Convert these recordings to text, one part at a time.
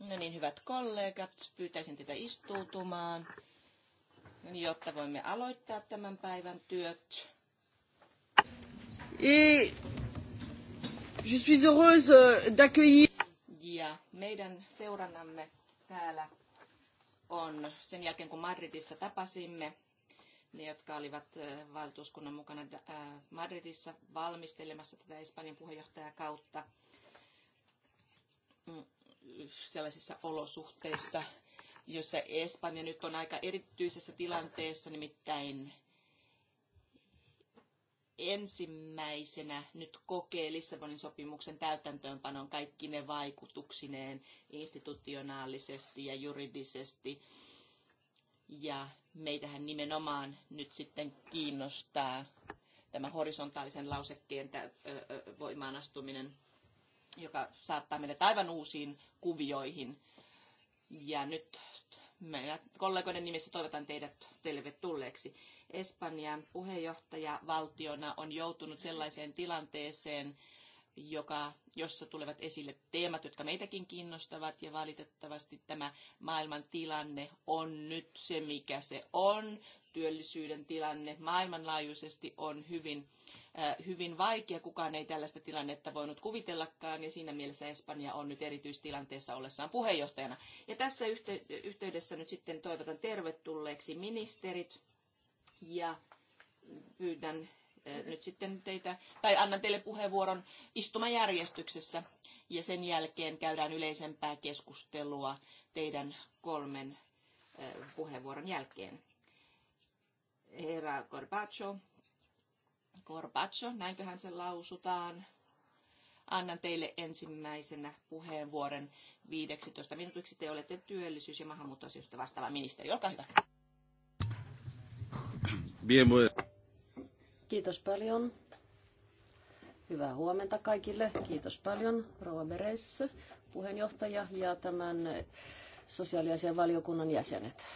No niin, hyvät kollegat, pyytäisin teitä istuutumaan, jotta voimme aloittaa tämän päivän työt. je suis heureuse euh, d'accueillir... Ja meidän seurannamme täällä on sen jälkeen, kun Madridissa tapasimme ne, jotka olivat äh, valtuuskunnan mukana äh, Madridissa valmistelemassa tätä Espanjan puheenjohtajakautta sellaisissa olosuhteissa, jossa Espanja nyt on aika erityisessä tilanteessa, nimittäin ensimmäisenä nyt kokee Lissabonin sopimuksen täytäntöönpanon kaikki ne vaikutuksineen institutionaalisesti ja juridisesti. Ja meitähän nimenomaan nyt sitten kiinnostaa tämä horisontaalisen lausekkeen voimaanastuminen joka saattaa meidät aivan uusiin kuvioihin. Ja nyt meidän kollegoiden nimissä toivotan teidät tervetulleeksi. Espanjan puheenjohtaja valtiona on joutunut sellaiseen tilanteeseen, joka, jossa tulevat esille teemat, jotka meitäkin kiinnostavat, ja valitettavasti tämä maailman tilanne on nyt se, mikä se on. Työllisyyden tilanne maailmanlaajuisesti on hyvin hyvin vaikea. Kukaan ei tällaista tilannetta voinut kuvitellakaan ja siinä mielessä Espanja on nyt erityistilanteessa ollessaan puheenjohtajana. Ja tässä yhteydessä nyt sitten toivotan tervetulleeksi ministerit ja pyydän nyt sitten teitä, tai annan teille puheenvuoron istumajärjestyksessä ja sen jälkeen käydään yleisempää keskustelua teidän kolmen puheenvuoron jälkeen. Herra Corbacho, Corbacho, näinköhän se lausutaan. Annan teille ensimmäisenä puheenvuoron 15 minuutiksi. Te olette työllisyys- ja maahanmuuttoasioista vastaava ministeri. Olkaa hyvä. Kiitos paljon. Hyvää huomenta kaikille. Kiitos paljon Rova Beres, puheenjohtaja ja tämän sosiaaliasian valiokunnan jäsenet.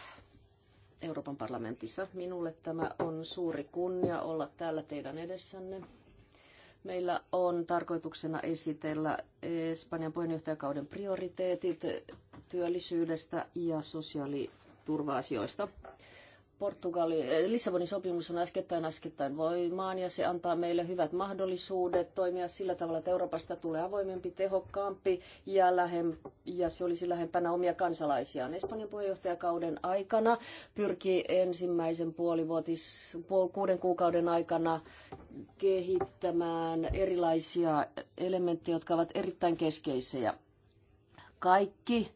Euroopan parlamentissa. Minulle tämä on suuri kunnia olla täällä teidän edessänne. Meillä on tarkoituksena esitellä Espanjan puheenjohtajakauden prioriteetit työllisyydestä ja sosiaaliturva-asioista. Portugali, eh, Lissabonin sopimus on äskettäin äskettäin voimaan ja se antaa meille hyvät mahdollisuudet toimia sillä tavalla, että Euroopasta tulee avoimempi, tehokkaampi ja, lähem, ja se olisi lähempänä omia kansalaisiaan. Espanjan puheenjohtajakauden aikana pyrki ensimmäisen puolivuotis, puol, kuuden kuukauden aikana kehittämään erilaisia elementtejä, jotka ovat erittäin keskeisiä. Kaikki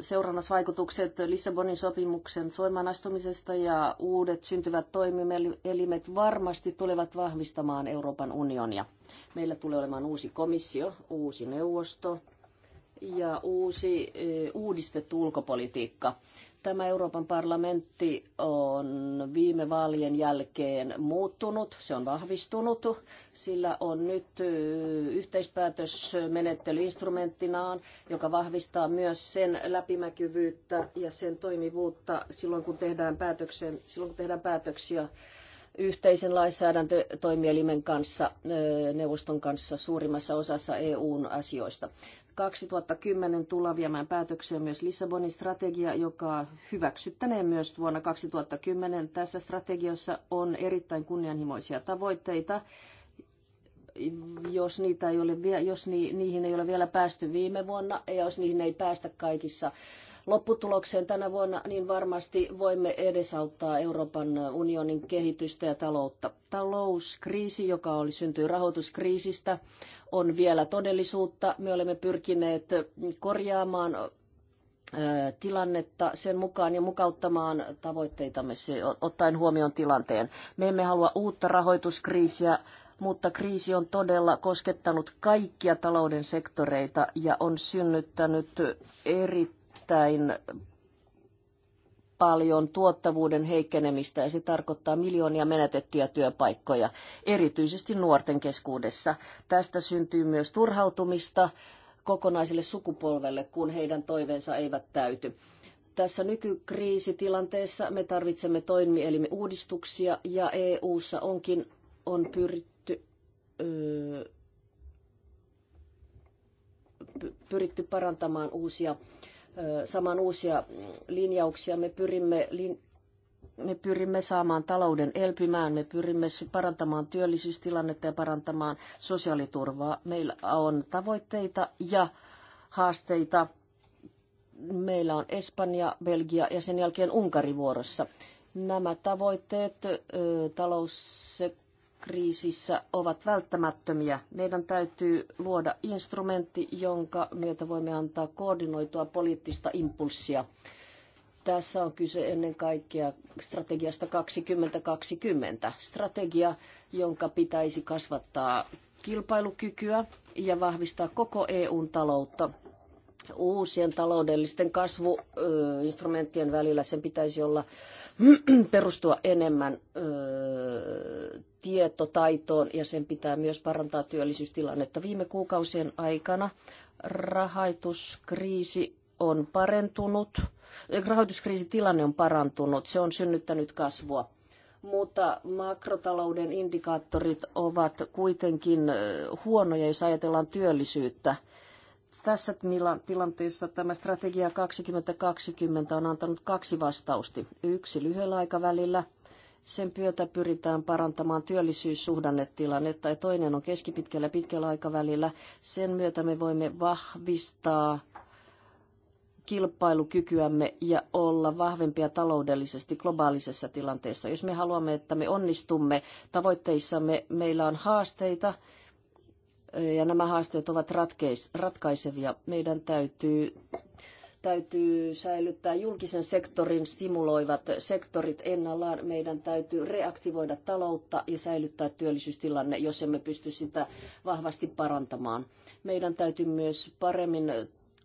seurannasvaikutukset Lissabonin sopimuksen soimaan astumisesta ja uudet syntyvät toimielimet varmasti tulevat vahvistamaan Euroopan unionia. Meillä tulee olemaan uusi komissio, uusi neuvosto ja uusi uudistettu ulkopolitiikka. Tämä Euroopan parlamentti on viime vaalien jälkeen muuttunut, se on vahvistunut, sillä on nyt yhteispäätösmenettely instrumenttinaan, joka vahvistaa myös sen läpimäkyvyyttä ja sen toimivuutta silloin, kun tehdään, päätöksen, silloin, kun tehdään päätöksiä yhteisen lainsäädäntötoimielimen kanssa, neuvoston kanssa suurimmassa osassa EUn asioista. 2010 tullaan viemään päätökseen myös Lissabonin strategia, joka hyväksyttäneen myös vuonna 2010. Tässä strategiassa on erittäin kunnianhimoisia tavoitteita. Jos, niitä ei ole, jos niihin ei ole vielä päästy viime vuonna ja jos niihin ei päästä kaikissa lopputulokseen tänä vuonna, niin varmasti voimme edesauttaa Euroopan unionin kehitystä ja taloutta. Talouskriisi, joka oli syntyi rahoituskriisistä, on vielä todellisuutta. Me olemme pyrkineet korjaamaan tilannetta sen mukaan ja mukauttamaan tavoitteitamme ottaen huomioon tilanteen. Me emme halua uutta rahoituskriisiä, mutta kriisi on todella koskettanut kaikkia talouden sektoreita ja on synnyttänyt erittäin paljon tuottavuuden heikkenemistä ja se tarkoittaa miljoonia menetettyjä työpaikkoja, erityisesti nuorten keskuudessa. Tästä syntyy myös turhautumista kokonaiselle sukupolvelle, kun heidän toiveensa eivät täyty tässä nykykriisitilanteessa me tarvitsemme toimielimme uudistuksia ja EU:ssa onkin on pyritty, öö, pyritty parantamaan uusia saman uusia linjauksia. Me pyrimme, me pyrimme saamaan talouden elpymään, me pyrimme parantamaan työllisyystilannetta ja parantamaan sosiaaliturvaa. Meillä on tavoitteita ja haasteita. Meillä on Espanja, Belgia ja sen jälkeen Unkari vuorossa. Nämä tavoitteet talous kriisissä ovat välttämättömiä. Meidän täytyy luoda instrumentti, jonka myötä voimme antaa koordinoitua poliittista impulssia. Tässä on kyse ennen kaikkea strategiasta 2020. Strategia, jonka pitäisi kasvattaa kilpailukykyä ja vahvistaa koko EUn taloutta uusien taloudellisten kasvuinstrumenttien välillä. Sen pitäisi olla perustua enemmän tietotaitoon ja sen pitää myös parantaa työllisyystilannetta. Viime kuukausien aikana rahoituskriisi on parentunut, rahoituskriisitilanne on parantunut, se on synnyttänyt kasvua mutta makrotalouden indikaattorit ovat kuitenkin huonoja, jos ajatellaan työllisyyttä. Tässä tilanteessa tämä strategia 2020 on antanut kaksi vastausta. Yksi lyhyellä aikavälillä. Sen pyötä pyritään parantamaan työllisyyssuhdannetilannetta ja toinen on keskipitkällä ja pitkällä aikavälillä. Sen myötä me voimme vahvistaa kilpailukykyämme ja olla vahvempia taloudellisesti globaalisessa tilanteessa. Jos me haluamme, että me onnistumme tavoitteissamme, meillä on haasteita ja nämä haasteet ovat ratkeis, ratkaisevia. Meidän täytyy, täytyy säilyttää julkisen sektorin stimuloivat sektorit ennallaan. Meidän täytyy reaktivoida taloutta ja säilyttää työllisyystilanne, jos emme pysty sitä vahvasti parantamaan. Meidän täytyy myös paremmin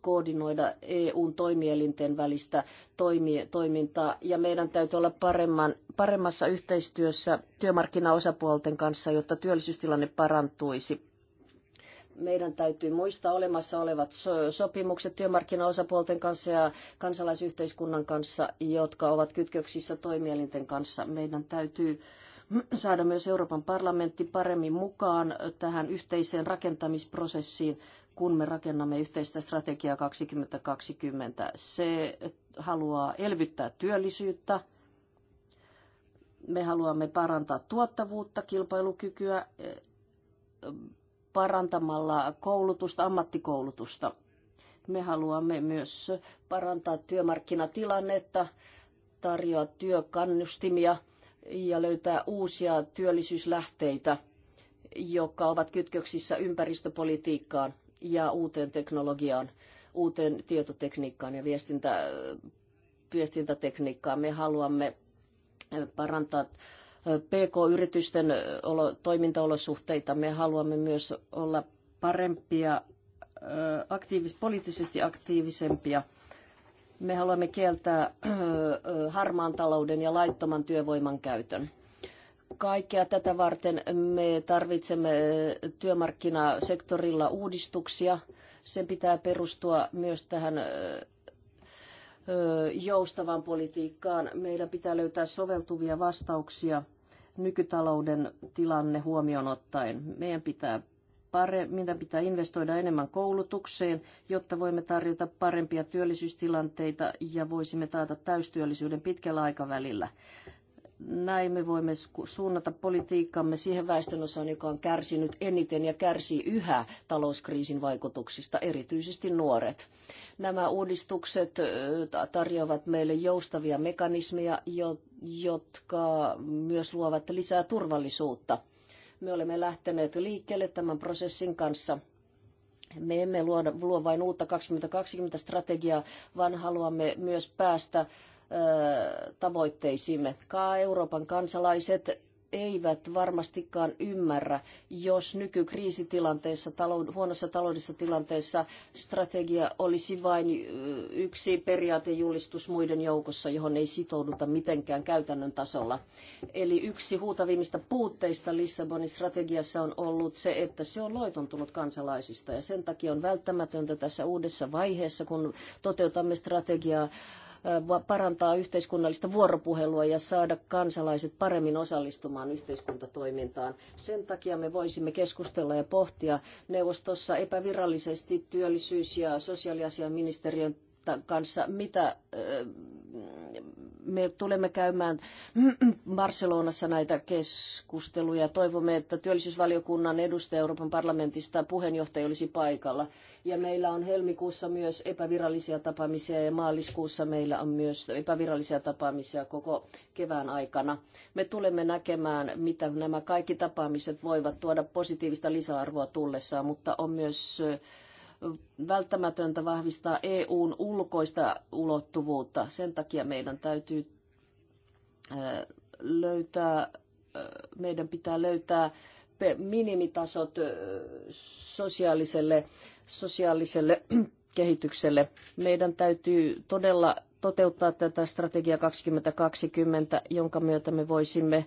koordinoida EUn toimielinten välistä toimi, toimintaa ja meidän täytyy olla paremman, paremmassa yhteistyössä työmarkkinaosapuolten kanssa, jotta työllisyystilanne parantuisi meidän täytyy muistaa olemassa olevat sopimukset työmarkkinaosapuolten kanssa ja kansalaisyhteiskunnan kanssa, jotka ovat kytköksissä toimielinten kanssa. Meidän täytyy saada myös Euroopan parlamentti paremmin mukaan tähän yhteiseen rakentamisprosessiin, kun me rakennamme yhteistä strategiaa 2020. Se haluaa elvyttää työllisyyttä, me haluamme parantaa tuottavuutta, kilpailukykyä, parantamalla koulutusta, ammattikoulutusta. Me haluamme myös parantaa työmarkkinatilannetta, tarjoa työkannustimia ja löytää uusia työllisyyslähteitä, jotka ovat kytköksissä ympäristöpolitiikkaan ja uuteen teknologiaan, uuteen tietotekniikkaan ja viestintä, viestintätekniikkaan. Me haluamme parantaa PK-yritysten toimintaolosuhteita. Me haluamme myös olla parempia, aktiivis, poliittisesti aktiivisempia. Me haluamme kieltää harmaan talouden ja laittoman työvoiman käytön kaikkea tätä varten me tarvitsemme työmarkkinasektorilla uudistuksia. Sen pitää perustua myös tähän joustavaan politiikkaan. Meidän pitää löytää soveltuvia vastauksia nykytalouden tilanne huomioon ottaen. Meidän pitää meidän pitää investoida enemmän koulutukseen, jotta voimme tarjota parempia työllisyystilanteita ja voisimme taata täystyöllisyyden pitkällä aikavälillä. Näin me voimme suunnata politiikkamme siihen väestönosaan, joka on kärsinyt eniten ja kärsii yhä talouskriisin vaikutuksista, erityisesti nuoret. Nämä uudistukset tarjoavat meille joustavia mekanismeja, jotka myös luovat lisää turvallisuutta. Me olemme lähteneet liikkeelle tämän prosessin kanssa me emme luo, vain uutta 2020-strategiaa, vaan haluamme myös päästä tavoitteisiimme. Ka Euroopan kansalaiset eivät varmastikaan ymmärrä, jos nykykriisitilanteessa, talou- huonossa taloudessa tilanteessa strategia olisi vain yksi periaatejulistus muiden joukossa, johon ei sitouduta mitenkään käytännön tasolla. Eli yksi huutavimmista puutteista Lissabonin strategiassa on ollut se, että se on loitontunut kansalaisista ja sen takia on välttämätöntä tässä uudessa vaiheessa, kun toteutamme strategiaa, parantaa yhteiskunnallista vuoropuhelua ja saada kansalaiset paremmin osallistumaan yhteiskuntatoimintaan. Sen takia me voisimme keskustella ja pohtia neuvostossa epävirallisesti työllisyys- ja sosiaaliasiaministeriön kanssa, mitä me tulemme käymään Barcelonassa näitä keskusteluja. Toivomme, että työllisyysvaliokunnan edustaja Euroopan parlamentista puheenjohtaja olisi paikalla. Ja meillä on helmikuussa myös epävirallisia tapaamisia ja maaliskuussa meillä on myös epävirallisia tapaamisia koko kevään aikana. Me tulemme näkemään, mitä nämä kaikki tapaamiset voivat tuoda positiivista lisäarvoa tullessaan, mutta on myös välttämätöntä vahvistaa EUn ulkoista ulottuvuutta. Sen takia meidän täytyy löytää, meidän pitää löytää minimitasot sosiaaliselle, sosiaaliselle kehitykselle. Meidän täytyy todella toteuttaa tätä strategia 2020, jonka myötä me voisimme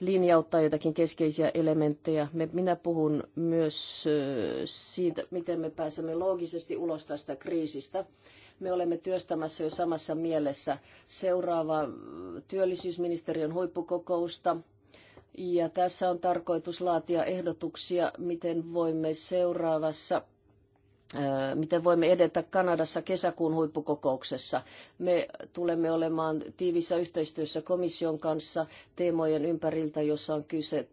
linjauttaa jotakin keskeisiä elementtejä. Minä puhun myös siitä, miten me pääsemme loogisesti ulos tästä kriisistä. Me olemme työstämässä jo samassa mielessä seuraavaa työllisyysministeriön huippukokousta. Ja tässä on tarkoitus laatia ehdotuksia, miten voimme seuraavassa miten voimme edetä Kanadassa kesäkuun huippukokouksessa. Me tulemme olemaan tiivissä yhteistyössä komission kanssa teemojen ympäriltä, jossa on kyse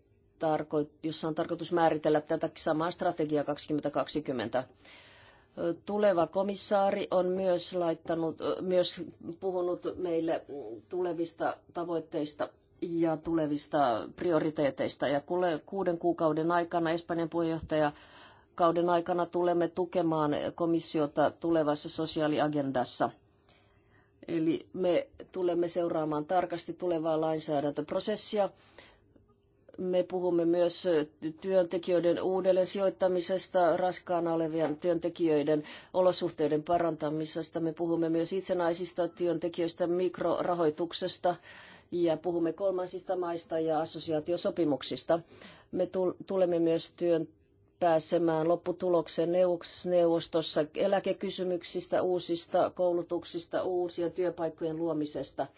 jossa on tarkoitus määritellä tätä samaa strategiaa 2020. Tuleva komissaari on myös, laittanut, myös puhunut meille tulevista tavoitteista ja tulevista prioriteeteista. Ja kuuden kuukauden aikana Espanjan puheenjohtaja kauden aikana tulemme tukemaan komissiota tulevassa sosiaaliagendassa. Eli me tulemme seuraamaan tarkasti tulevaa lainsäädäntöprosessia. Me puhumme myös työntekijöiden uudelleen sijoittamisesta, raskaana olevien työntekijöiden olosuhteiden parantamisesta. Me puhumme myös itsenäisistä työntekijöistä, mikrorahoituksesta ja puhumme kolmansista maista ja assosiaatiosopimuksista. Me tulemme myös työn pääsemään lopputulokseen neuvostossa eläkekysymyksistä, uusista koulutuksista, uusien työpaikkojen luomisesta –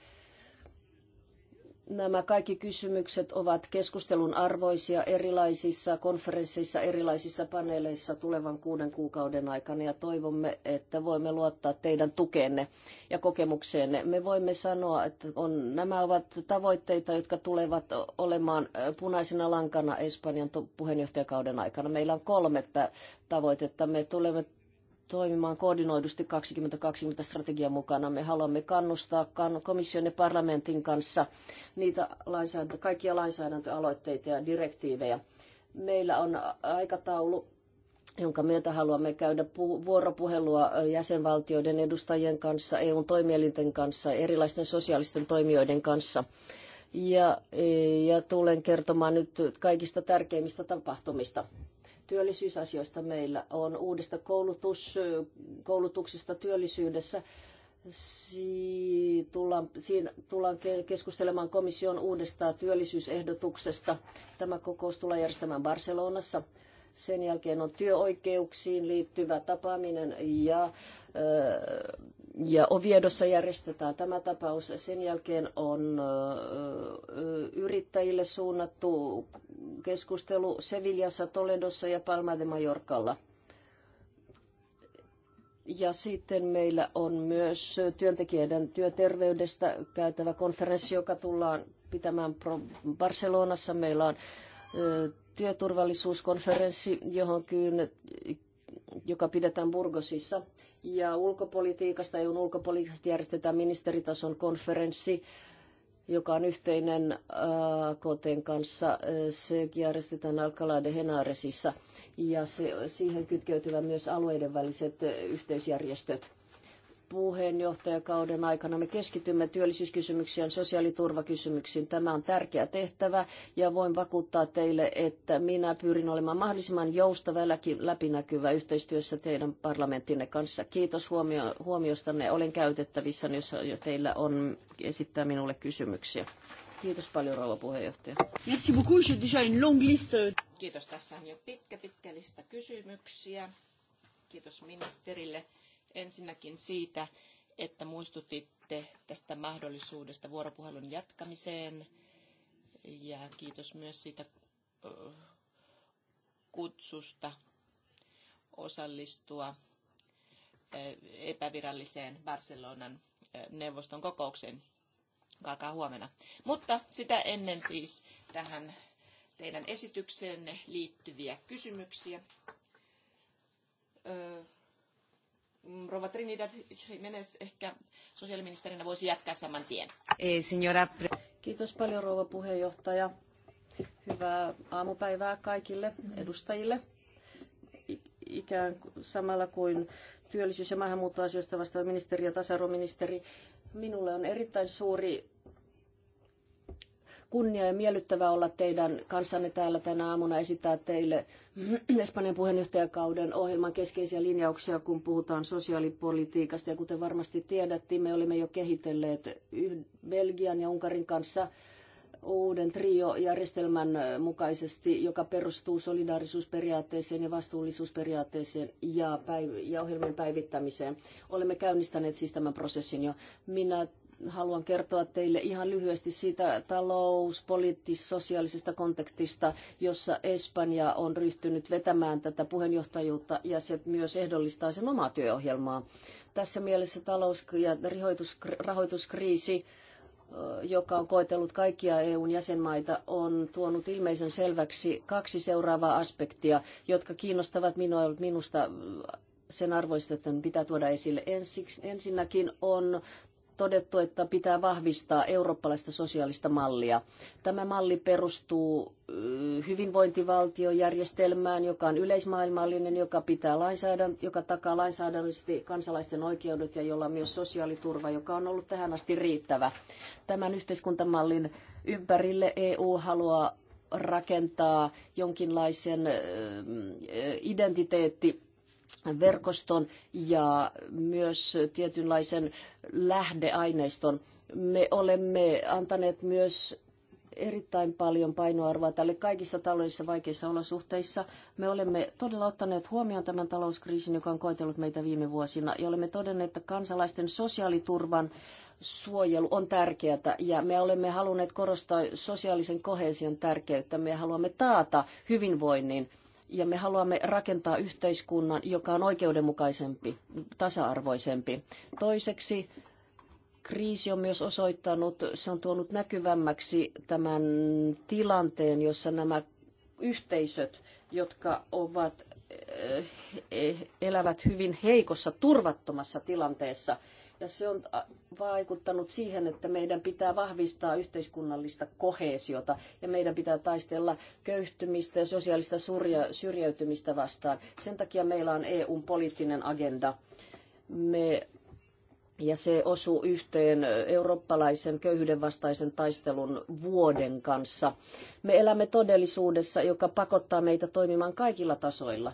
Nämä kaikki kysymykset ovat keskustelun arvoisia erilaisissa konferensseissa, erilaisissa paneeleissa tulevan kuuden kuukauden aikana ja toivomme, että voimme luottaa teidän tukeenne ja kokemukseenne. Me voimme sanoa, että on, nämä ovat tavoitteita, jotka tulevat olemaan punaisena lankana Espanjan puheenjohtajakauden aikana. Meillä on kolme tavoitetta. Me tulemme toimimaan koordinoidusti 2020 strategian mukana. Me haluamme kannustaa komission ja parlamentin kanssa niitä lainsäädäntö, kaikkia lainsäädäntöaloitteita ja direktiivejä. Meillä on aikataulu jonka myötä haluamme käydä vuoropuhelua jäsenvaltioiden edustajien kanssa, EUn toimielinten kanssa, erilaisten sosiaalisten toimijoiden kanssa. Ja, ja tulen kertomaan nyt kaikista tärkeimmistä tapahtumista työllisyysasioista. Meillä on uudesta koulutus, koulutuksesta työllisyydessä. Si- tullaan, siinä tullaan keskustelemaan komission uudesta työllisyysehdotuksesta. Tämä kokous tulee järjestämään Barcelonassa. Sen jälkeen on työoikeuksiin liittyvä tapaaminen ja ja Oviedossa järjestetään tämä tapaus. Sen jälkeen on yrittäjille suunnattu keskustelu Sevillassa, Toledossa ja Palma de Mallorcalla. Ja sitten meillä on myös työntekijöiden työterveydestä käytävä konferenssi, joka tullaan pitämään Barcelonassa. Meillä on työturvallisuuskonferenssi, johon kyyn, joka pidetään Burgosissa ja ulkopolitiikasta, EUn ulkopolitiikasta järjestetään ministeritason konferenssi, joka on yhteinen AKTn äh, kanssa. Se järjestetään Alcalá de Henaresissa ja se, siihen kytkeytyvät myös alueiden väliset äh, yhteisjärjestöt puheenjohtajakauden aikana me keskitymme työllisyyskysymyksiin ja sosiaaliturvakysymyksiin. Tämä on tärkeä tehtävä ja voin vakuuttaa teille, että minä pyrin olemaan mahdollisimman joustava ja läpinäkyvä yhteistyössä teidän parlamenttinne kanssa. Kiitos huomio, huomiostanne. Olen käytettävissä, jos teillä on esittää minulle kysymyksiä. Kiitos paljon, rouva puheenjohtaja. Merci beaucoup, j'ai déjà une longue liste. Kiitos, tässä on jo pitkä, pitkä lista kysymyksiä. Kiitos ministerille Ensinnäkin siitä, että muistutitte tästä mahdollisuudesta vuoropuhelun jatkamiseen. Ja kiitos myös siitä kutsusta osallistua epäviralliseen Barcelonan neuvoston kokoukseen, joka alkaa huomenna. Mutta sitä ennen siis tähän teidän esitykseenne liittyviä kysymyksiä. Rova Trinidad Jiménez ehkä sosiaaliministerinä voisi jatkaa saman tien. Ei, eh, signora. Kiitos paljon rouva puheenjohtaja. Hyvää aamupäivää kaikille edustajille. Ikään samalla kuin työllisyys- ja maahanmuuttoasioista vastaava ministeri ja tasa-arvoministeri, minulle on erittäin suuri kunnia ja miellyttävää olla teidän kanssanne täällä tänä aamuna esittää teille Espanjan puheenjohtajakauden ohjelman keskeisiä linjauksia, kun puhutaan sosiaalipolitiikasta. Ja kuten varmasti tiedätte, me olimme jo kehitelleet Belgian ja Unkarin kanssa uuden triojärjestelmän mukaisesti, joka perustuu solidaarisuusperiaatteeseen ja vastuullisuusperiaatteeseen ja, päiv- ja ohjelmien päivittämiseen. Olemme käynnistäneet siis tämän prosessin jo. Minä haluan kertoa teille ihan lyhyesti siitä talous, poliittis, sosiaalisesta kontekstista, jossa Espanja on ryhtynyt vetämään tätä puheenjohtajuutta ja se myös ehdollistaa sen omaa työohjelmaa. Tässä mielessä talous- ja rahoituskriisi joka on koetellut kaikkia EUn jäsenmaita, on tuonut ilmeisen selväksi kaksi seuraavaa aspektia, jotka kiinnostavat minua, minusta sen arvoista, että pitää tuoda esille. ensinnäkin on todettu, että pitää vahvistaa eurooppalaista sosiaalista mallia. Tämä malli perustuu hyvinvointivaltiojärjestelmään, joka on yleismaailmallinen, joka, pitää lainsäädän, joka takaa lainsäädännöllisesti kansalaisten oikeudet ja jolla on myös sosiaaliturva, joka on ollut tähän asti riittävä. Tämän yhteiskuntamallin ympärille EU haluaa rakentaa jonkinlaisen identiteetti verkoston ja myös tietynlaisen lähdeaineiston. Me olemme antaneet myös erittäin paljon painoarvoa tälle kaikissa taloudellisissa vaikeissa olosuhteissa. Me olemme todella ottaneet huomioon tämän talouskriisin, joka on koetellut meitä viime vuosina, ja olemme todenneet, että kansalaisten sosiaaliturvan suojelu on tärkeää, ja me olemme halunneet korostaa sosiaalisen kohesion tärkeyttä. Me haluamme taata hyvinvoinnin ja me haluamme rakentaa yhteiskunnan, joka on oikeudenmukaisempi, tasa-arvoisempi. Toiseksi kriisi on myös osoittanut, se on tuonut näkyvämmäksi tämän tilanteen, jossa nämä yhteisöt, jotka ovat, eh, eh, elävät hyvin heikossa, turvattomassa tilanteessa – ja se on äh, vaikuttanut siihen, että meidän pitää vahvistaa yhteiskunnallista kohesiota ja meidän pitää taistella köyhtymistä ja sosiaalista syrjäytymistä vastaan. Sen takia meillä on EUn poliittinen agenda. Me ja se osuu yhteen eurooppalaisen köyhyyden vastaisen taistelun vuoden kanssa. Me elämme todellisuudessa, joka pakottaa meitä toimimaan kaikilla tasoilla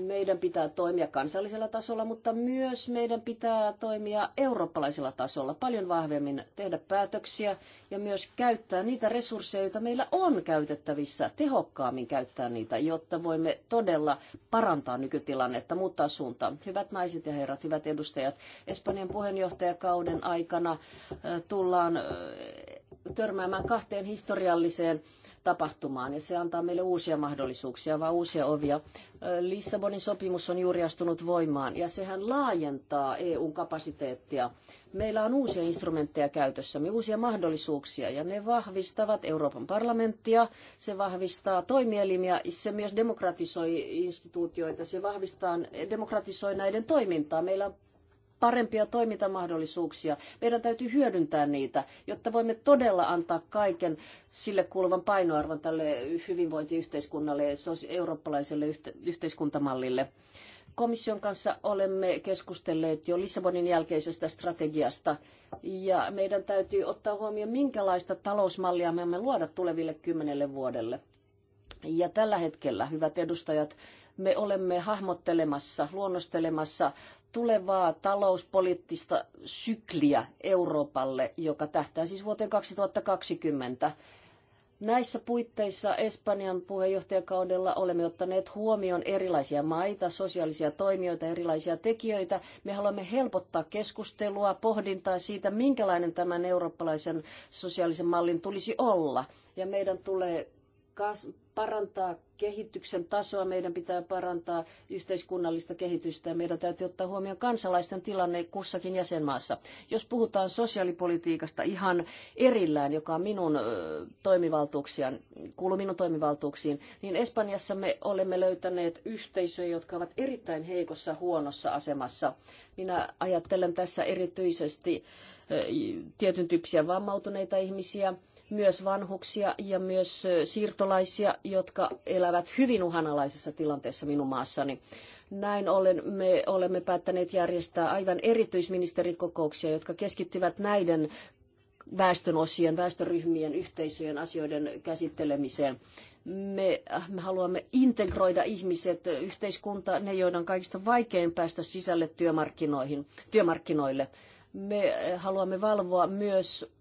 meidän pitää toimia kansallisella tasolla, mutta myös meidän pitää toimia eurooppalaisella tasolla paljon vahvemmin, tehdä päätöksiä ja myös käyttää niitä resursseja, joita meillä on käytettävissä, tehokkaammin käyttää niitä, jotta voimme todella parantaa nykytilannetta, muuttaa suuntaa. Hyvät naiset ja herrat, hyvät edustajat, Espanjan puheenjohtajakauden aikana äh, tullaan äh, törmäämään kahteen historialliseen tapahtumaan ja se antaa meille uusia mahdollisuuksia, vaan uusia ovia. Lissabonin sopimus on juuri astunut voimaan ja sehän laajentaa EUn kapasiteettia. Meillä on uusia instrumentteja käytössämme, uusia mahdollisuuksia ja ne vahvistavat Euroopan parlamenttia, se vahvistaa toimielimiä, se myös demokratisoi instituutioita, se vahvistaa, demokratisoi näiden toimintaa. Meillä on parempia toimintamahdollisuuksia. Meidän täytyy hyödyntää niitä, jotta voimme todella antaa kaiken sille kuuluvan painoarvon tälle hyvinvointiyhteiskunnalle ja eurooppalaiselle yhteiskuntamallille komission kanssa olemme keskustelleet jo Lissabonin jälkeisestä strategiasta ja meidän täytyy ottaa huomioon, minkälaista talousmallia me emme luoda tuleville kymmenelle vuodelle. Ja tällä hetkellä, hyvät edustajat, me olemme hahmottelemassa, luonnostelemassa tulevaa talouspoliittista sykliä Euroopalle, joka tähtää siis vuoteen 2020. Näissä puitteissa Espanjan puheenjohtajakaudella olemme ottaneet huomioon erilaisia maita, sosiaalisia toimijoita, erilaisia tekijöitä. Me haluamme helpottaa keskustelua, pohdintaa siitä, minkälainen tämän eurooppalaisen sosiaalisen mallin tulisi olla. Ja meidän tulee parantaa kehityksen tasoa, meidän pitää parantaa yhteiskunnallista kehitystä ja meidän täytyy ottaa huomioon kansalaisten tilanne kussakin jäsenmaassa. Jos puhutaan sosiaalipolitiikasta ihan erillään, joka on minun toimivaltuuksiaan, kuuluu minun toimivaltuuksiin, niin Espanjassa me olemme löytäneet yhteisöjä, jotka ovat erittäin heikossa huonossa asemassa. Minä ajattelen tässä erityisesti tietyn tyyppisiä vammautuneita ihmisiä, myös vanhuksia ja myös siirtolaisia, jotka elävät hyvin uhanalaisessa tilanteessa minun maassani. Näin ollen me olemme päättäneet järjestää aivan erityisministerikokouksia, jotka keskittyvät näiden väestönosien, väestöryhmien, yhteisöjen asioiden käsittelemiseen. Me, äh, me haluamme integroida ihmiset yhteiskuntaan, ne joiden on kaikista vaikein päästä sisälle työmarkkinoihin, työmarkkinoille. Me äh, haluamme valvoa myös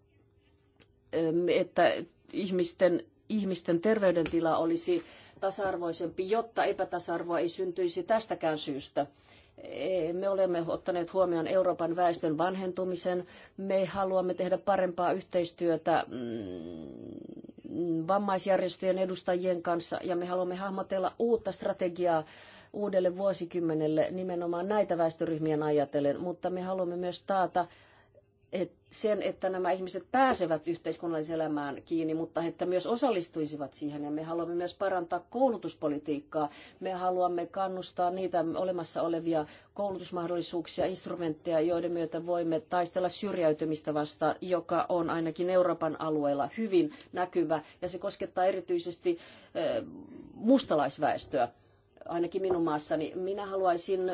että ihmisten, ihmisten terveydentila olisi tasa-arvoisempi, jotta epätasa-arvoa ei syntyisi tästäkään syystä. Me olemme ottaneet huomioon Euroopan väestön vanhentumisen. Me haluamme tehdä parempaa yhteistyötä mm, vammaisjärjestöjen edustajien kanssa ja me haluamme hahmotella uutta strategiaa uudelle vuosikymmenelle nimenomaan näitä väestöryhmiä ajatellen, mutta me haluamme myös taata et sen, että nämä ihmiset pääsevät elämään kiinni, mutta että myös osallistuisivat siihen. Ja me haluamme myös parantaa koulutuspolitiikkaa. Me haluamme kannustaa niitä olemassa olevia koulutusmahdollisuuksia, instrumentteja, joiden myötä voimme taistella syrjäytymistä vastaan, joka on ainakin Euroopan alueella hyvin näkyvä. Ja se koskettaa erityisesti eh, mustalaisväestöä ainakin minun maassani. Minä haluaisin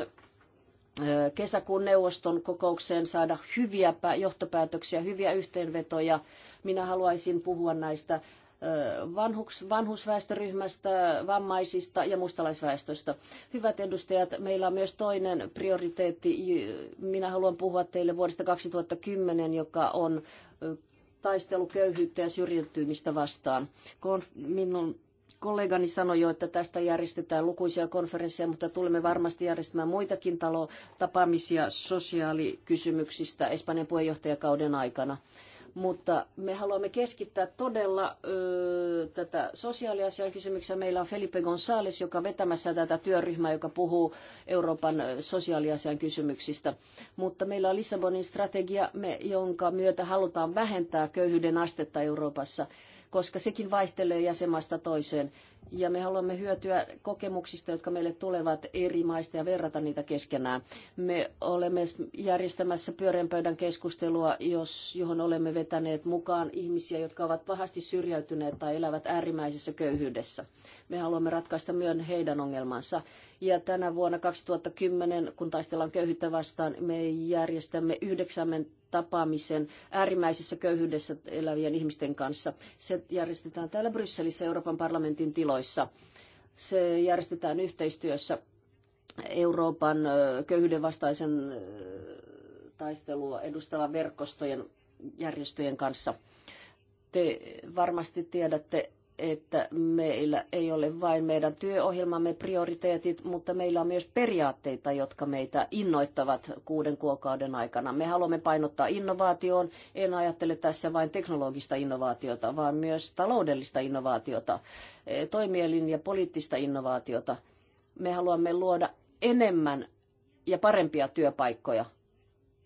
kesäkuun neuvoston kokoukseen saada hyviä johtopäätöksiä, hyviä yhteenvetoja. Minä haluaisin puhua näistä vanhuks, vanhusväestöryhmästä, vammaisista ja mustalaisväestöstä. Hyvät edustajat, meillä on myös toinen prioriteetti. Minä haluan puhua teille vuodesta 2010, joka on taistelu köyhyyttä ja syrjäytymistä vastaan. Minun Kollegani sanoi jo, että tästä järjestetään lukuisia konferensseja, mutta tulemme varmasti järjestämään muitakin talo tapaamisia sosiaalikysymyksistä Espanjan puheenjohtajakauden aikana mutta me haluamme keskittää todella ö, tätä sosiaaliasian kysymyksiä. Meillä on Felipe González, joka vetämässä tätä työryhmää, joka puhuu Euroopan sosiaaliasian kysymyksistä. Mutta meillä on Lissabonin strategia, me, jonka myötä halutaan vähentää köyhyyden astetta Euroopassa koska sekin vaihtelee jäsenmaasta toiseen ja me haluamme hyötyä kokemuksista, jotka meille tulevat eri maista ja verrata niitä keskenään. Me olemme järjestämässä pyöreän pöydän keskustelua, jos, johon olemme vetäneet mukaan ihmisiä, jotka ovat pahasti syrjäytyneet tai elävät äärimmäisessä köyhyydessä. Me haluamme ratkaista myös heidän ongelmansa. Ja tänä vuonna 2010, kun taistellaan köyhyyttä vastaan, me järjestämme yhdeksän tapaamisen äärimmäisessä köyhyydessä elävien ihmisten kanssa. Se järjestetään täällä Brysselissä Euroopan parlamentin tiloissa tiloissa. Se järjestetään yhteistyössä Euroopan köyhyyden vastaisen taistelua edustavan verkostojen järjestöjen kanssa. Te varmasti tiedätte että meillä ei ole vain meidän työohjelmamme prioriteetit, mutta meillä on myös periaatteita, jotka meitä innoittavat kuuden kuukauden aikana. Me haluamme painottaa innovaatioon. En ajattele tässä vain teknologista innovaatiota, vaan myös taloudellista innovaatiota, eh, toimielin ja poliittista innovaatiota. Me haluamme luoda enemmän ja parempia työpaikkoja,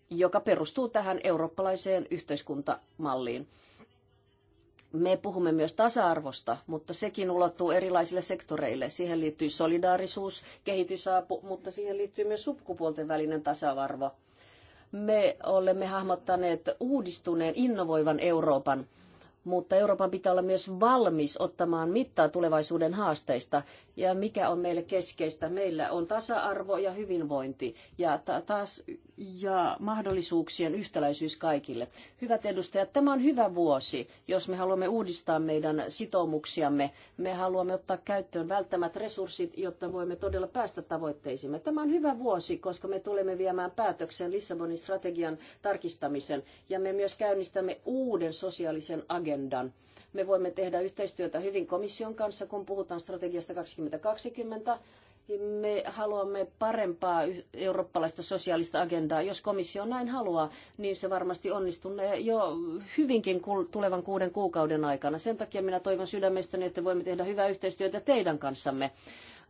joka perustuu tähän eurooppalaiseen yhteiskuntamalliin me puhumme myös tasa-arvosta, mutta sekin ulottuu erilaisille sektoreille. Siihen liittyy solidaarisuus, kehitysapu, mutta siihen liittyy myös sukupuolten välinen tasa-arvo. Me olemme hahmottaneet uudistuneen, innovoivan Euroopan, mutta Euroopan pitää olla myös valmis ottamaan mittaa tulevaisuuden haasteista ja mikä on meille keskeistä. Meillä on tasa-arvo ja hyvinvointi ja, taas, ja mahdollisuuksien yhtäläisyys kaikille. Hyvät edustajat, tämä on hyvä vuosi, jos me haluamme uudistaa meidän sitoumuksiamme. Me haluamme ottaa käyttöön välttämät resurssit, jotta voimme todella päästä tavoitteisiimme. Tämä on hyvä vuosi, koska me tulemme viemään päätöksen Lissabonin strategian tarkistamisen ja me myös käynnistämme uuden sosiaalisen agendan. Me voimme tehdä yhteistyötä hyvin komission kanssa, kun puhutaan strategiasta 20 2020. Me haluamme parempaa eurooppalaista sosiaalista agendaa. Jos komissio näin haluaa, niin se varmasti onnistunee jo hyvinkin tulevan kuuden kuukauden aikana. Sen takia minä toivon sydämestäni, että voimme tehdä hyvää yhteistyötä teidän kanssamme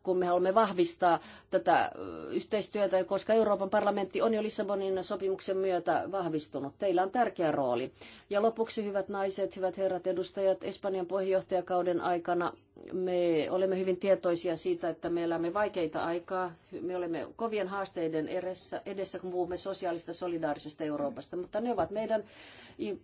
kun me haluamme vahvistaa tätä yhteistyötä, koska Euroopan parlamentti on jo Lissabonin sopimuksen myötä vahvistunut. Teillä on tärkeä rooli. Ja lopuksi, hyvät naiset, hyvät herrat edustajat, Espanjan puheenjohtajakauden aikana me olemme hyvin tietoisia siitä, että me elämme vaikeita aikaa. Me olemme kovien haasteiden edessä, edessä kun puhumme sosiaalista solidaarisesta Euroopasta, mutta ne ovat meidän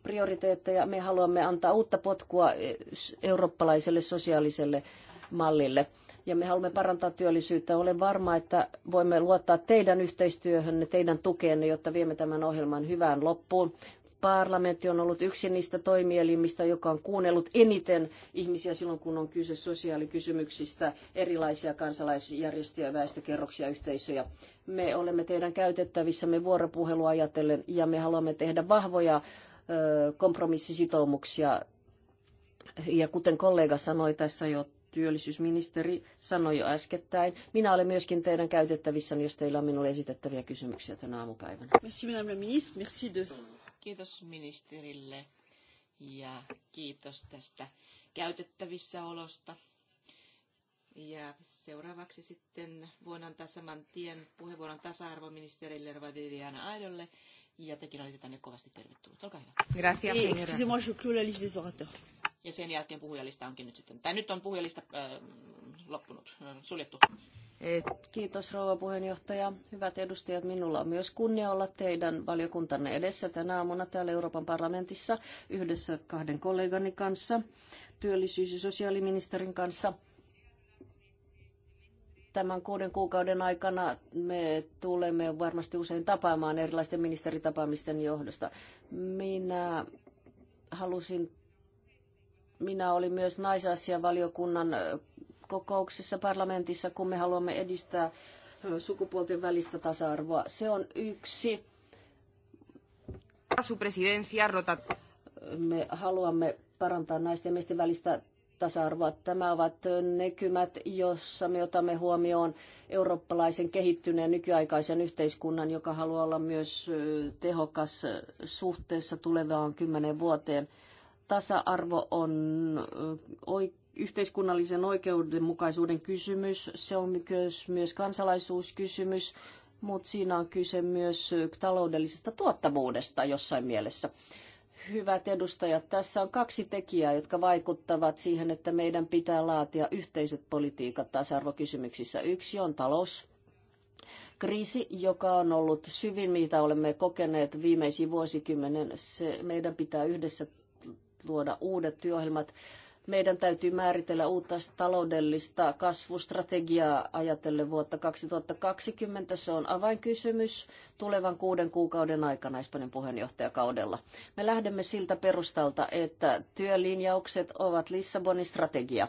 prioriteetteja. Me haluamme antaa uutta potkua e- eurooppalaiselle sosiaaliselle mallille ja me haluamme parantaa työllisyyttä. Olen varma, että voimme luottaa teidän yhteistyöhönne, teidän tukeenne, jotta viemme tämän ohjelman hyvään loppuun. Parlamentti on ollut yksi niistä toimielimistä, joka on kuunnellut eniten ihmisiä silloin, kun on kyse sosiaalikysymyksistä, erilaisia kansalaisjärjestöjä, väestökerroksia, yhteisöjä. Me olemme teidän käytettävissämme vuoropuhelua ajatellen ja me haluamme tehdä vahvoja kompromissisitoumuksia ja kuten kollega sanoi tässä jo, työllisyysministeri sanoi jo äskettäin. Minä olen myöskin teidän käytettävissä, jos teillä on minulle esitettäviä kysymyksiä tänä aamupäivänä. Merci, madame la ministre. Merci de... Kiitos ministerille ja kiitos tästä käytettävissä olosta. Ja seuraavaksi sitten voin antaa saman tien puheenvuoron tasa-arvoministerille Rova Viviana Aidolle. Ja tekin olitte tänne kovasti tervetullut. Olkaa hyvä. Gracias, Excusez-moi, je clôt la liste des orateurs. Ja sen jälkeen puhujalista onkin nyt sitten, tai nyt on puhujalista äh, loppunut, äh, suljettu. Kiitos rouva puheenjohtaja. Hyvät edustajat, minulla on myös kunnia olla teidän valiokuntanne edessä tänä aamuna täällä Euroopan parlamentissa yhdessä kahden kollegani kanssa, työllisyys- ja sosiaaliministerin kanssa. Tämän kuuden kuukauden aikana me tulemme varmasti usein tapaamaan erilaisten ministeritapaamisten johdosta. Minä halusin minä olin myös naisasiavaliokunnan kokouksessa parlamentissa, kun me haluamme edistää sukupuolten välistä tasa-arvoa. Se on yksi. Su presidencia rota. Me haluamme parantaa naisten ja miesten välistä tasa-arvoa. Tämä ovat näkymät, jossa me otamme huomioon eurooppalaisen kehittyneen nykyaikaisen yhteiskunnan, joka haluaa olla myös tehokas suhteessa tulevaan kymmenen vuoteen tasa-arvo on yhteiskunnallisen oikeudenmukaisuuden kysymys, se on myös, myös kansalaisuuskysymys, mutta siinä on kyse myös taloudellisesta tuottavuudesta jossain mielessä. Hyvät edustajat, tässä on kaksi tekijää, jotka vaikuttavat siihen, että meidän pitää laatia yhteiset politiikat tasa-arvokysymyksissä. Yksi on talous, kriisi, joka on ollut syvin, mitä olemme kokeneet viimeisiin vuosikymmenen. Se, meidän pitää yhdessä luoda uudet työohjelmat. Meidän täytyy määritellä uutta taloudellista kasvustrategiaa ajatellen vuotta 2020. Se on avainkysymys tulevan kuuden kuukauden aikana Espanjan puheenjohtajakaudella. Me lähdemme siltä perustalta, että työlinjaukset ovat Lissabonin strategia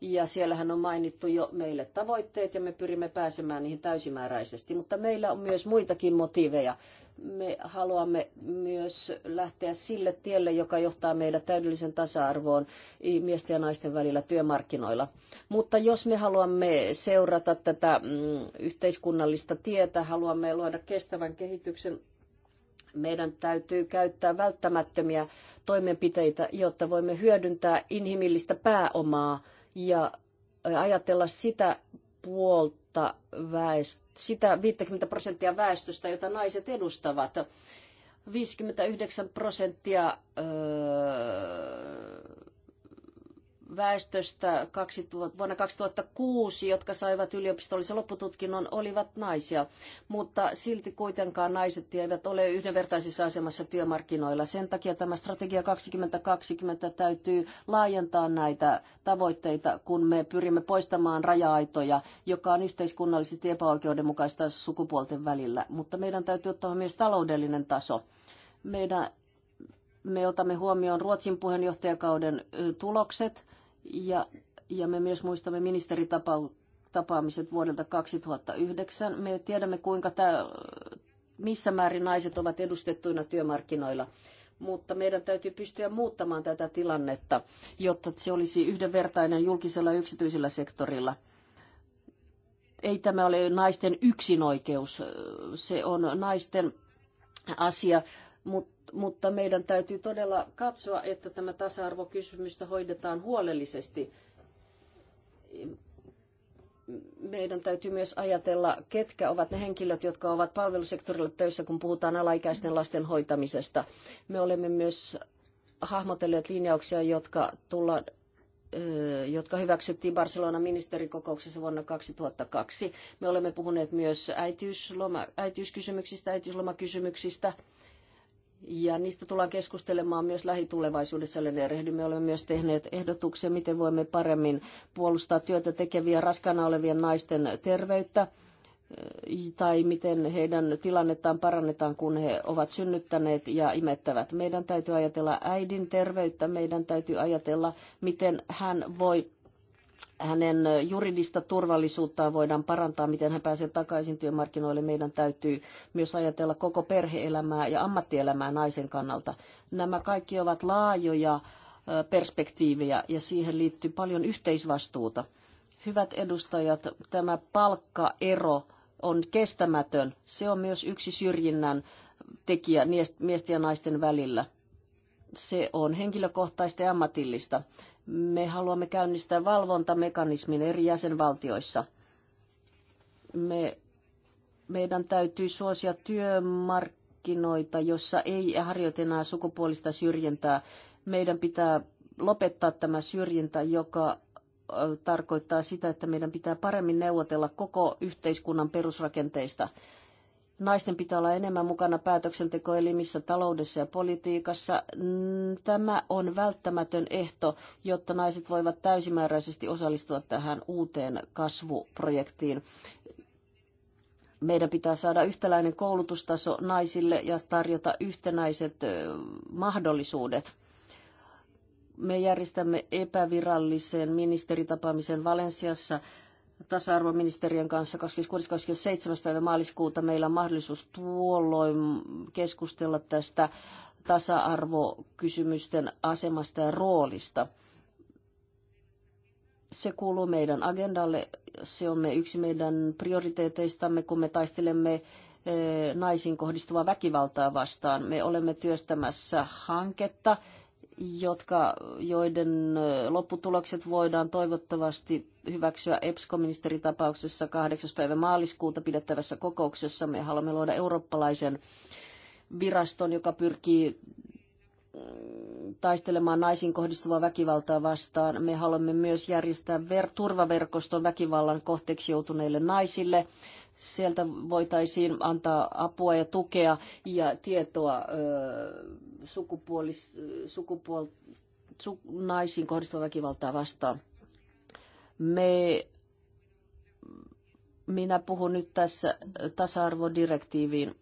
ja siellähän on mainittu jo meille tavoitteet ja me pyrimme pääsemään niihin täysimääräisesti, mutta meillä on myös muitakin motiiveja. Me haluamme myös lähteä sille tielle, joka johtaa meidät täydellisen tasa-arvoon miesten ja naisten välillä työmarkkinoilla. Mutta jos me haluamme seurata tätä mm, yhteiskunnallista tietä, haluamme luoda kestävän kehityksen meidän täytyy käyttää välttämättömiä toimenpiteitä, jotta voimme hyödyntää inhimillistä pääomaa ja ajatella sitä puolta väest- sitä 50 prosenttia väestöstä, jota naiset edustavat. 59 prosenttia väestöstä 2000, vuonna 2006, jotka saivat yliopistollisen loppututkinnon, olivat naisia, mutta silti kuitenkaan naiset eivät ole yhdenvertaisessa asemassa työmarkkinoilla. Sen takia tämä strategia 2020 täytyy laajentaa näitä tavoitteita, kun me pyrimme poistamaan raja-aitoja, joka on yhteiskunnallisesti epäoikeudenmukaista sukupuolten välillä. Mutta meidän täytyy ottaa myös taloudellinen taso. Meidän me otamme huomioon Ruotsin puheenjohtajakauden tulokset ja, ja me myös muistamme ministeritapaamiset vuodelta 2009. Me tiedämme, kuinka tämä, missä määrin naiset ovat edustettuina työmarkkinoilla mutta meidän täytyy pystyä muuttamaan tätä tilannetta, jotta se olisi yhdenvertainen julkisella ja yksityisellä sektorilla. Ei tämä ole naisten yksinoikeus, se on naisten asia mutta meidän täytyy todella katsoa, että tämä tasa-arvokysymystä hoidetaan huolellisesti. Meidän täytyy myös ajatella, ketkä ovat ne henkilöt, jotka ovat palvelusektorilla töissä, kun puhutaan alaikäisten lasten hoitamisesta. Me olemme myös hahmotelleet linjauksia, jotka tulla, jotka hyväksyttiin Barcelonan ministerikokouksessa vuonna 2002. Me olemme puhuneet myös äitiysloma, äitiyskysymyksistä, äitiyslomakysymyksistä. Ja niistä tullaan keskustelemaan myös lähitulevaisuudessa. Eli erehdymme olemme myös tehneet ehdotuksia, miten voimme paremmin puolustaa työtä tekeviä raskana olevien naisten terveyttä eh, tai miten heidän tilannettaan parannetaan, kun he ovat synnyttäneet ja imettävät. Meidän täytyy ajatella äidin terveyttä, meidän täytyy ajatella, miten hän voi hänen juridista turvallisuuttaan voidaan parantaa, miten hän pääsee takaisin työmarkkinoille. Meidän täytyy myös ajatella koko perheelämää ja ammattielämää naisen kannalta. Nämä kaikki ovat laajoja perspektiivejä ja siihen liittyy paljon yhteisvastuuta. Hyvät edustajat, tämä palkkaero on kestämätön. Se on myös yksi syrjinnän tekijä miesten ja naisten välillä. Se on henkilökohtaista ja ammatillista. Me haluamme käynnistää valvontamekanismin eri jäsenvaltioissa. Me, meidän täytyy suosia työmarkkinoita, jossa ei harjoita enää sukupuolista syrjintää. Meidän pitää lopettaa tämä syrjintä, joka tarkoittaa sitä, että meidän pitää paremmin neuvotella koko yhteiskunnan perusrakenteista – Naisten pitää olla enemmän mukana päätöksentekoelimissä, taloudessa ja politiikassa. Mm, tämä on välttämätön ehto, jotta naiset voivat täysimääräisesti osallistua tähän uuteen kasvuprojektiin. Meidän pitää saada yhtäläinen koulutustaso naisille ja tarjota yhtenäiset mahdollisuudet me järjestämme epävirallisen ministeritapaamisen Valensiassa tasa-arvoministeriön kanssa 26 päivä maaliskuuta meillä on mahdollisuus tuolloin keskustella tästä tasa-arvokysymysten asemasta ja roolista. Se kuuluu meidän agendalle, se on me yksi meidän prioriteeteistamme, kun me taistelemme eh, naisiin kohdistuvaa väkivaltaa vastaan. Me olemme työstämässä hanketta, jotka, joiden lopputulokset voidaan toivottavasti hyväksyä EPSCO-ministeritapauksessa 8. päivä maaliskuuta pidettävässä kokouksessa. Me haluamme luoda eurooppalaisen viraston, joka pyrkii mm, taistelemaan naisiin kohdistuvaa väkivaltaa vastaan. Me haluamme myös järjestää ver- turvaverkoston väkivallan kohteeksi joutuneille naisille – sieltä voitaisiin antaa apua ja tukea ja tietoa sukupuolis, sukupuol, su, naisiin kohdistuvaa väkivaltaa vastaan. Me, minä puhun nyt tässä tasa-arvodirektiiviin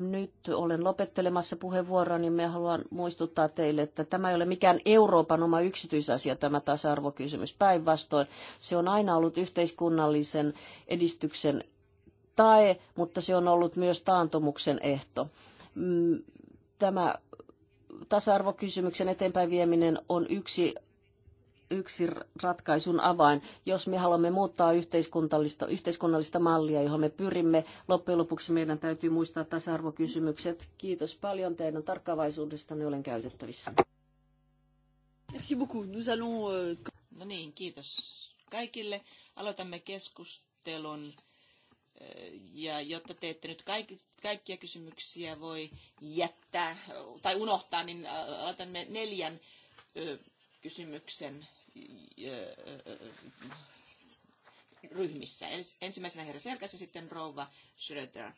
nyt olen lopettelemassa puheenvuoroni, niin me haluan muistuttaa teille, että tämä ei ole mikään Euroopan oma yksityisasia tämä tasa-arvokysymys. Päinvastoin se on aina ollut yhteiskunnallisen edistyksen tae, mutta se on ollut myös taantumuksen ehto. Mm, tämä tasa-arvokysymyksen eteenpäin vieminen on yksi yksi ratkaisun avain. Jos me haluamme muuttaa yhteiskunnallista, yhteiskunnallista mallia, johon me pyrimme, loppujen lopuksi meidän täytyy muistaa tasa-arvokysymykset. Kiitos paljon teidän tarkkaavaisuudestanne, olen käytettävissä. Merci beaucoup. Nous allons... Euh, no niin, kiitos kaikille. Aloitamme keskustelun. Äh, ja jotta te ette nyt kaikki, kaikkia kysymyksiä voi jättää äh, tai unohtaa, niin äh, aloitamme neljän kysymyksen ryhmissä. Ensimmäisenä herra Selkäs ja sitten rouva Schröter.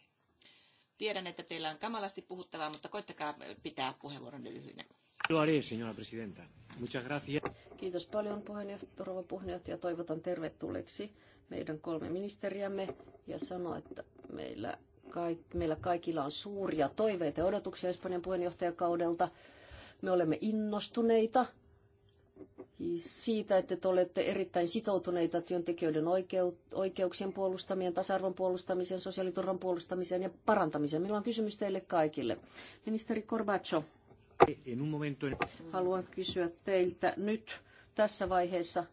Tiedän, että teillä on kamalasti puhuttavaa, mutta koittakaa pitää puheenvuoron lyhyenä. Kiitos paljon puheenjohtaja, rouva puheenjohtaja. Toivotan tervetulleeksi meidän kolme ministeriämme ja sano, että meillä, kaik, meillä kaikilla on suuria toiveita ja odotuksia Espanjan puheenjohtajakaudelta. Me olemme innostuneita siitä, että te olette erittäin sitoutuneita työntekijöiden oikeuksien puolustamiseen, tasa-arvon puolustamiseen, sosiaaliturvan puolustamiseen ja parantamiseen. Minulla on kysymys teille kaikille. Ministeri Corbacho, haluan kysyä teiltä nyt tässä vaiheessa,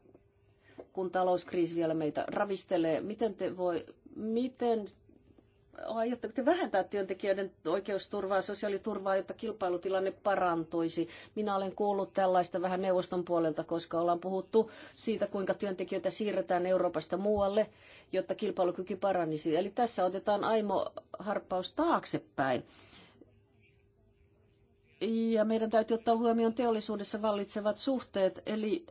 kun talouskriisi vielä meitä ravistelee, miten te voi, miten aiotteko te vähentää työntekijöiden oikeusturvaa ja sosiaaliturvaa, jotta kilpailutilanne parantuisi? Minä olen kuullut tällaista vähän neuvoston puolelta, koska ollaan puhuttu siitä, kuinka työntekijöitä siirretään Euroopasta muualle, jotta kilpailukyky paranisi. Eli tässä otetaan aimo harppaus taaksepäin. Ja meidän täytyy ottaa huomioon teollisuudessa vallitsevat suhteet, eli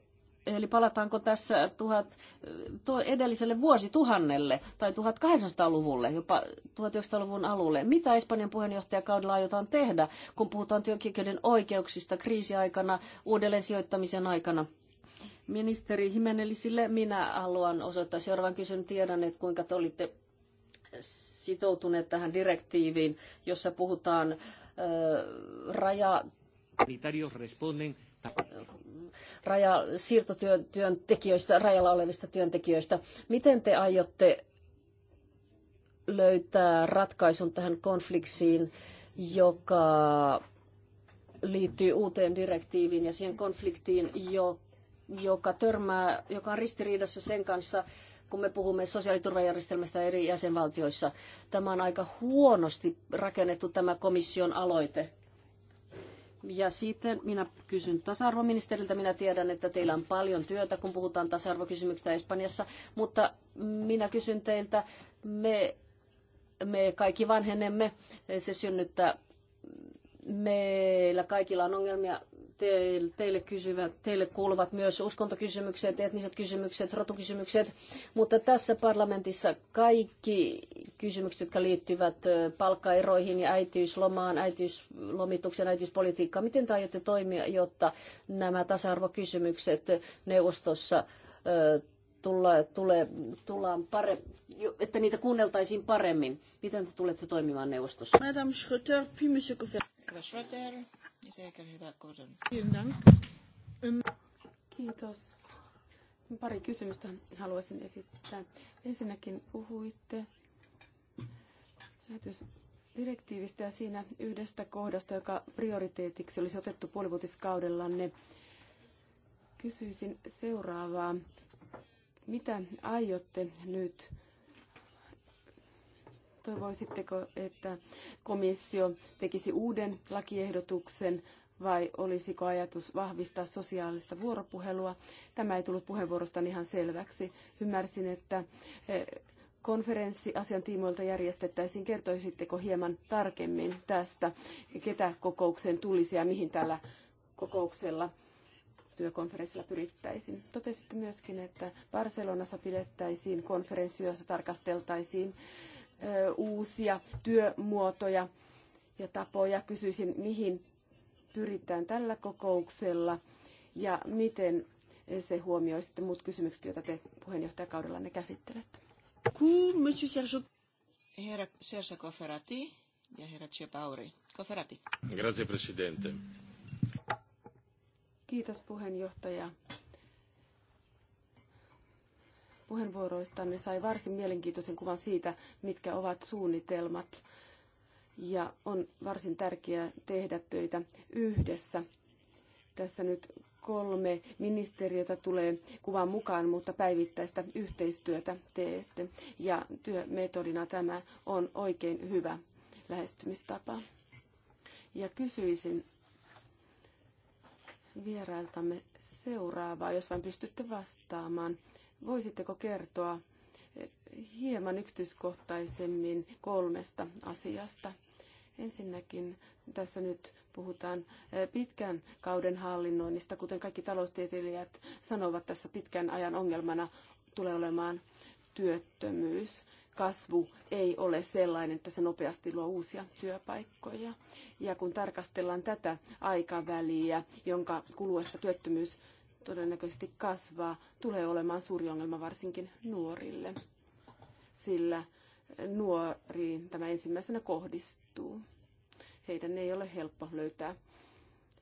Eli palataanko tässä tuhat, tuo edelliselle vuosituhannelle tai 1800-luvulle, jopa 1900-luvun alulle? Mitä Espanjan puheenjohtajakaudella aiotaan tehdä, kun puhutaan työntekijöiden oikeuksista kriisiaikana, uudelleen sijoittamisen aikana? Ministeri Himenelisille minä haluan osoittaa seuraavan kysyn. Tiedän, että kuinka te olitte sitoutuneet tähän direktiiviin, jossa puhutaan äh, raja... Sanitarios responden raja, siirtotyöntekijöistä, rajalla olevista työntekijöistä. Miten te aiotte löytää ratkaisun tähän konfliktiin, joka liittyy uuteen direktiiviin ja siihen konfliktiin, jo, joka törmää, joka on ristiriidassa sen kanssa, kun me puhumme sosiaaliturvajärjestelmästä eri jäsenvaltioissa. Tämä on aika huonosti rakennettu tämä komission aloite. Ja sitten minä kysyn tasa-arvoministeriltä. Minä tiedän, että teillä on paljon työtä, kun puhutaan tasa-arvokysymyksistä Espanjassa, mutta minä kysyn teiltä, me, me kaikki vanhenemme, se synnyttää meillä kaikilla on ongelmia teille, kysyvät, teille kuuluvat myös uskontokysymykset, etniset kysymykset, rotukysymykset, mutta tässä parlamentissa kaikki kysymykset, jotka liittyvät palkkaeroihin ja äitiyslomaan, äitiyslomituksen, äitiyspolitiikkaan, miten te aiotte toimia, jotta nämä tasa-arvokysymykset neuvostossa tulla, tule, tullaan pare, että niitä kuunneltaisiin paremmin. Miten te tulette toimimaan neuvostossa? Madame Schröter, puis Monsieur Schröter. Ja hyvä Kiitos. Pari kysymystä haluaisin esittää. Ensinnäkin puhuitte lähetysdirektiivistä ja siinä yhdestä kohdasta, joka prioriteetiksi olisi otettu puolivuotiskaudellanne. Kysyisin seuraavaa. Mitä aiotte nyt Toivoisitteko, että komissio tekisi uuden lakiehdotuksen vai olisiko ajatus vahvistaa sosiaalista vuoropuhelua? Tämä ei tullut puheenvuorosta ihan selväksi. Ymmärsin, että eh, konferenssi asian tiimoilta järjestettäisiin. Kertoisitteko hieman tarkemmin tästä, ketä kokoukseen tulisi ja mihin tällä kokouksella työkonferenssilla pyrittäisiin. Totesitte myöskin, että Barcelonassa pidettäisiin konferenssi, jossa tarkasteltaisiin uusia työmuotoja ja tapoja. Kysyisin, mihin pyritään tällä kokouksella ja miten se huomioi sitten muut kysymykset, joita te puheenjohtajakaudellanne käsittelette. Herra Sersa Koferati ja herra Tsepauri. Koferati. Grazie, presidente. Kiitos puheenjohtaja puheenvuoroistanne sai varsin mielenkiintoisen kuvan siitä, mitkä ovat suunnitelmat. Ja on varsin tärkeää tehdä töitä yhdessä. Tässä nyt kolme ministeriötä tulee kuvan mukaan, mutta päivittäistä yhteistyötä teette. Ja työmetodina tämä on oikein hyvä lähestymistapa. Ja kysyisin vierailtamme seuraavaa, jos vain pystytte vastaamaan. Voisitteko kertoa hieman yksityiskohtaisemmin kolmesta asiasta? Ensinnäkin tässä nyt puhutaan eh, pitkän kauden hallinnoinnista, kuten kaikki taloustieteilijät sanovat tässä pitkän ajan ongelmana tulee olemaan työttömyys. Kasvu ei ole sellainen, että se nopeasti luo uusia työpaikkoja. Ja kun tarkastellaan tätä aikaväliä, jonka kuluessa työttömyys todennäköisesti kasvaa, tulee olemaan suuri ongelma varsinkin nuorille, sillä nuoriin tämä ensimmäisenä kohdistuu. Heidän ei ole helppo löytää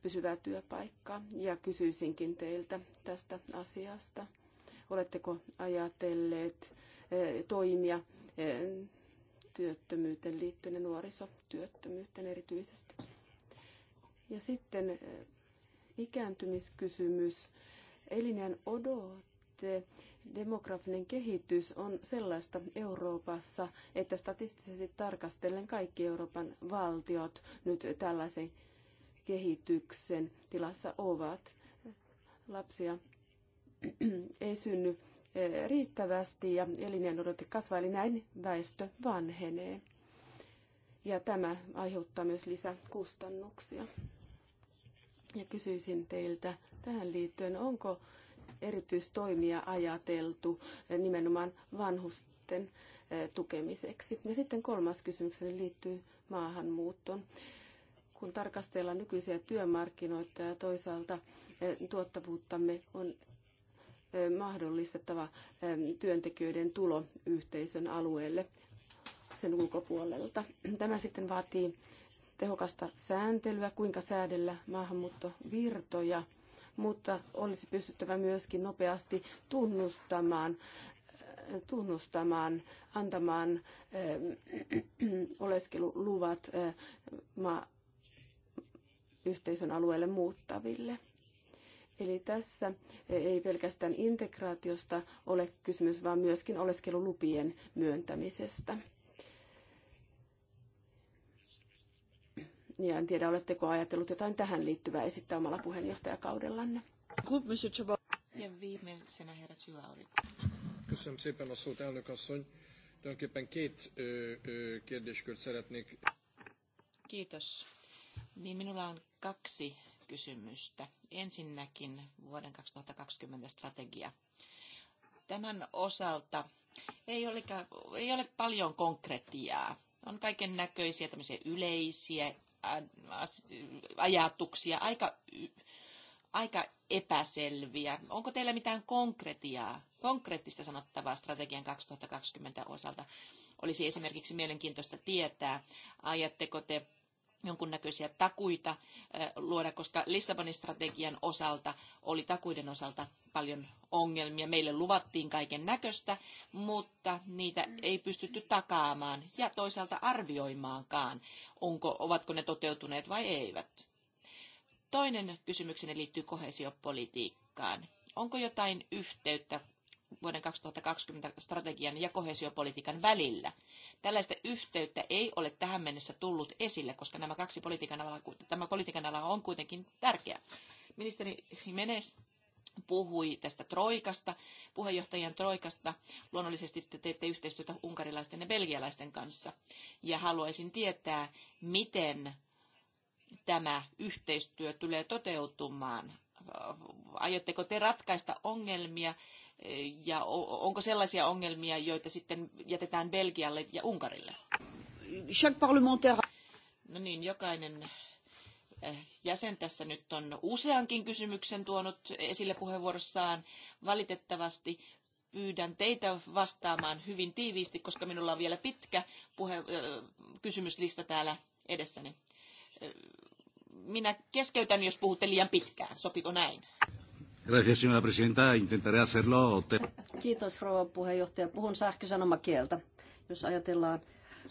pysyvää työpaikkaa ja kysyisinkin teiltä tästä asiasta. Oletteko ajatelleet e, toimia e, työttömyyteen liittyen ja nuorisotyöttömyyteen erityisesti? Ja sitten e, ikääntymiskysymys, elinen odote, demografinen kehitys on sellaista Euroopassa, että statistisesti tarkastellen kaikki Euroopan valtiot nyt tällaisen kehityksen tilassa ovat. Lapsia ei synny eh, riittävästi ja elinainodote kasvaa, eli näin väestö vanhenee. Ja tämä aiheuttaa myös lisäkustannuksia. Ja kysyisin teiltä tähän liittyen, onko erityistoimia ajateltu nimenomaan vanhusten eh, tukemiseksi? Ja sitten kolmas kysymykseni liittyy maahanmuuttoon kun tarkastellaan nykyisiä työmarkkinoita ja toisaalta eh, tuottavuuttamme on eh, mahdollistettava työntekijöiden tulo yhteisön alueelle sen ulkopuolelta. Tämä sitten vaatii tehokasta sääntelyä, kuinka säädellä maahanmuuttovirtoja, mutta olisi pystyttävä myöskin nopeasti tunnustamaan tunnustamaan, antamaan eh, oleskeluluvat eh, maa yhteisön alueelle muuttaville. Eli tässä ei pelkästään integraatiosta ole kysymys, vaan myöskin oleskelulupien myöntämisestä. Ja en tiedä, oletteko ajatellut jotain tähän liittyvää esittää omalla puheenjohtajakaudellanne. Ja viimeisenä herra Tsyvauri. Köszönöm szépen a szót, elnök asszony. Tulajdonképpen két ö, ö, kérdéskört szeretnék. Kiitos. Niin minulla on kaksi kysymystä. Ensinnäkin vuoden 2020 strategia. Tämän osalta ei ole, ei ole paljon konkretiaa. On kaiken näköisiä tämmöisiä yleisiä ajatuksia, aika, aika epäselviä. Onko teillä mitään konkretiaa, konkreettista sanottavaa strategian 2020 osalta? Olisi esimerkiksi mielenkiintoista tietää, ajatteko te jonkunnäköisiä takuita luoda, koska Lissabonin strategian osalta oli takuiden osalta paljon ongelmia. Meille luvattiin kaiken näköistä, mutta niitä mm. ei pystytty takaamaan ja toisaalta arvioimaankaan, onko, ovatko ne toteutuneet vai eivät. Toinen kysymykseni liittyy kohesiopolitiikkaan. Onko jotain yhteyttä vuoden 2020 strategian ja kohesiopolitiikan välillä. Tällaista yhteyttä ei ole tähän mennessä tullut esille, koska nämä kaksi politiikan alaa, tämä politiikan ala on kuitenkin tärkeä. Ministeri Jimenez puhui tästä Troikasta, puheenjohtajien Troikasta. Luonnollisesti te teette yhteistyötä unkarilaisten ja belgialaisten kanssa. Ja haluaisin tietää, miten tämä yhteistyö tulee toteutumaan aiotteko te ratkaista ongelmia eh, ja onko sellaisia ongelmia, joita sitten jätetään Belgialle ja Unkarille? No niin, jokainen eh, jäsen tässä nyt on useankin kysymyksen tuonut esille puheenvuorossaan. Valitettavasti pyydän teitä vastaamaan hyvin tiiviisti, koska minulla on vielä pitkä puhe, eh, kysymyslista täällä edessäni minä keskeytän, jos puhutte liian pitkään. Sopiko näin? Gracias, señora presidenta. Intentaré hacerlo. Kiitos, rouva puheenjohtaja. Puhun sähkösanomakieltä. Jos ajatellaan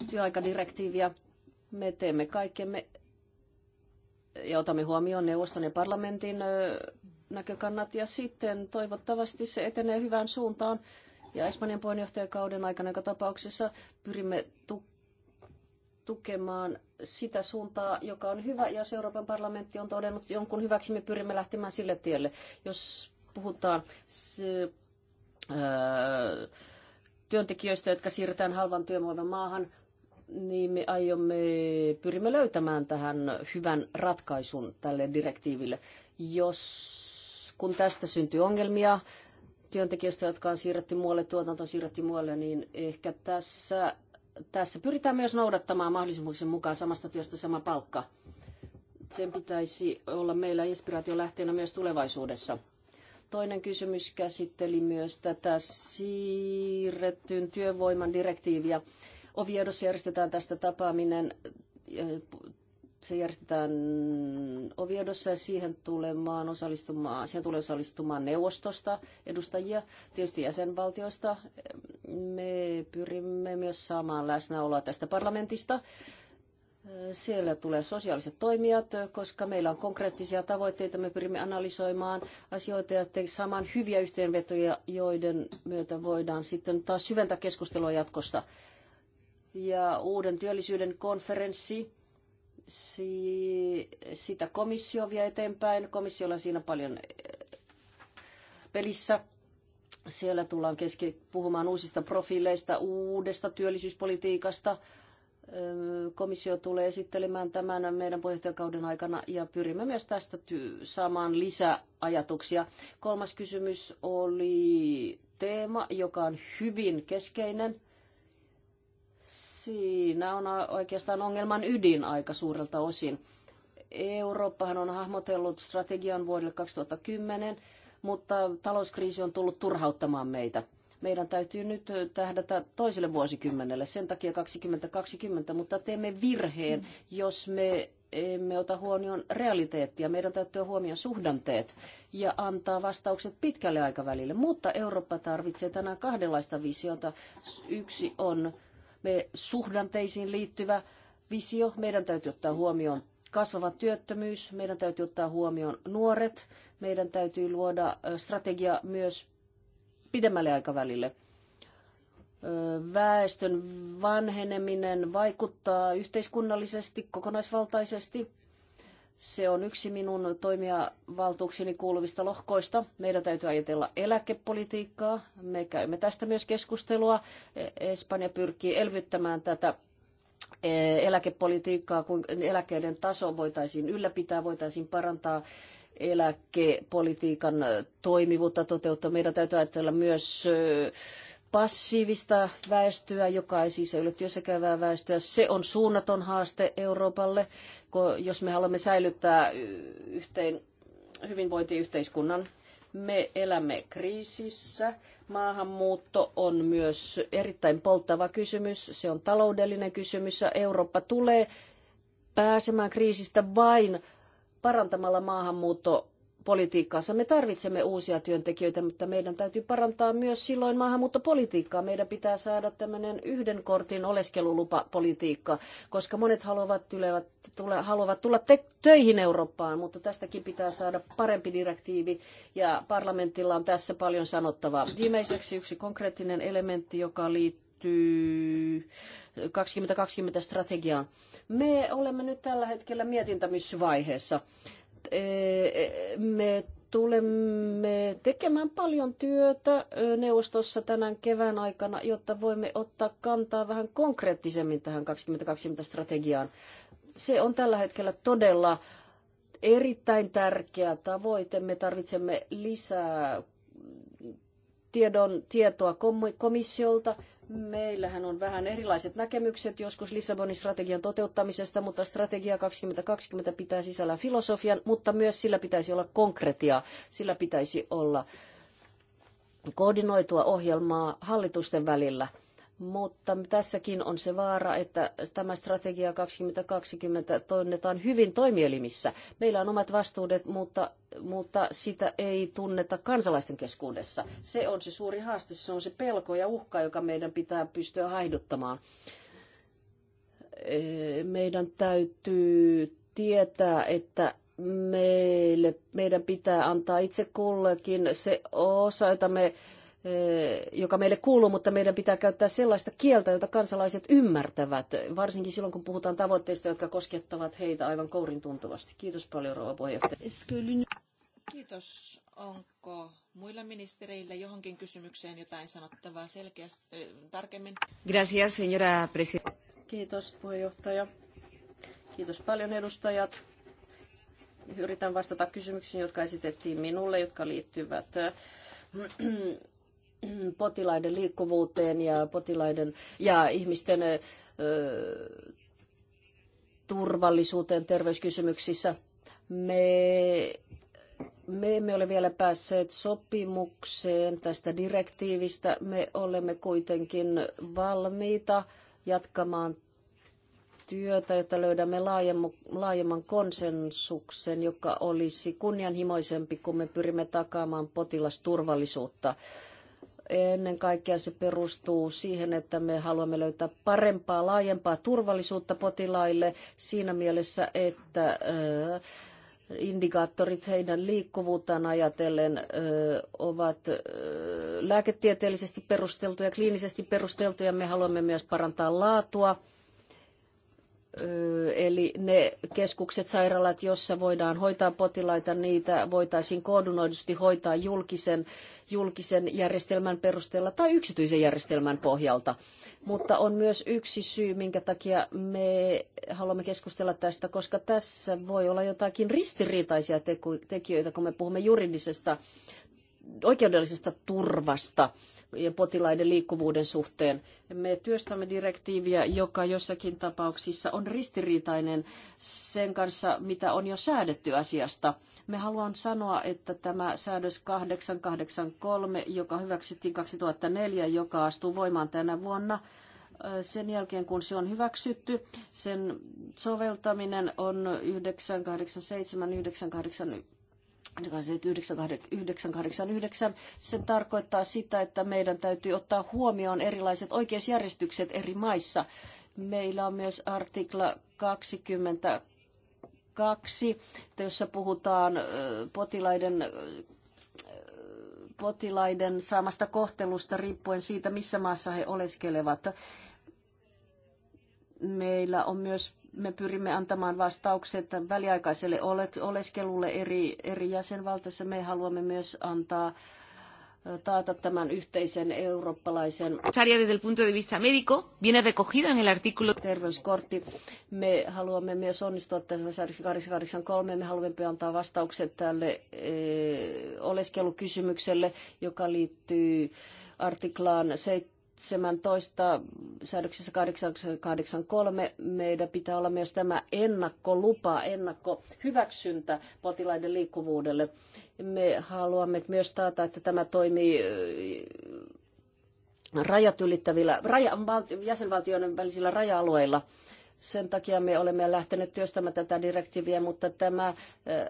työaikadirektiiviä, me teemme kaikkemme ja otamme huomioon neuvoston ja parlamentin näkökannat ja sitten toivottavasti se etenee hyvään suuntaan. Ja Espanjan puheenjohtajakauden aikana joka tapauksessa pyrimme tu- tukemaan sitä suuntaa, joka on hyvä, ja jos Euroopan parlamentti on todennut jonkun hyväksi, me pyrimme lähtemään sille tielle. Jos puhutaan se, äh, työntekijöistä, jotka siirretään halvan työvoiman maahan, niin me aiomme, pyrimme löytämään tähän hyvän ratkaisun tälle direktiiville. Jos, kun tästä syntyy ongelmia, työntekijöistä, jotka on siirretty muualle, tuotanto on siirretty muualle, niin ehkä tässä tässä pyritään myös noudattamaan mahdollisuuksien mukaan samasta työstä sama palkka. Sen pitäisi olla meillä inspiraatio lähteenä myös tulevaisuudessa. Toinen kysymys käsitteli myös tätä siirrettyyn työvoiman direktiiviä. Oviedossa järjestetään tästä tapaaminen se järjestetään Oviedossa ja siihen tulemaan osallistumaan, siihen tulee osallistumaan neuvostosta edustajia, tietysti jäsenvaltioista. Me pyrimme myös saamaan läsnäoloa tästä parlamentista. Siellä tulee sosiaaliset toimijat, koska meillä on konkreettisia tavoitteita. Me pyrimme analysoimaan asioita ja saamaan hyviä yhteenvetoja, joiden myötä voidaan sitten taas syventää keskustelua jatkossa. Ja uuden työllisyyden konferenssi Si- sitä komissio vie eteenpäin. Komissiolla on siinä paljon eh, pelissä. Siellä tullaan keski puhumaan uusista profiileista, uudesta työllisyyspolitiikasta. Eh, komissio tulee esittelemään tämän meidän puheenjohtajakauden aikana ja pyrimme myös tästä saamaan lisäajatuksia. Kolmas kysymys oli teema, joka on hyvin keskeinen Siinä on oikeastaan ongelman ydin aika suurelta osin. Eurooppahan on hahmotellut strategian vuodelle 2010, mutta talouskriisi on tullut turhauttamaan meitä. Meidän täytyy nyt tähdätä toiselle vuosikymmenelle, sen takia 2020, mutta teemme virheen, jos me emme ota huomioon realiteettia. Meidän täytyy huomioon suhdanteet ja antaa vastaukset pitkälle aikavälille. Mutta Eurooppa tarvitsee tänään kahdenlaista visiota. Yksi on me suhdanteisiin liittyvä visio. Meidän täytyy ottaa huomioon kasvava työttömyys, meidän täytyy ottaa huomioon nuoret, meidän täytyy luoda strategia myös pidemmälle aikavälille. Väestön vanheneminen vaikuttaa yhteiskunnallisesti, kokonaisvaltaisesti. Se on yksi minun toimijavaltuuksini kuuluvista lohkoista. Meidän täytyy ajatella eläkepolitiikkaa. Me käymme tästä myös keskustelua. E, Espanja pyrkii elvyttämään tätä e, eläkepolitiikkaa, kun eläkkeiden taso voitaisiin ylläpitää, voitaisiin parantaa eläkepolitiikan toimivuutta toteuttaa. Meidän täytyy ajatella myös e, passiivista väestöä, joka ei siis ei ole työssäkäyvää väestöä. Se on suunnaton haaste Euroopalle, jos me haluamme säilyttää yhteen hyvinvointiyhteiskunnan. Me elämme kriisissä. Maahanmuutto on myös erittäin polttava kysymys. Se on taloudellinen kysymys ja Eurooppa tulee pääsemään kriisistä vain parantamalla maahanmuutto politiikkaansa. Me tarvitsemme uusia työntekijöitä, mutta meidän täytyy parantaa myös silloin maahanmuuttopolitiikkaa. Meidän pitää saada tämmöinen yhden kortin oleskelulupapolitiikka, koska monet haluavat, tylevät, tule, haluavat tulla te- töihin Eurooppaan, mutta tästäkin pitää saada parempi direktiivi ja parlamentilla on tässä paljon sanottavaa. Viimeiseksi yksi konkreettinen elementti, joka liittyy liittyy 2020 strategiaan. Me olemme nyt tällä hetkellä mietintämisvaiheessa. E, e, me tulemme tekemään paljon työtä e, neuvostossa tänään kevään aikana, jotta voimme ottaa kantaa vähän konkreettisemmin tähän 2020-strategiaan. Se on tällä hetkellä todella erittäin tärkeä tavoite. Me tarvitsemme lisää tiedon, tietoa komissiolta. Meillähän on vähän erilaiset näkemykset joskus Lissabonin strategian toteuttamisesta, mutta strategia 2020 pitää sisällä filosofian, mutta myös sillä pitäisi olla konkretiaa. Sillä pitäisi olla koordinoitua ohjelmaa hallitusten välillä – mutta tässäkin on se vaara, että tämä strategia 2020 tunnetaan hyvin toimielimissä. Meillä on omat vastuudet, mutta, mutta sitä ei tunneta kansalaisten keskuudessa. Se on se suuri haaste, se on se pelko ja uhka, joka meidän pitää pystyä haihduttamaan. Meidän täytyy tietää, että meille, meidän pitää antaa itse kullekin se osa, jota me Eh, joka meille kuuluu, mutta meidän pitää käyttää sellaista kieltä, jota kansalaiset ymmärtävät, varsinkin silloin, kun puhutaan tavoitteista, jotka koskettavat heitä aivan kourin tuntuvasti. Kiitos paljon, rouva puheenjohtaja. Kiitos. Onko muilla ministereillä johonkin kysymykseen jotain sanottavaa selkeästi eh, tarkemmin? Gracias, señora presidenta. Kiitos, puheenjohtaja. Kiitos paljon, edustajat yritän vastata kysymyksiin, jotka esitettiin minulle, jotka liittyvät potilaiden liikkuvuuteen ja potilaiden ja ihmisten turvallisuuteen terveyskysymyksissä. Me, me emme ole vielä päässeet sopimukseen tästä direktiivistä. Me olemme kuitenkin valmiita jatkamaan työtä, jotta löydämme laajemman konsensuksen, joka olisi kunnianhimoisempi, kun me pyrimme takaamaan potilasturvallisuutta. Ennen kaikkea se perustuu siihen, että me haluamme löytää parempaa, laajempaa turvallisuutta potilaille siinä mielessä, että indikaattorit heidän liikkuvuuttaan ajatellen ovat lääketieteellisesti perusteltuja, kliinisesti perusteltuja. Me haluamme myös parantaa laatua Eli ne keskukset, sairaalat, jossa voidaan hoitaa potilaita, niitä voitaisiin koordinoidusti hoitaa julkisen, julkisen järjestelmän perusteella tai yksityisen järjestelmän pohjalta. Mutta on myös yksi syy, minkä takia me haluamme keskustella tästä, koska tässä voi olla jotakin ristiriitaisia tekijöitä, kun me puhumme juridisesta oikeudellisesta turvasta ja potilaiden liikkuvuuden suhteen. Me työstämme direktiiviä, joka jossakin tapauksissa on ristiriitainen sen kanssa, mitä on jo säädetty asiasta. Me haluan sanoa, että tämä säädös 883, joka hyväksyttiin 2004, joka astuu voimaan tänä vuonna, sen jälkeen, kun se on hyväksytty, sen soveltaminen on 987, 989 1989. se tarkoittaa sitä, että meidän täytyy ottaa huomioon erilaiset oikeusjärjestykset eri maissa. Meillä on myös artikla 22, jossa puhutaan potilaiden potilaiden saamasta kohtelusta riippuen siitä, missä maassa he oleskelevat. Meillä on myös me pyrimme antamaan vastaukset väliaikaiselle oleskelulle eri, eri jäsenvaltioissa. Me haluamme myös antaa taata tämän yhteisen eurooppalaisen desde el punto de vista médico viene recogida en el artículo terveyskortti. Me haluamme myös onnistua tässä säädöksessä 883. Me haluamme antaa vastaukset tälle e, oleskelukysymykselle, joka liittyy artiklaan 7 17 säädöksessä 883 meidän pitää olla myös tämä ennakkolupa, ennakkohyväksyntä potilaiden liikkuvuudelle. Me haluamme myös taata, että tämä toimii äh, rajat ylittävillä, raja, jäsenvaltioiden välisillä raja-alueilla. Sen takia me olemme lähteneet työstämään tätä direktiiviä, mutta tämä äh, äh,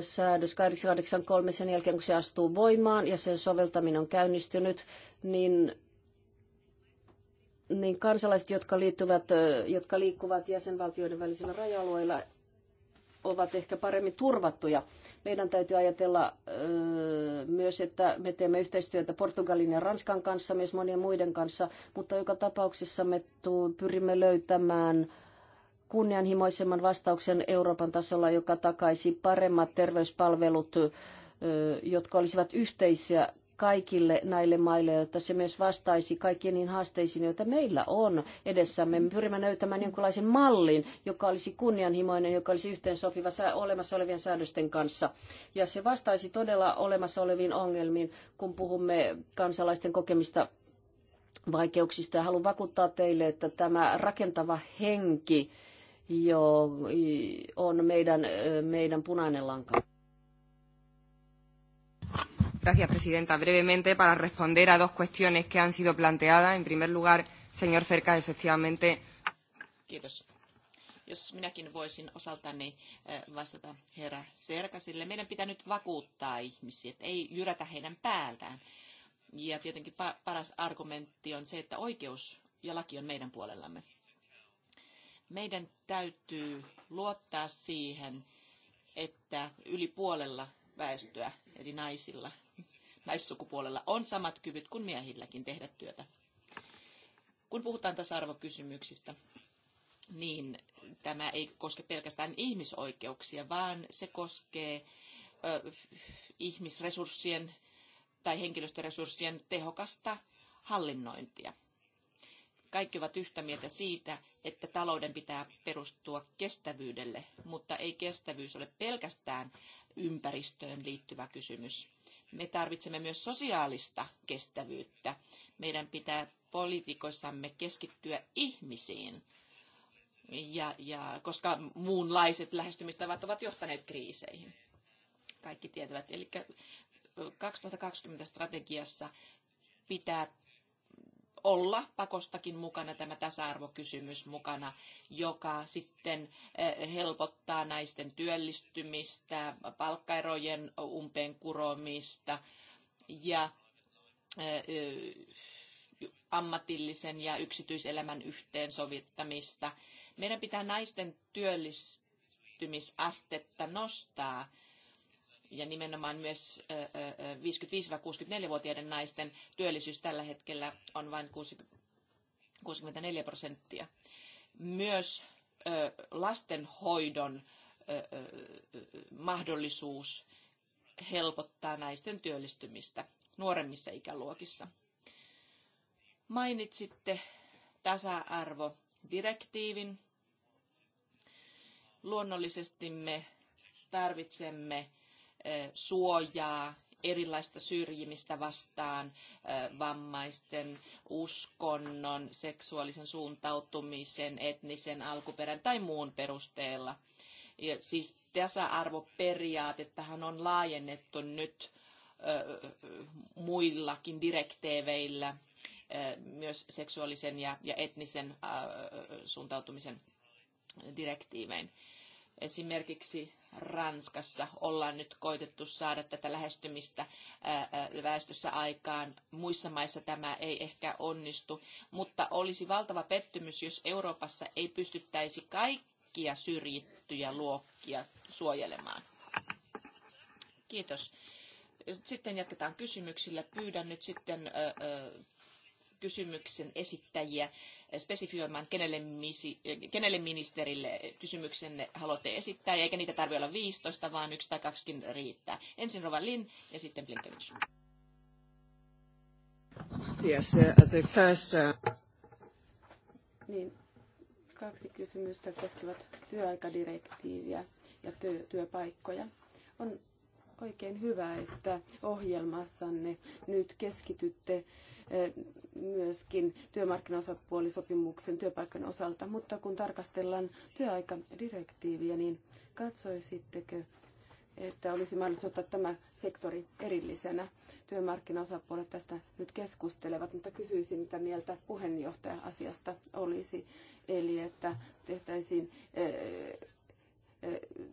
säädös 883 sen jälkeen, kun se astuu voimaan ja sen soveltaminen on käynnistynyt, niin niin kansalaiset, jotka, liittyvät, jotka liikkuvat jäsenvaltioiden välisillä raja-alueilla, ovat ehkä paremmin turvattuja. Meidän täytyy ajatella myös, että me teemme yhteistyötä Portugalin ja Ranskan kanssa, myös monien muiden kanssa, mutta joka tapauksessa me pyrimme löytämään kunnianhimoisemman vastauksen Euroopan tasolla, joka takaisi paremmat terveyspalvelut, jotka olisivat yhteisiä kaikille näille maille, jotta se myös vastaisi kaikkiin niin haasteisiin, joita meillä on edessämme. Me pyrimme näyttämään jonkinlaisen mallin, joka olisi kunnianhimoinen, joka olisi yhteensopiva olemassa olevien säädösten kanssa. Ja se vastaisi todella olemassa oleviin ongelmiin, kun puhumme kansalaisten kokemista vaikeuksista. Ja haluan vakuuttaa teille, että tämä rakentava henki jo on meidän, meidän punainen lanka. Gracias, presidenta. Brevemente, para responder a dos cuestiones que han sido planteadas. En primer lugar, señor Cercas, efectivamente. Kiitos. Jos minäkin voisin osaltani eh, vastata herra Serkasille. Meidän pitää nyt vakuuttaa ihmisiä, että ei jyrätä heidän päältään. Ja tietenkin pa- paras argumentti on se, että oikeus ja laki on meidän puolellamme. Meidän täytyy luottaa siihen, että yli puolella väestöä, eli naisilla, naissukupuolella on samat kyvyt kuin miehilläkin tehdä työtä. Kun puhutaan tasa-arvokysymyksistä, niin tämä ei koske pelkästään ihmisoikeuksia, vaan se koskee ö, ihmisresurssien tai henkilöstöresurssien tehokasta hallinnointia. Kaikki ovat yhtä mieltä siitä, että talouden pitää perustua kestävyydelle, mutta ei kestävyys ole pelkästään ympäristöön liittyvä kysymys. Me tarvitsemme myös sosiaalista kestävyyttä. Meidän pitää poliitikoissamme keskittyä ihmisiin, ja, ja, koska muunlaiset lähestymistavat ovat johtaneet kriiseihin. Kaikki tietävät. Eli 2020 strategiassa pitää olla pakostakin mukana tämä tasa-arvokysymys mukana, joka sitten eh, helpottaa naisten työllistymistä, palkkaerojen umpeen kuromista ja eh, eh, ammatillisen ja yksityiselämän yhteensovittamista. Meidän pitää naisten työllistymisastetta nostaa ja nimenomaan myös 55-64-vuotiaiden naisten työllisyys tällä hetkellä on vain 64 prosenttia. Myös lastenhoidon mahdollisuus helpottaa naisten työllistymistä nuoremmissa ikäluokissa. Mainitsitte tasa-arvodirektiivin. Luonnollisesti me tarvitsemme suojaa erilaista syrjimistä vastaan vammaisten uskonnon, seksuaalisen suuntautumisen, etnisen alkuperän tai muun perusteella. Ja siis tasa-arvoperiaatettahan on laajennettu nyt muillakin direktiiveillä myös seksuaalisen ja, etnisen suuntautumisen direktiivein. Esimerkiksi Ranskassa ollaan nyt koitettu saada tätä lähestymistä väestössä aikaan. Muissa maissa tämä ei ehkä onnistu, mutta olisi valtava pettymys, jos Euroopassa ei pystyttäisi kaikkia syrjittyjä luokkia suojelemaan. Kiitos. Sitten jatketaan kysymyksillä. Pyydän nyt sitten kysymyksen esittäjiä eh, spesifioimaan, kenelle, misi, eh, kenelle ministerille kysymyksen haluatte esittää, eikä niitä tarvitse olla 15, vaan yksi tai kaksikin riittää. Ensin Rovalin ja sitten Blinkevich. Yes, uh, the first, uh... Niin, kaksi kysymystä koskevat työaikadirektiiviä ja työ, työpaikkoja. On oikein hyvä, että ohjelmassanne nyt keskitytte eh, myöskin työmarkkinaosapuolisopimuksen työpaikan osalta, mutta kun tarkastellaan työaikadirektiiviä, niin katsoisitteko, että olisi mahdollista ottaa tämä sektori erillisenä. Työmarkkinaosapuolet tästä nyt keskustelevat, mutta kysyisin, mitä mieltä puheenjohtaja asiasta olisi. Eli että tehtäisiin eh,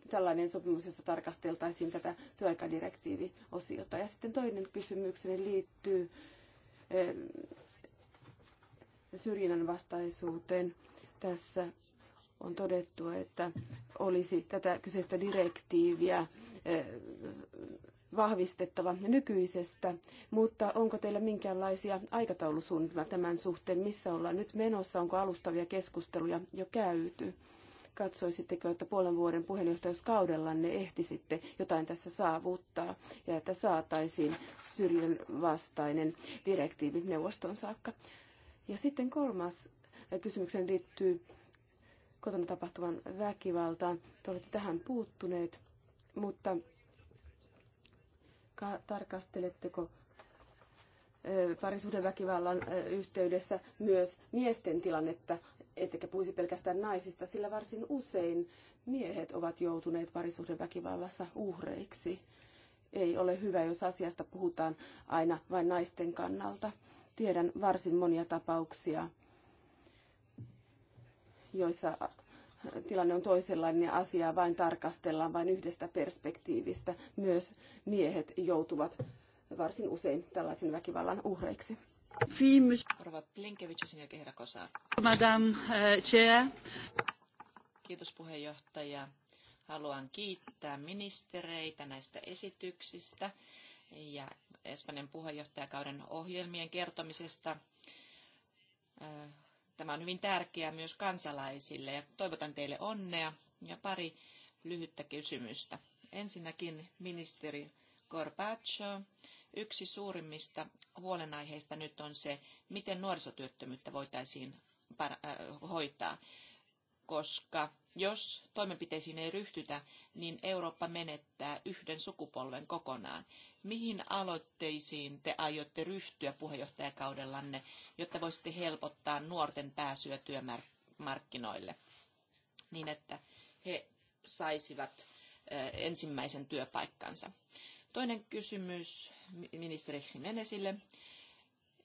tällainen sopimus, jossa tarkasteltaisiin tätä työaikadirektiiviosiota. Ja sitten toinen kysymykseni liittyy syrjinnän vastaisuuteen. Tässä on todettu, että olisi tätä kyseistä direktiiviä vahvistettava nykyisestä, mutta onko teillä minkäänlaisia aikataulusuunnitelmia tämän suhteen? Missä ollaan nyt menossa? Onko alustavia keskusteluja jo käyty? Katsoisitteko, että puolen vuoden ne ehtisitte jotain tässä saavuttaa ja että saataisiin syrjinnän vastainen direktiivi neuvoston saakka? Ja sitten kolmas kysymykseen liittyy kotona tapahtuvan väkivaltaan. Te olette tähän puuttuneet, mutta tarkasteletteko parisuhdeväkivallan yhteydessä myös miesten tilannetta ettekä puhuisi pelkästään naisista, sillä varsin usein miehet ovat joutuneet parisuhdeväkivallassa uhreiksi. Ei ole hyvä, jos asiasta puhutaan aina vain naisten kannalta. Tiedän varsin monia tapauksia, joissa tilanne on toisenlainen ja asiaa vain tarkastellaan vain yhdestä perspektiivistä. Myös miehet joutuvat varsin usein tällaisen väkivallan uhreiksi. Rova Blinkevich ja herra Madame eh, Chair. Kiitos puheenjohtaja. Haluan kiittää ministereitä näistä esityksistä ja Espanjan puheenjohtajakauden ohjelmien kertomisesta. Eh, tämä on hyvin tärkeää myös kansalaisille ja toivotan teille onnea ja pari lyhyttä kysymystä. Ensinnäkin ministeri Gorbachev Yksi suurimmista huolenaiheista nyt on se, miten nuorisotyöttömyyttä voitaisiin äh, hoitaa, koska jos toimenpiteisiin ei ryhtytä, niin Eurooppa menettää yhden sukupolven kokonaan. Mihin aloitteisiin te aiotte ryhtyä puheenjohtajakaudellanne, jotta voisitte helpottaa nuorten pääsyä työmarkkinoille niin, että he saisivat äh, ensimmäisen työpaikkansa? Toinen kysymys ministeri Jimenezille.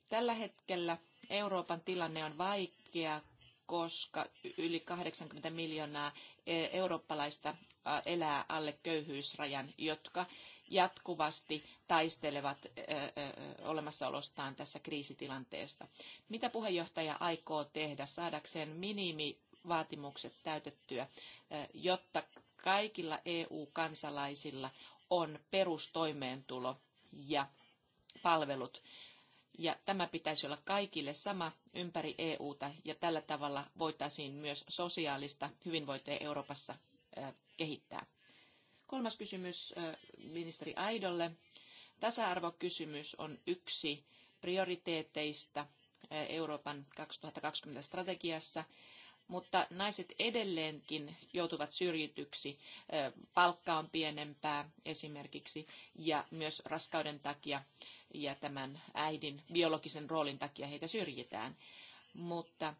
Tällä hetkellä Euroopan tilanne on vaikea, koska yli 80 miljoonaa e, eurooppalaista elää alle köyhyysrajan, jotka jatkuvasti taistelevat e, e, olemassaolostaan tässä kriisitilanteessa. Mitä puheenjohtaja aikoo tehdä saadakseen minimivaatimukset täytettyä, jotta kaikilla EU-kansalaisilla on perustoimeentulo ja palvelut. Ja tämä pitäisi olla kaikille sama ympäri EUta ja tällä tavalla voitaisiin myös sosiaalista hyvinvointia Euroopassa kehittää. Kolmas kysymys ministeri Aidolle. Tasa-arvokysymys on yksi prioriteeteista Euroopan 2020 strategiassa mutta naiset edelleenkin joutuvat syrjityksi. Palkka on pienempää esimerkiksi ja myös raskauden takia ja tämän äidin biologisen roolin takia heitä syrjitään. Mutta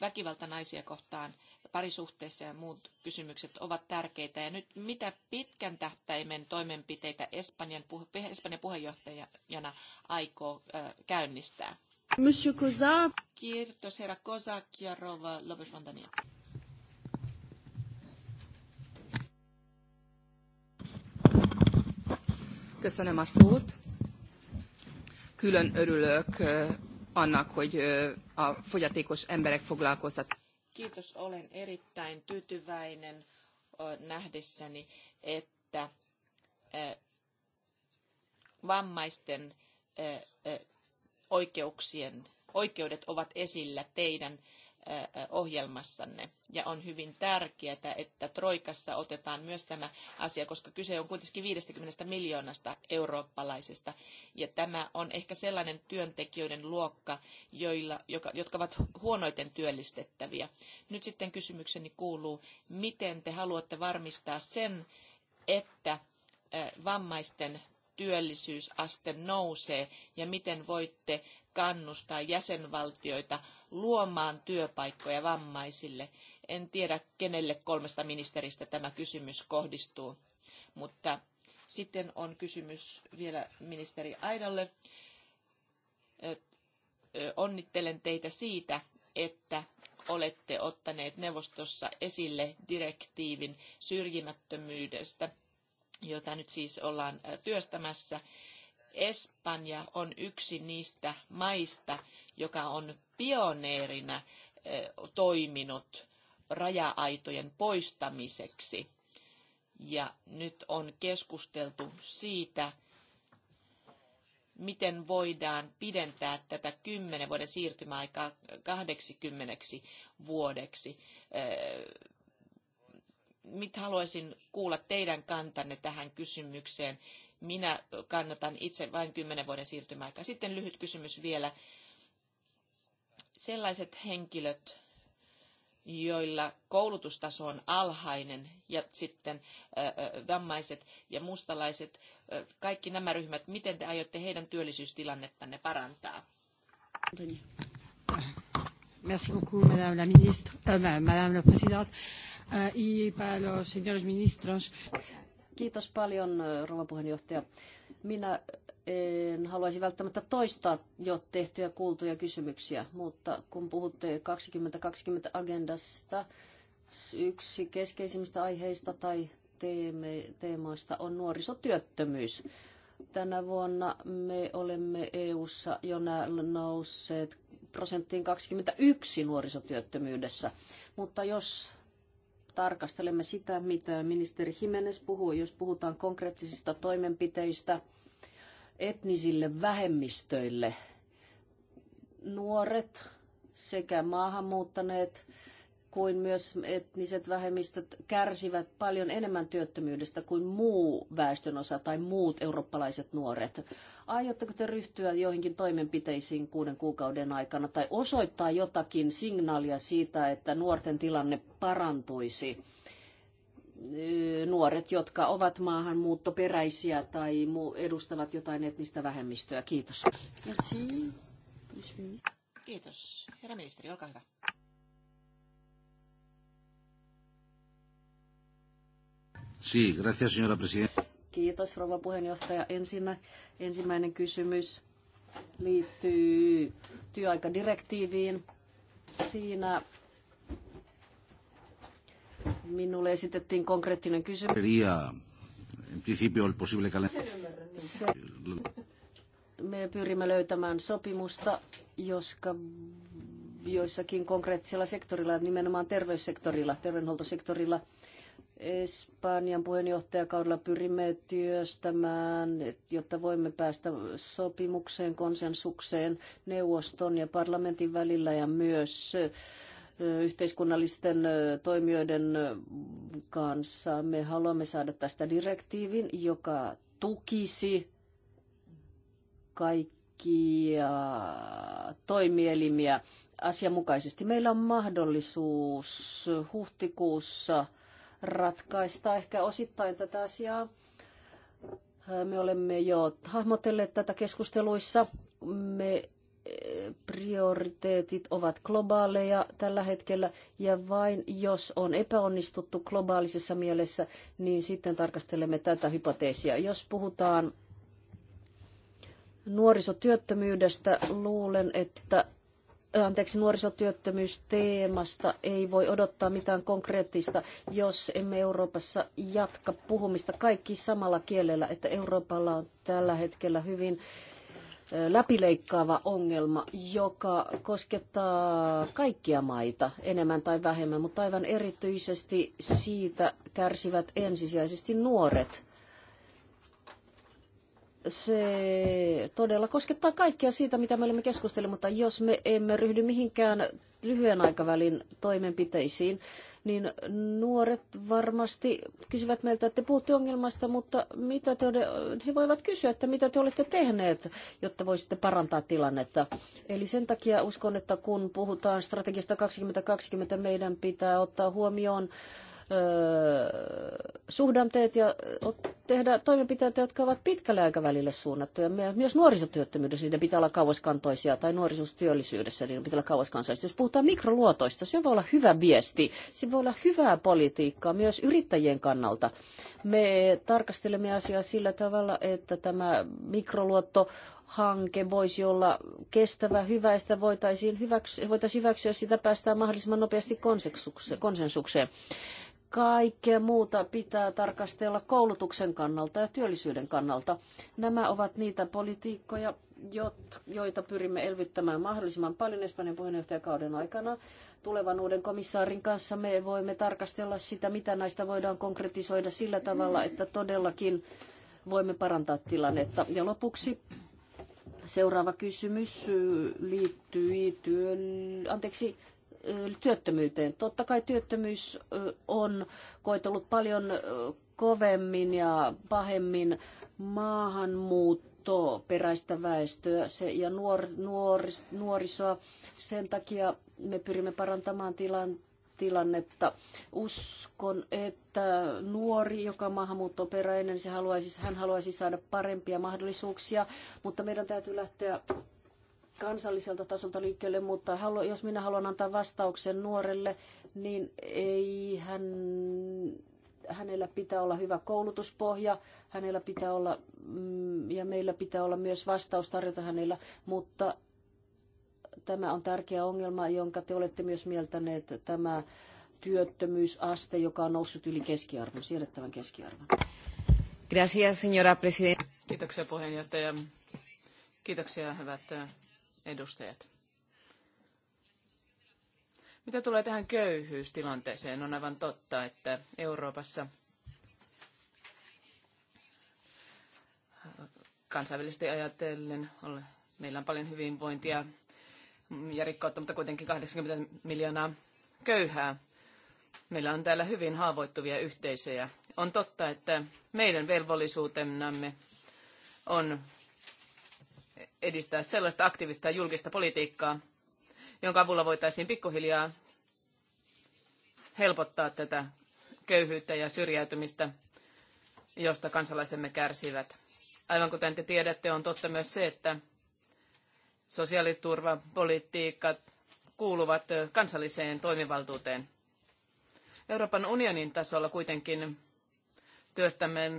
väkivalta naisia kohtaan parisuhteessa ja muut kysymykset ovat tärkeitä. Ja nyt mitä pitkän tähtäimen toimenpiteitä Espanjan, Espanjan puheenjohtajana aikoo käynnistää? Monsieur Cosa. Kiitos herra Cosa ja rouva Lopez Fontania. Köszönöm a szót. Külön örülök annak, hogy a fogyatékos emberek foglalkoztat. Kiitos, olen erittäin tyytyväinen nähdessäni, että vammaisten Oikeuksien oikeudet ovat esillä teidän ohjelmassanne. Ja on hyvin tärkeää, että Troikassa otetaan myös tämä asia, koska kyse on kuitenkin 50 miljoonasta eurooppalaisesta. Ja tämä on ehkä sellainen työntekijöiden luokka, joilla, joka, jotka ovat huonoiten työllistettäviä. Nyt sitten kysymykseni kuuluu, miten te haluatte varmistaa sen, että vammaisten työllisyysaste nousee ja miten voitte kannustaa jäsenvaltioita luomaan työpaikkoja vammaisille. En tiedä, kenelle kolmesta ministeristä tämä kysymys kohdistuu, mutta sitten on kysymys vielä ministeri Aidalle. Onnittelen teitä siitä, että olette ottaneet neuvostossa esille direktiivin syrjimättömyydestä jota nyt siis ollaan työstämässä. Espanja on yksi niistä maista, joka on pioneerina toiminut raja-aitojen poistamiseksi. Ja nyt on keskusteltu siitä, miten voidaan pidentää tätä 10 vuoden siirtymäaikaa 80 vuodeksi mit haluaisin kuulla teidän kantanne tähän kysymykseen. Minä kannatan itse vain kymmenen vuoden siirtymäaikaa. Sitten lyhyt kysymys vielä. Sellaiset henkilöt, joilla koulutustaso on alhainen ja sitten vammaiset ja mustalaiset, kaikki nämä ryhmät, miten te aiotte heidän työllisyystilannettanne parantaa? Merci beaucoup, Madame la Ministre, euh, Madame la Présidente. Kiitos paljon, rouva puheenjohtaja. Minä en haluaisi välttämättä toistaa jo tehtyjä kuultuja kysymyksiä, mutta kun puhutte 2020 agendasta, yksi keskeisimmistä aiheista tai teeme, teemoista on nuorisotyöttömyys. Tänä vuonna me olemme EU:ssa jo nousseet prosenttiin 21 nuorisotyöttömyydessä. Mutta jos tarkastelemme sitä, mitä ministeri Jimenez puhuu, jos puhutaan konkreettisista toimenpiteistä etnisille vähemmistöille. Nuoret sekä maahanmuuttaneet kuin myös etniset vähemmistöt kärsivät paljon enemmän työttömyydestä kuin muu väestönosa tai muut eurooppalaiset nuoret. Aiotteko te ryhtyä joihinkin toimenpiteisiin kuuden kuukauden aikana tai osoittaa jotakin signaalia siitä, että nuorten tilanne parantuisi? Nuoret, jotka ovat maahanmuuttoperäisiä tai edustavat jotain etnistä vähemmistöä. Kiitos. Kiitos. Herra ministeri, olkaa hyvä. gracias, señora Kiitos, rouva puheenjohtaja. Ensinnä, ensimmäinen kysymys liittyy työaikadirektiiviin. Siinä minulle esitettiin konkreettinen kysymys. Se, niin. me pyrimme löytämään sopimusta, joska joissakin konkreettisilla sektorilla, nimenomaan terveyssektorilla, terveydenhuoltosektorilla, Espanjan puheenjohtajakaudella pyrimme työstämään, jotta voimme päästä sopimukseen, konsensukseen neuvoston ja parlamentin välillä ja myös yhteiskunnallisten toimijoiden kanssa. Me haluamme saada tästä direktiivin, joka tukisi kaikkia toimielimiä asianmukaisesti. Meillä on mahdollisuus huhtikuussa – ratkaista ehkä osittain tätä asiaa. Me olemme jo hahmotelleet tätä keskusteluissa. Me eh, prioriteetit ovat globaaleja tällä hetkellä ja vain jos on epäonnistuttu globaalisessa mielessä, niin sitten tarkastelemme tätä hypoteesia. Jos puhutaan nuorisotyöttömyydestä, luulen, että anteeksi, nuorisotyöttömyysteemasta ei voi odottaa mitään konkreettista, jos emme Euroopassa jatka puhumista kaikki samalla kielellä, että Euroopalla on tällä hetkellä hyvin läpileikkaava ongelma, joka koskettaa kaikkia maita enemmän tai vähemmän, mutta aivan erityisesti siitä kärsivät ensisijaisesti nuoret se todella koskettaa kaikkea siitä, mitä me olemme keskustelleet, mutta jos me emme ryhdy mihinkään lyhyen aikavälin toimenpiteisiin, niin nuoret varmasti kysyvät meiltä, että te puhutte ongelmasta, mutta mitä te, he voivat kysyä, että mitä te olette tehneet, jotta voisitte parantaa tilannetta. Eli sen takia uskon, että kun puhutaan strategista 2020, meidän pitää ottaa huomioon suhdanteet ja tehdä toimenpiteitä, jotka ovat pitkällä aikavälillä suunnattuja. Myös nuorisotyöttömyydessä niiden pitää olla kauaskantoisia, tai nuorisotyöllisyydessä niiden pitää olla kauaskantoisia. Jos puhutaan mikroluotoista, se voi olla hyvä viesti, se voi olla hyvää politiikkaa myös yrittäjien kannalta. Me tarkastelemme asiaa sillä tavalla, että tämä mikroluotto hanke voisi olla kestävä, hyvä, ja sitä voitaisiin hyväksyä, voitaisiin hyväksyä, sitä päästään mahdollisimman nopeasti konsensukseen kaikkea muuta pitää tarkastella koulutuksen kannalta ja työllisyyden kannalta. Nämä ovat niitä politiikkoja, joita pyrimme elvyttämään mahdollisimman paljon Espanjan puheenjohtajakauden aikana. Tulevan uuden komissaarin kanssa me voimme tarkastella sitä, mitä näistä voidaan konkretisoida sillä tavalla, että todellakin voimme parantaa tilannetta. Ja lopuksi seuraava kysymys liittyy työn, anteeksi, työttömyyteen. Totta kai työttömyys on koitellut paljon kovemmin ja pahemmin maahanmuutto peräistä väestöä se, ja nuor, nuor, nuorisoa. Sen takia me pyrimme parantamaan tilan, tilannetta. Uskon, että nuori, joka maahanmuutto on peräinen, se haluaisi, hän haluaisi saada parempia mahdollisuuksia, mutta meidän täytyy lähteä kansalliselta tasolta liikkeelle, mutta halu, jos minä haluan antaa vastauksen nuorelle, niin ei hän, hänellä pitää olla hyvä koulutuspohja, hänellä pitää olla, mm, ja meillä pitää olla myös vastaus tarjota hänellä, mutta tämä on tärkeä ongelma, jonka te olette myös mieltäneet, tämä työttömyysaste, joka on noussut yli keskiarvon, siirrettävän keskiarvon. Gracias, señora presidenta. Kiitoksia puheenjohtaja. Kiitoksia hyvät edustajat. Mitä tulee tähän köyhyystilanteeseen, on aivan totta, että Euroopassa kansainvälisesti ajatellen meillä on paljon hyvinvointia ja rikkautta, mutta kuitenkin 80 miljoonaa köyhää. Meillä on täällä hyvin haavoittuvia yhteisöjä. On totta, että meidän velvollisuutenamme on edistää sellaista aktiivista julkista politiikkaa, jonka avulla voitaisiin pikkuhiljaa helpottaa tätä köyhyyttä ja syrjäytymistä, josta kansalaisemme kärsivät. Aivan kuten te tiedätte, on totta myös se, että sosiaaliturvapolitiikka kuuluvat kansalliseen toimivaltuuteen. Euroopan unionin tasolla kuitenkin työstämme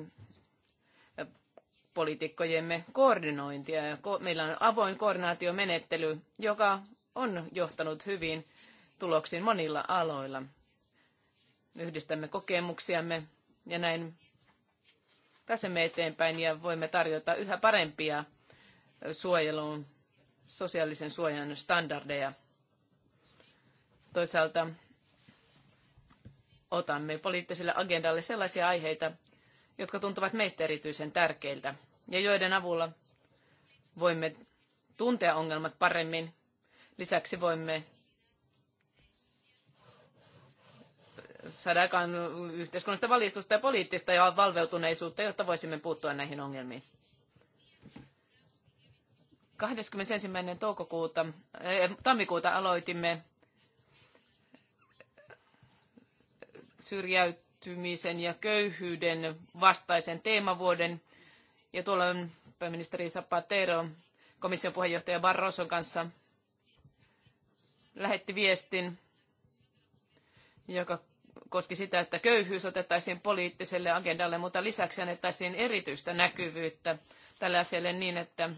politiikkojemme koordinointia. Meillä on avoin koordinaatiomenettely, joka on johtanut hyvin tuloksiin monilla aloilla. Yhdistämme kokemuksiamme ja näin pääsemme eteenpäin ja voimme tarjota yhä parempia suojeluun, sosiaalisen suojan standardeja. Toisaalta otamme poliittiselle agendalle sellaisia aiheita, jotka tuntuvat meistä erityisen tärkeiltä ja joiden avulla voimme tuntea ongelmat paremmin. Lisäksi voimme saada aikaan yhteiskunnallista valistusta ja poliittista ja valveutuneisuutta, jotta voisimme puuttua näihin ongelmiin. 21. toukokuuta, eh, tammikuuta aloitimme syrjäytymisen ja köyhyyden vastaisen teemavuoden – ja tuolloin pääministeri Zapatero komission puheenjohtaja Barroson kanssa lähetti viestin, joka koski sitä, että köyhyys otettaisiin poliittiselle agendalle, mutta lisäksi annettaisiin erityistä näkyvyyttä tälle asialle niin, että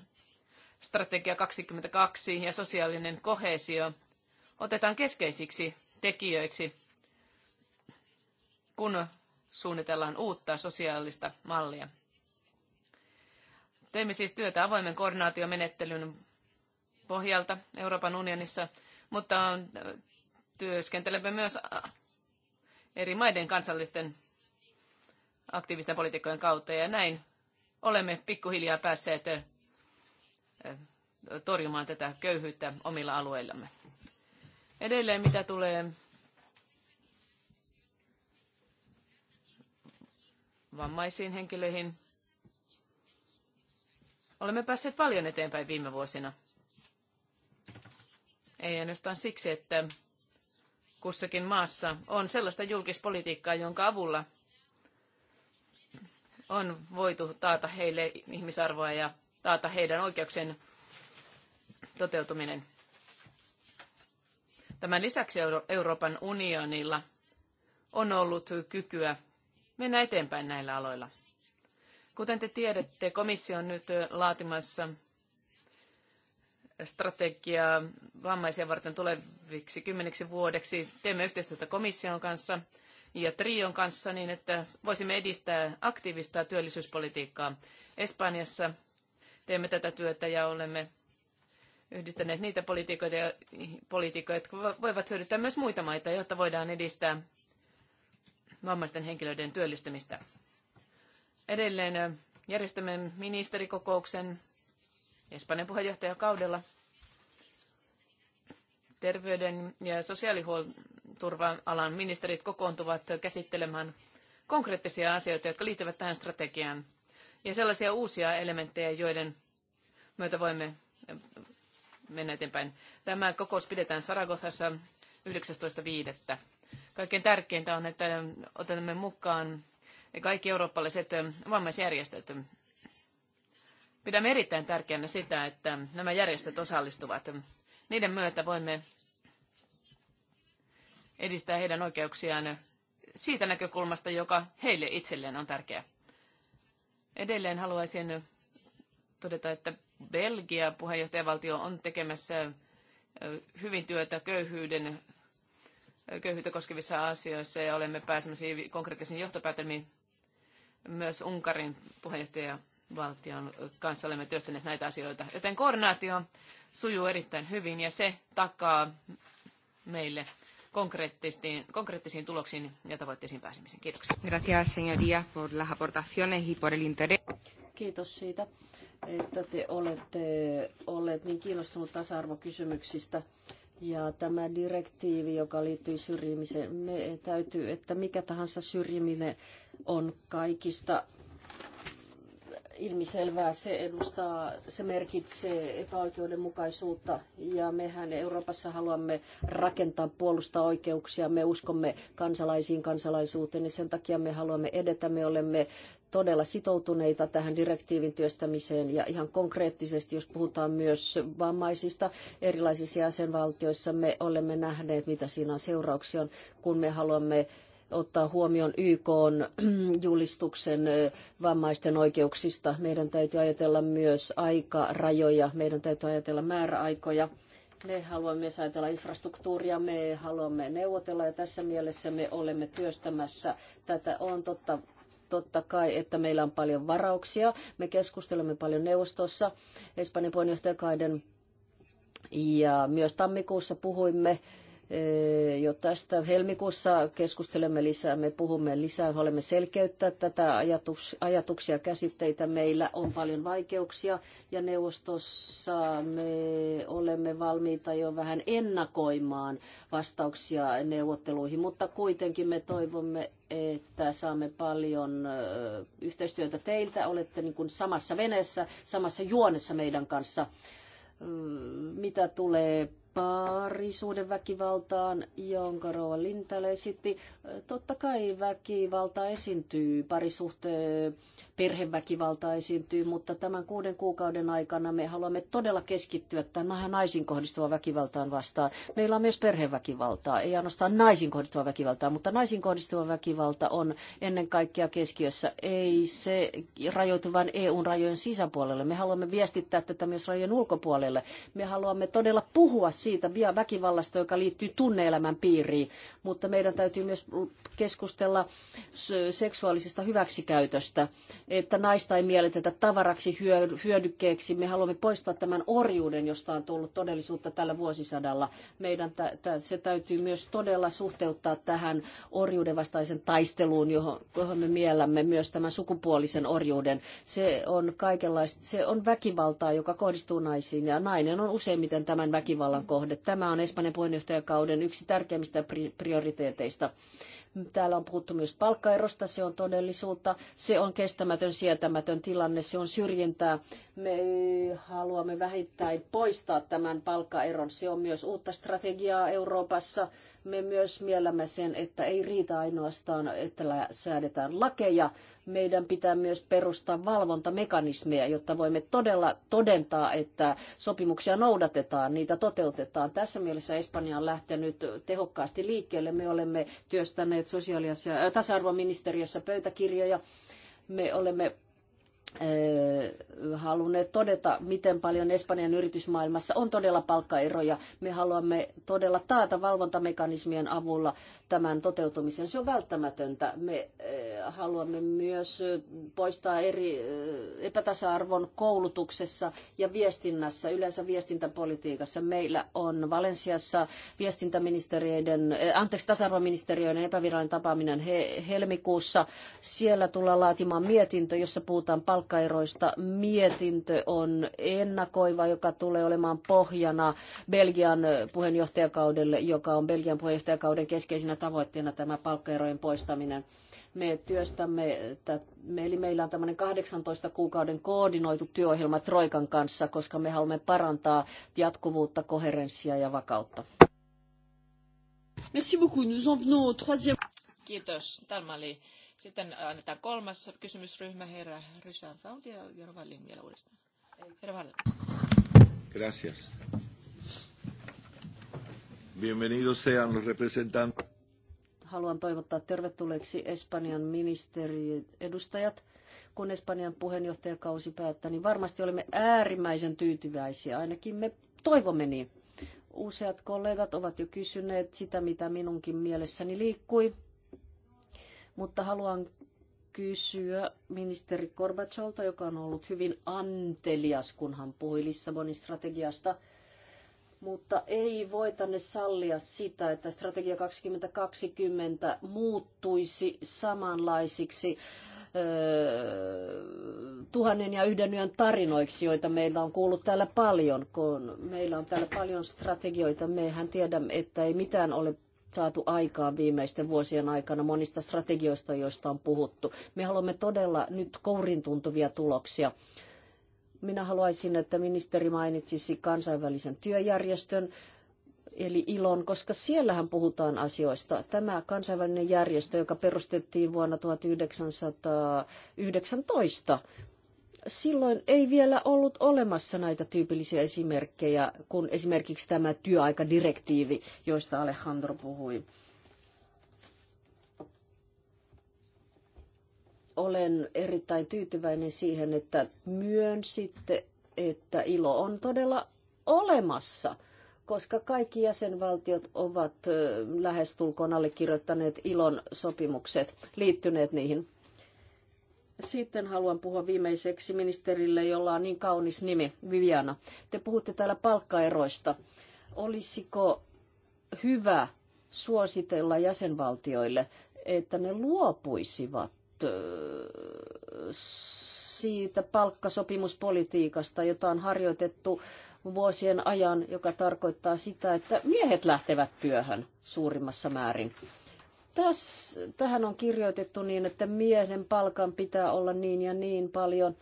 strategia 22 ja sosiaalinen kohesio otetaan keskeisiksi tekijöiksi, kun suunnitellaan uutta sosiaalista mallia. Teemme siis työtä avoimen koordinaatiomenettelyn pohjalta Euroopan unionissa, mutta äh, työskentelemme myös äh, eri maiden kansallisten aktiivisten poliitikkojen kautta ja näin olemme pikkuhiljaa päässeet äh, torjumaan tätä köyhyyttä omilla alueillamme. Edelleen mitä tulee vammaisiin henkilöihin, Olemme päässeet paljon eteenpäin viime vuosina. Ei ainoastaan siksi, että kussakin maassa on sellaista julkispolitiikkaa, jonka avulla on voitu taata heille ihmisarvoa ja taata heidän oikeuksien toteutuminen. Tämän lisäksi Euroopan unionilla on ollut kykyä mennä eteenpäin näillä aloilla. Kuten te tiedätte, komissio on nyt laatimassa strategiaa vammaisia varten tuleviksi kymmeneksi vuodeksi. Teemme yhteistyötä komission kanssa ja Trion kanssa niin, että voisimme edistää aktiivista työllisyyspolitiikkaa. Espanjassa teemme tätä työtä ja olemme yhdistäneet niitä politiikoita, ja, politiikoita jotka voivat hyödyttää myös muita maita, jotta voidaan edistää vammaisten henkilöiden työllistymistä. Edelleen järjestämme ministerikokouksen Espanjan puheenjohtajakaudella terveyden ja sosiaaliturvan alan ministerit kokoontuvat käsittelemään konkreettisia asioita, jotka liittyvät tähän strategiaan ja sellaisia uusia elementtejä, joiden myötä voimme mennä eteenpäin. Tämä kokous pidetään Saragossassa 19.5. Kaikkein tärkeintä on, että otamme mukaan ja kaikki eurooppalaiset vammaisjärjestöt. Pidämme erittäin tärkeänä sitä, että nämä järjestöt osallistuvat. Niiden myötä voimme edistää heidän oikeuksiaan siitä näkökulmasta, joka heille itselleen on tärkeä. Edelleen haluaisin todeta, että Belgia puheenjohtajavaltio on tekemässä hyvin työtä köyhyyden, köyhyyttä koskevissa asioissa ja olemme pääsemässä konkreettisiin johtopäätelmiin myös Unkarin puheenjohtajavaltion kanssa olemme työstäneet näitä asioita. Joten koordinaatio sujuu erittäin hyvin ja se takaa meille konkreettisiin, konkreettisiin tuloksiin ja tavoitteisiin pääsemisen. Kiitoksia. Gracias, señoría, por las aportaciones y por el interés. Kiitos siitä, että te olette olleet niin kiinnostunut tasa-arvokysymyksistä. Ja tämä direktiivi, joka liittyy syrjimiseen, me täytyy, että mikä tahansa syrjiminen on kaikista ilmiselvää. Se edustaa, se merkitsee epäoikeudenmukaisuutta ja mehän Euroopassa haluamme rakentaa puolusta oikeuksia. Me uskomme kansalaisiin kansalaisuuteen ja sen takia me haluamme edetä. Me olemme todella sitoutuneita tähän direktiivin työstämiseen ja ihan konkreettisesti, jos puhutaan myös vammaisista erilaisissa jäsenvaltioissa, me olemme nähneet, mitä siinä on seurauksia, kun me haluamme ottaa huomioon YK julistuksen vammaisten oikeuksista. Meidän täytyy ajatella myös aikarajoja, meidän täytyy ajatella määräaikoja. Me haluamme myös ajatella infrastruktuuria, me haluamme neuvotella ja tässä mielessä me olemme työstämässä tätä. On totta, totta kai, että meillä on paljon varauksia. Me keskustelemme paljon neuvostossa Espanjan puheenjohtajakaiden ja myös tammikuussa puhuimme Eh, jo tästä helmikuussa keskustelemme lisää, me puhumme lisää, haluamme selkeyttää tätä ajatus, ajatuksia, käsitteitä. Meillä on paljon vaikeuksia ja neuvostossa me olemme valmiita jo vähän ennakoimaan vastauksia neuvotteluihin, mutta kuitenkin me toivomme, että saamme paljon eh, yhteistyötä teiltä. Olette niin kuin samassa veneessä, samassa juonessa meidän kanssa. Mm, mitä tulee parisuuden väkivaltaan, jonka Roa Lintal esitti. Totta kai väkivalta esiintyy, parisuhteen perheväkivalta esiintyy, mutta tämän kuuden kuukauden aikana me haluamme todella keskittyä tähän naisiin kohdistuvaan väkivaltaan vastaan. Meillä on myös perheväkivaltaa, ei ainoastaan naisiin kohdistuvaa väkivaltaa, mutta naisiin kohdistuva väkivalta on ennen kaikkea keskiössä. Ei se rajoitu vain eu rajojen sisäpuolelle. Me haluamme viestittää tätä myös rajojen ulkopuolelle. Me haluamme todella puhua siitä väkivallasta, joka liittyy tunneelämän piiriin, mutta meidän täytyy myös keskustella seksuaalisesta hyväksikäytöstä, että naista ei mielletetä tavaraksi hyödykkeeksi. Me haluamme poistaa tämän orjuuden, josta on tullut todellisuutta tällä vuosisadalla. Meidän se täytyy myös todella suhteuttaa tähän orjuuden vastaisen taisteluun, johon, johon me miellämme myös tämän sukupuolisen orjuuden. Se on kaikenlaista, se on väkivaltaa, joka kohdistuu naisiin ja nainen on useimmiten tämän väkivallan kohde. Tämä on Espanjan puheenjohtajakauden yksi tärkeimmistä prioriteeteista. Täällä on puhuttu myös palkkaerosta, se on todellisuutta, se on kestämätön, sietämätön tilanne, se on syrjintää. Me haluamme vähittäin poistaa tämän palkkaeron. Se on myös uutta strategiaa Euroopassa. Me myös miellämme sen, että ei riitä ainoastaan, että säädetään lakeja. Meidän pitää myös perustaa valvontamekanismeja, jotta voimme todella todentaa, että sopimuksia noudatetaan, niitä toteutetaan. Tässä mielessä Espanja on lähtenyt tehokkaasti liikkeelle. Me olemme työstäneet sosiaali- ja äh, tasa-arvoministeriössä pöytäkirjoja. Me olemme halunneet todeta, miten paljon Espanjan yritysmaailmassa on todella palkkaeroja. Me haluamme todella taata valvontamekanismien avulla tämän toteutumisen. Se on välttämätöntä. Me haluamme myös poistaa eri epätasa-arvon koulutuksessa ja viestinnässä, yleensä viestintäpolitiikassa. Meillä on Valensiassa viestintäministeriöiden, anteeksi, tasa-arvoministeriöiden epävirallinen tapaaminen helmikuussa. Siellä tullaan laatimaan mietintö, jossa puhutaan palkkaeroista palkkaeroista mietintö on ennakoiva, joka tulee olemaan pohjana Belgian puheenjohtajakaudelle, joka on Belgian puheenjohtajakauden keskeisenä tavoitteena tämä palkkaerojen poistaminen. Me työstämme, eli meillä on tämmöinen 18 kuukauden koordinoitu työohjelma Troikan kanssa, koska me haluamme parantaa jatkuvuutta, koherenssia ja vakautta. Merci beaucoup. Nous en venons au troisième. Kiitos. Tämä oli sitten annetaan kolmas kysymysryhmä, herra Richard Raud ja Jorva Vallin vielä uudestaan. Herra Vallin. Gracias. Bienvenidos sean los representantes. Haluan toivottaa tervetulleeksi Espanjan ministerien edustajat. Kun Espanjan puheenjohtajakausi päättää, niin varmasti olemme äärimmäisen tyytyväisiä. Ainakin me toivomme niin. Useat kollegat ovat jo kysyneet sitä, mitä minunkin mielessäni liikkui mutta haluan kysyä ministeri Korbacholta, joka on ollut hyvin antelias, kun hän puhui Lissabonin strategiasta, mutta ei tänne sallia sitä, että strategia 2020 muuttuisi samanlaisiksi tuhannen ja yhden yön tarinoiksi, joita meillä on kuullut täällä paljon, kun meillä on täällä paljon strategioita. Mehän tiedämme, että ei mitään ole saatu aikaan viimeisten vuosien aikana monista strategioista, joista on puhuttu. Me haluamme todella nyt kourin tuloksia. Minä haluaisin, että ministeri mainitsisi kansainvälisen työjärjestön, eli ILON, koska siellähän puhutaan asioista. Tämä kansainvälinen järjestö, joka perustettiin vuonna 1919, silloin ei vielä ollut olemassa näitä tyypillisiä esimerkkejä, kun esimerkiksi tämä työaikadirektiivi, joista Alejandro puhui. Olen erittäin tyytyväinen siihen, että myönsitte, että ilo on todella olemassa, koska kaikki jäsenvaltiot ovat lähestulkoon allekirjoittaneet ilon sopimukset, liittyneet niihin sitten haluan puhua viimeiseksi ministerille, jolla on niin kaunis nimi, Viviana. Te puhutte täällä palkkaeroista. Olisiko hyvä suositella jäsenvaltioille, että ne luopuisivat siitä palkkasopimuspolitiikasta, jota on harjoitettu vuosien ajan, joka tarkoittaa sitä, että miehet lähtevät työhön suurimmassa määrin. Tässä, tähän on kirjoitettu niin, että miehen palkan pitää olla niin ja niin paljon,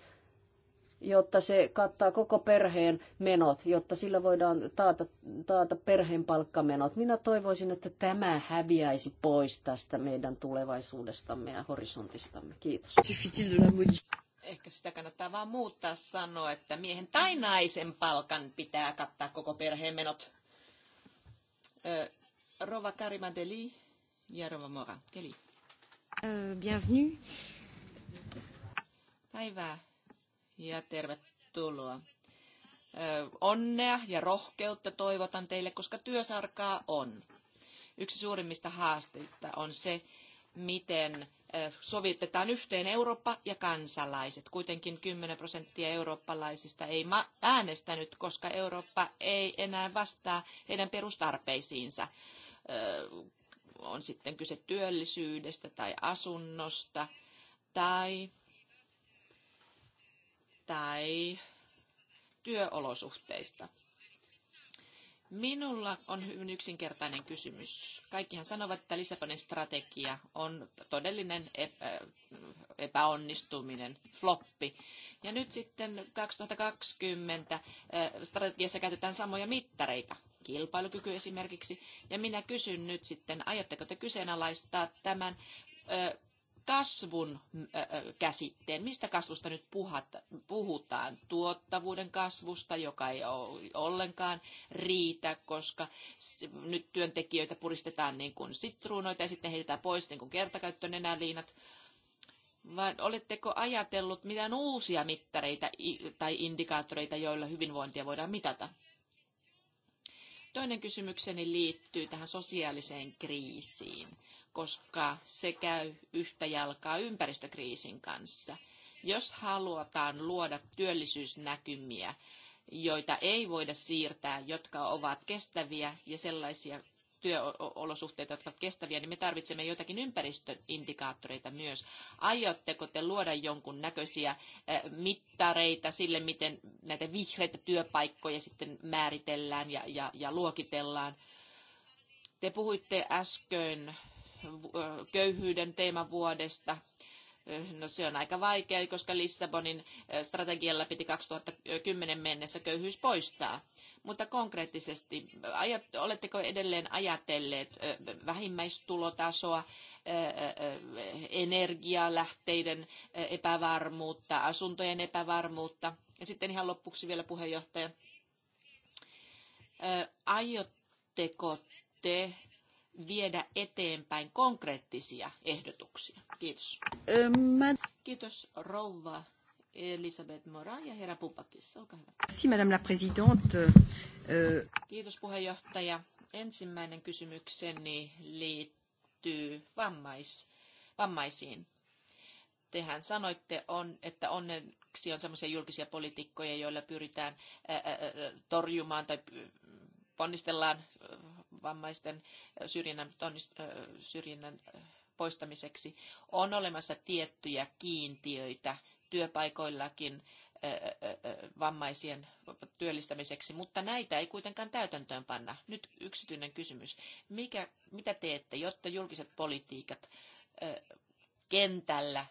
jotta se kattaa koko perheen menot, jotta sillä voidaan taata, taata perheen palkkamenot. Minä toivoisin, että tämä häviäisi pois tästä meidän tulevaisuudestamme ja horisontistamme. Kiitos. Ehkä sitä kannattaa vaan muuttaa sanoa, että miehen tai naisen palkan pitää kattaa koko perheen menot. Rova Karimandeli Jarova Mora. Keli. Bienvenue. Päivää ja tervetuloa. Onnea ja rohkeutta toivotan teille, koska työsarkaa on. Yksi suurimmista haasteista on se, miten sovitetaan yhteen Eurooppa ja kansalaiset. Kuitenkin 10 prosenttia eurooppalaisista ei äänestänyt, koska Eurooppa ei enää vastaa heidän perustarpeisiinsa on sitten kyse työllisyydestä tai asunnosta tai, tai työolosuhteista. Minulla on hyvin yksinkertainen kysymys. Kaikkihan sanovat, että Lissabonin strategia on todellinen epä, epäonnistuminen, floppi. Ja nyt sitten 2020 äh, strategiassa käytetään samoja mittareita kilpailukyky esimerkiksi. Ja minä kysyn nyt sitten, aiotteko te kyseenalaistaa tämän kasvun käsitteen. Mistä kasvusta nyt puhutaan? Tuottavuuden kasvusta, joka ei ole ollenkaan riitä, koska nyt työntekijöitä puristetaan niin kuin sitruunoita ja sitten heitetään pois niin kuin kertakäyttönenäliinat. Vai oletteko ajatellut mitään uusia mittareita tai indikaattoreita, joilla hyvinvointia voidaan mitata? Toinen kysymykseni liittyy tähän sosiaaliseen kriisiin, koska se käy yhtä jalkaa ympäristökriisin kanssa. Jos halutaan luoda työllisyysnäkymiä, joita ei voida siirtää, jotka ovat kestäviä ja sellaisia, työolosuhteita, jotka ovat kestäviä, niin me tarvitsemme joitakin ympäristöindikaattoreita myös. Aiotteko te luoda jonkun näköisiä mittareita sille, miten näitä vihreitä työpaikkoja sitten määritellään ja, ja, ja luokitellaan? Te puhuitte äsken köyhyyden teemavuodesta No se on aika vaikea, koska Lissabonin eh, strategialla piti 2010 mennessä köyhyys poistaa. Mutta konkreettisesti, eh, oletteko edelleen ajatelleet eh, vähimmäistulotasoa, energialähteiden epävarmuutta, asuntojen epävarmuutta? Ja sitten ihan lopuksi vielä puheenjohtaja. Aiotteko te viedä eteenpäin konkreettisia ehdotuksia. Kiitos. Mä... Kiitos rouva Elisabeth Moran ja herra Pupakis. Olkaa hyvä. Si, madame la présidente. Euh, Kiitos puheenjohtaja. Ensimmäinen kysymykseni liittyy vammais, vammaisiin. Tehän sanoitte, on, että onneksi on sellaisia julkisia poliitikkoja, joilla pyritään torjumaan tai ponnistellaan vammaisten syrjinnän, syrjinnän poistamiseksi on olemassa tiettyjä kiintiöitä työpaikoillakin vammaisien työllistämiseksi, mutta näitä ei kuitenkaan täytäntöön panna. Nyt yksityinen kysymys. Mikä, mitä teette, jotta julkiset politiikat kentällä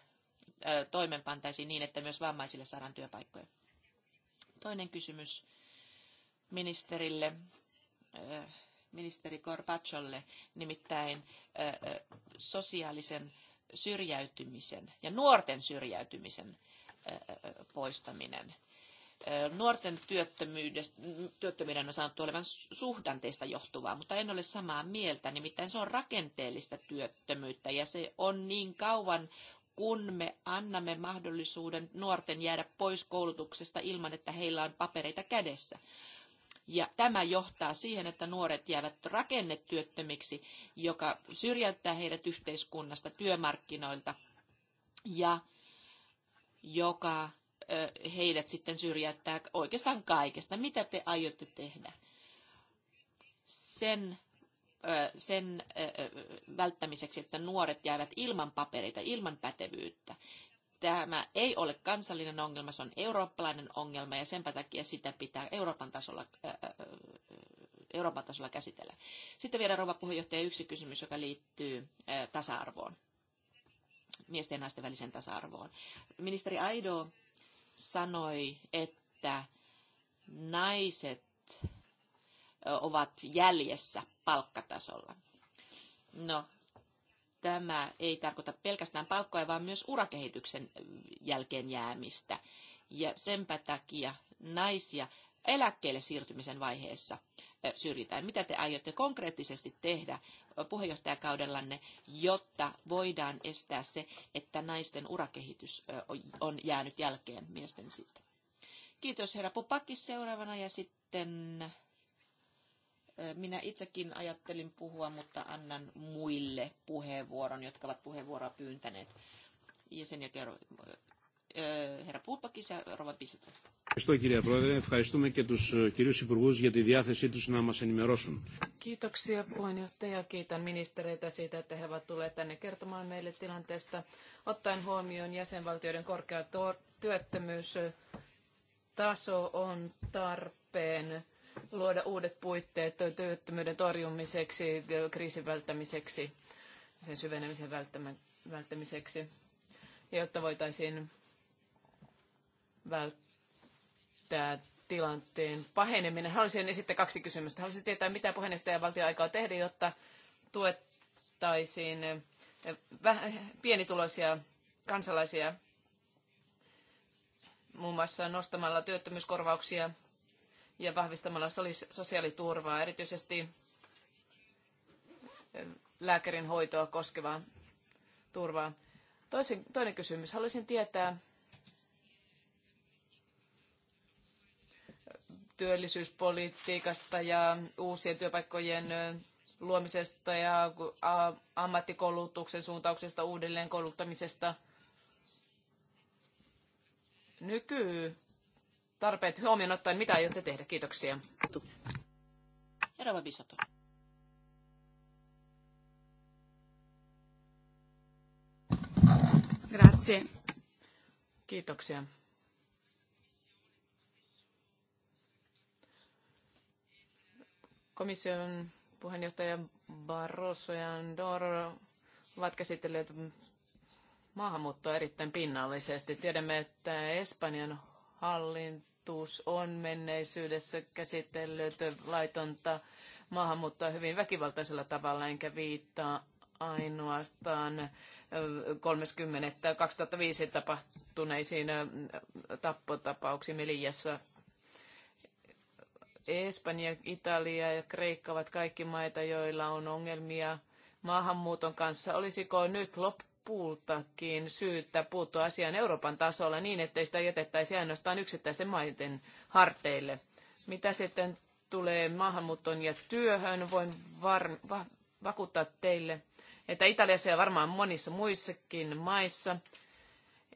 toimenpantaisiin niin, että myös vammaisille saadaan työpaikkoja? Toinen kysymys ministerille ministeri Gorbacholle, nimittäin sosiaalisen syrjäytymisen ja nuorten syrjäytymisen poistaminen. Nuorten työttömyyden on sanottu olevan suhdanteista johtuvaa, mutta en ole samaa mieltä. Nimittäin se on rakenteellista työttömyyttä ja se on niin kauan kun me annamme mahdollisuuden nuorten jäädä pois koulutuksesta ilman, että heillä on papereita kädessä. Ja tämä johtaa siihen, että nuoret jäävät rakennetyöttömiksi, joka syrjäyttää heidät yhteiskunnasta, työmarkkinoilta ja joka heidät sitten syrjäyttää oikeastaan kaikesta. Mitä te aiotte tehdä sen, sen välttämiseksi, että nuoret jäävät ilman papereita, ilman pätevyyttä tämä ei ole kansallinen ongelma, se on eurooppalainen ongelma ja senpä takia sitä pitää Euroopan tasolla, ää, Euroopan tasolla käsitellä. Sitten vielä rouva puheenjohtaja yksi kysymys, joka liittyy ää, tasa-arvoon, miesten ja naisten väliseen tasa-arvoon. Ministeri Aido sanoi, että naiset ovat jäljessä palkkatasolla. No, tämä ei tarkoita pelkästään palkkoja, vaan myös urakehityksen jälkeen jäämistä. Ja senpä takia naisia eläkkeelle siirtymisen vaiheessa syrjitään. Mitä te aiotte konkreettisesti tehdä puheenjohtajakaudellanne, jotta voidaan estää se, että naisten urakehitys on jäänyt jälkeen miesten siitä? Kiitos herra Pupakki seuraavana ja sitten minä itsekin ajattelin puhua, mutta annan muille puheenvuoron, jotka ovat puheenvuoroa pyyntäneet. Ja sen jälkeen herra Pulpakis ja Rova Pisito. Ευχαριστώ κύριε Πρόεδρε. Ευχαριστούμε και τους κυρίους Υπουργούς για τη διάθεσή τους να μας ενημερώσουν. Kiitoksia puheenjohtaja. Kiitän ministereitä siitä, että he ovat tulleet tänne kertomaan meille tilanteesta. Ottaen huomioon jäsenvaltioiden korkea työttömyys, taso on tarpeen luoda uudet puitteet työttömyyden torjumiseksi, kriisin välttämiseksi, sen syvenemisen välttämiseksi, jotta voitaisiin välttää tilanteen paheneminen. Haluaisin esittää kaksi kysymystä. Haluaisin tietää, mitä puheenjohtaja valtio aikaa tehdä, jotta tuettaisiin eh, pienituloisia kansalaisia muun muassa nostamalla työttömyyskorvauksia ja vahvistamalla sosiaaliturvaa, erityisesti lääkärin hoitoa koskevaa turvaa. Toisin, toinen kysymys. Haluaisin tietää työllisyyspolitiikasta ja uusien työpaikkojen luomisesta ja ammattikoulutuksen suuntauksesta, uudelleen kouluttamisesta. Nyky tarpeet huomioon ottaen, mitä aiotte tehdä? Kiitoksia. Herra Bisato. Grazie. Kiitoksia. Komission puheenjohtaja Barroso ja Andor ovat käsitelleet maahanmuuttoa erittäin pinnallisesti. Tiedämme, että Espanjan hallin, keskushallitus on menneisyydessä käsitellyt laitonta maahanmuuttoa hyvin väkivaltaisella tavalla, enkä viittaa ainoastaan 30.2005 tapahtuneisiin tappotapauksiin Melijassa. Espanja, Italia ja Kreikka ovat kaikki maita, joilla on ongelmia maahanmuuton kanssa. Olisiko nyt lop- lopultakin syytä puuttua asiaan Euroopan tasolla niin, ettei sitä jätettäisi ainoastaan yksittäisten maiden harteille. Mitä sitten tulee maahanmuuttoon ja työhön, voin var- va- vakuuttaa teille, että Italiassa ja varmaan monissa muissakin maissa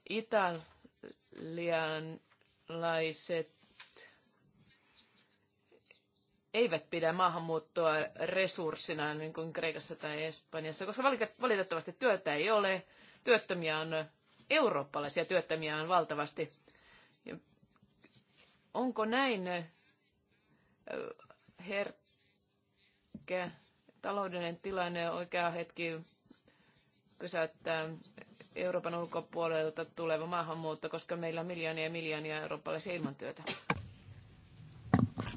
italialaiset eivät pidä maahanmuuttoa resurssina, niin kuin Kreikassa tai Espanjassa, koska valitettavasti työtä ei ole. Työttömiä on, eurooppalaisia työttömiä on valtavasti. Onko näin herkkä taloudellinen tilanne oikea hetki pysäyttää Euroopan ulkopuolelta tuleva maahanmuutto, koska meillä on miljoonia ja miljoonia eurooppalaisia ilman työtä?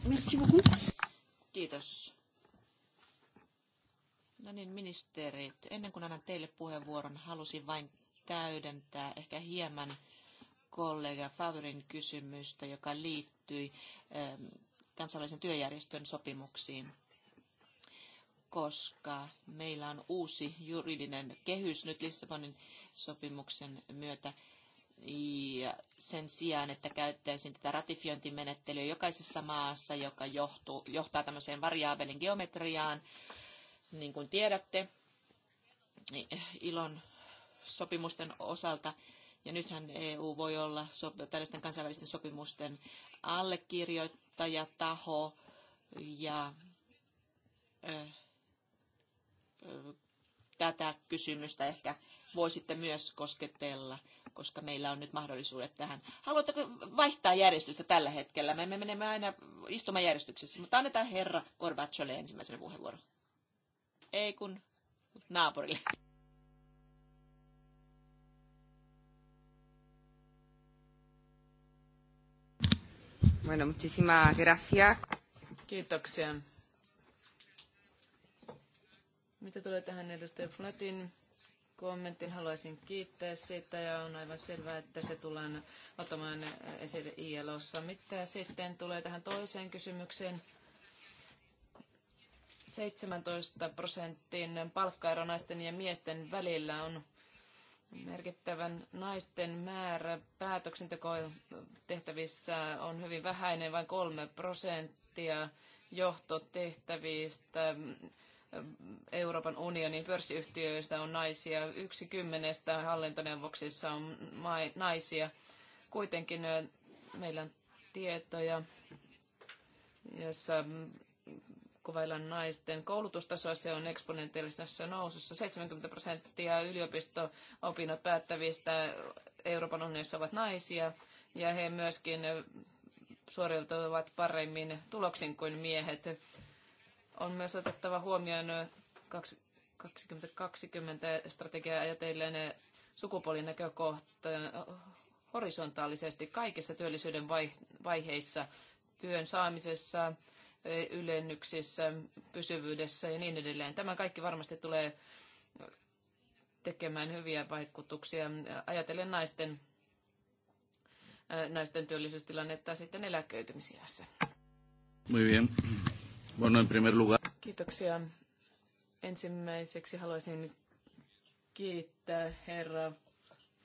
Merci beaucoup. Kiitos. No niin, ministerit, ennen kuin annan teille puheenvuoron, halusin vain täydentää ehkä hieman kollega Favorin kysymystä, joka liittyi ähm, kansainvälisen työjärjestön sopimuksiin koska meillä on uusi juridinen kehys nyt Lissabonin sopimuksen myötä ja sen sijaan, että käyttäisin tätä ratifiointimenettelyä jokaisessa maassa, joka johtuu, johtaa tämmöiseen variaabelin geometriaan, niin kuin tiedätte, ilon sopimusten osalta, ja nythän EU voi olla tällaisten kansainvälisten sopimusten allekirjoittajataho, ja tätä kysymystä ehkä voisitte myös kosketella koska meillä on nyt mahdollisuudet tähän. Haluatteko vaihtaa järjestystä tällä hetkellä? Me menemme aina istumajärjestyksessä, mutta annetaan herra Gorbacholle ensimmäisen puheenvuoron. Ei kun naapurille. Bueno, muchísimas gracias. Kiitoksia. Mitä tulee tähän edustaja Flatin kommentin. Haluaisin kiittää siitä ja on aivan selvää, että se tullaan ottamaan esille ILOssa. Mitä sitten tulee tähän toiseen kysymykseen? 17 prosentin palkkaero naisten ja miesten välillä on merkittävän naisten määrä tehtävissä on hyvin vähäinen, vain kolme prosenttia johtotehtävistä Euroopan unionin pörssiyhtiöistä on naisia. Yksi kymmenestä hallintoneuvoksissa on naisia. Kuitenkin meillä on tietoja, jossa mm, kuvaillaan naisten koulutustasoa. Se on eksponentiaalisessa nousussa. 70 prosenttia yliopisto-opinnot päättävistä Euroopan unionissa ovat naisia ja he myöskin suoriutuvat paremmin tuloksin kuin miehet. On myös otettava huomioon 2020 strategiaa ajatellen sukupuolin näkökohta horisontaalisesti kaikissa työllisyyden vaiheissa, työn saamisessa, ylennyksissä, pysyvyydessä ja niin edelleen. Tämä kaikki varmasti tulee tekemään hyviä vaikutuksia. Ajatellen naisten, naisten työllisyystilannetta sitten eläköitymisiässä. Muy bien. Bueno, en primer lugar. Kiitoksia. Ensimmäiseksi haluaisin kiittää herra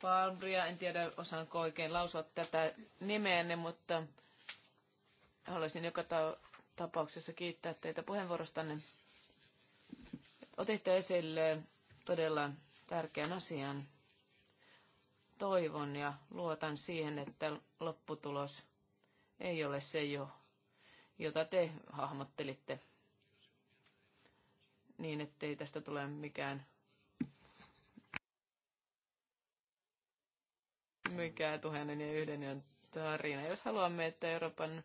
Palmria. En tiedä, osaanko oikein lausua tätä nimeänne, mutta haluaisin joka ta- tapauksessa kiittää teitä puheenvuorostanne. Otitte esille todella tärkeän asian. Toivon ja luotan siihen, että lopputulos ei ole se, jo, jota te hahmottelitte niin, ettei tästä tule mikään mikään tuhannen ja yhden on tarina. Jos haluamme, että Euroopan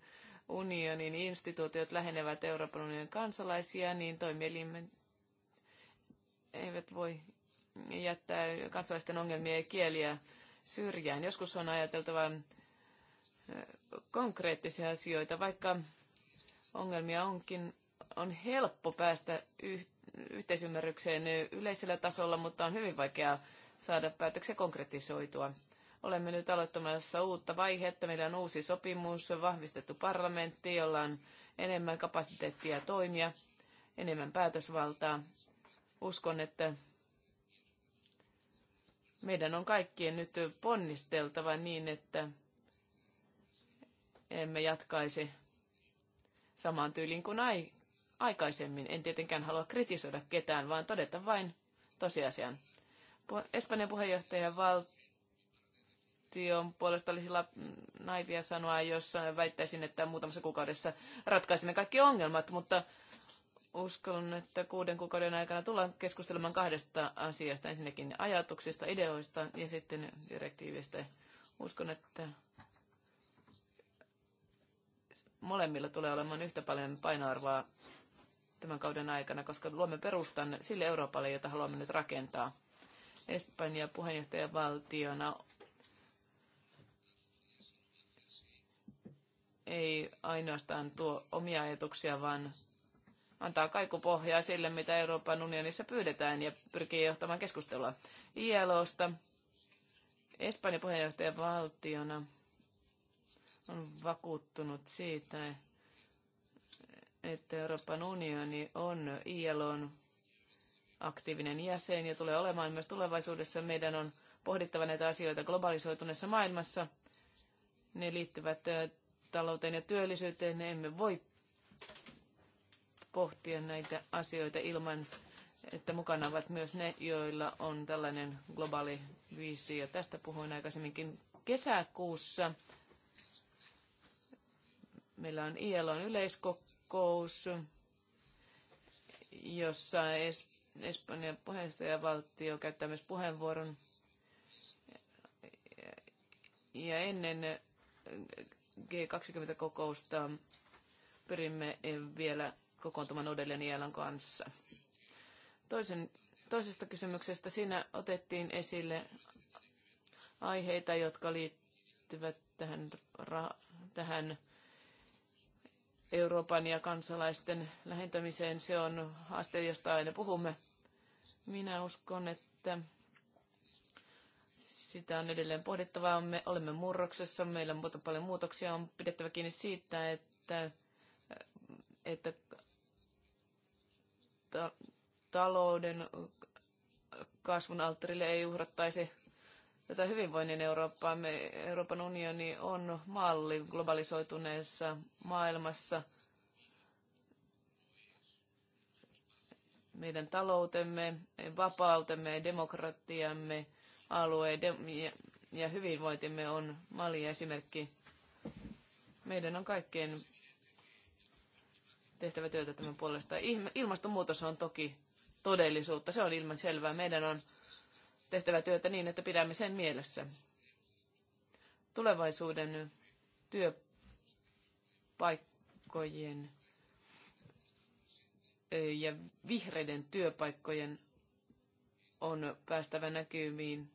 unionin instituutiot lähenevät Euroopan unionin kansalaisia, niin toimielimet eivät voi jättää kansalaisten ongelmia ja kieliä syrjään. Joskus on ajateltava konkreettisia asioita, vaikka ongelmia onkin, on helppo päästä yh- yhteisymmärrykseen yleisellä tasolla, mutta on hyvin vaikeaa saada päätöksiä konkretisoitua. Olemme nyt aloittamassa uutta vaihetta. Meillä on uusi sopimus, vahvistettu parlamentti, jolla on enemmän kapasiteettia toimia, enemmän päätösvaltaa. Uskon, että meidän on kaikkien nyt ponnisteltava niin, että emme jatkaisi samaan tyyliin kuin ai, aikaisemmin. En tietenkään halua kritisoida ketään, vaan todeta vain tosiasian. Espanjan puheenjohtaja valtion puolesta olisi naivia sanoa, jos väittäisin, että muutamassa kuukaudessa ratkaisimme kaikki ongelmat, mutta uskon, että kuuden kuukauden aikana tullaan keskustelemaan kahdesta asiasta. Ensinnäkin ajatuksista, ideoista ja sitten direktiivistä. Uskon, että molemmilla tulee olemaan yhtä paljon painoarvoa tämän kauden aikana, koska luomme perustan sille Euroopalle, jota haluamme nyt rakentaa. Espanja puheenjohtajavaltiona ei ainoastaan tuo omia ajatuksia, vaan antaa kaikupohjaa sille, mitä Euroopan unionissa pyydetään ja pyrkii johtamaan keskustelua ILOsta. Espanjan puheenjohtajavaltiona valtiona on vakuuttunut siitä, että Euroopan unioni on ILOn aktiivinen jäsen ja tulee olemaan myös tulevaisuudessa. Meidän on pohdittava näitä asioita globalisoituneessa maailmassa. Ne liittyvät talouteen ja työllisyyteen. Ne emme voi pohtia näitä asioita ilman, että mukana ovat myös ne, joilla on tällainen globaali visio. Tästä puhuin aikaisemminkin kesäkuussa Meillä on ILOn yleiskokous, jossa es- Espanjan puheenjohtajavaltio käyttää myös puheenvuoron. Ja ennen G20-kokousta pyrimme vielä kokoontumaan uudelleen ILOn kanssa. Toisen, toisesta kysymyksestä siinä otettiin esille aiheita, jotka liittyvät tähän, ra, tähän Euroopan ja kansalaisten lähentämiseen. Se on haaste, josta aina puhumme. Minä uskon, että sitä on edelleen pohdittavaa. Me olemme murroksessa, meillä on paljon muutoksia. On pidettävä kiinni siitä, että, että talouden kasvun alttarille ei uhrattaisi tätä hyvinvoinnin Eurooppaa. Me, Euroopan unioni on malli globalisoituneessa maailmassa. Meidän taloutemme, vapautemme, demokratiamme, alue ja, ja hyvinvointimme on malli esimerkki. Meidän on kaikkien tehtävä työtä tämän puolesta. Ilmastonmuutos on toki todellisuutta, se on ilman selvää. Meidän on tehtävä työtä niin, että pidämme sen mielessä. Tulevaisuuden työpaikkojen ja vihreiden työpaikkojen on päästävä näkymiin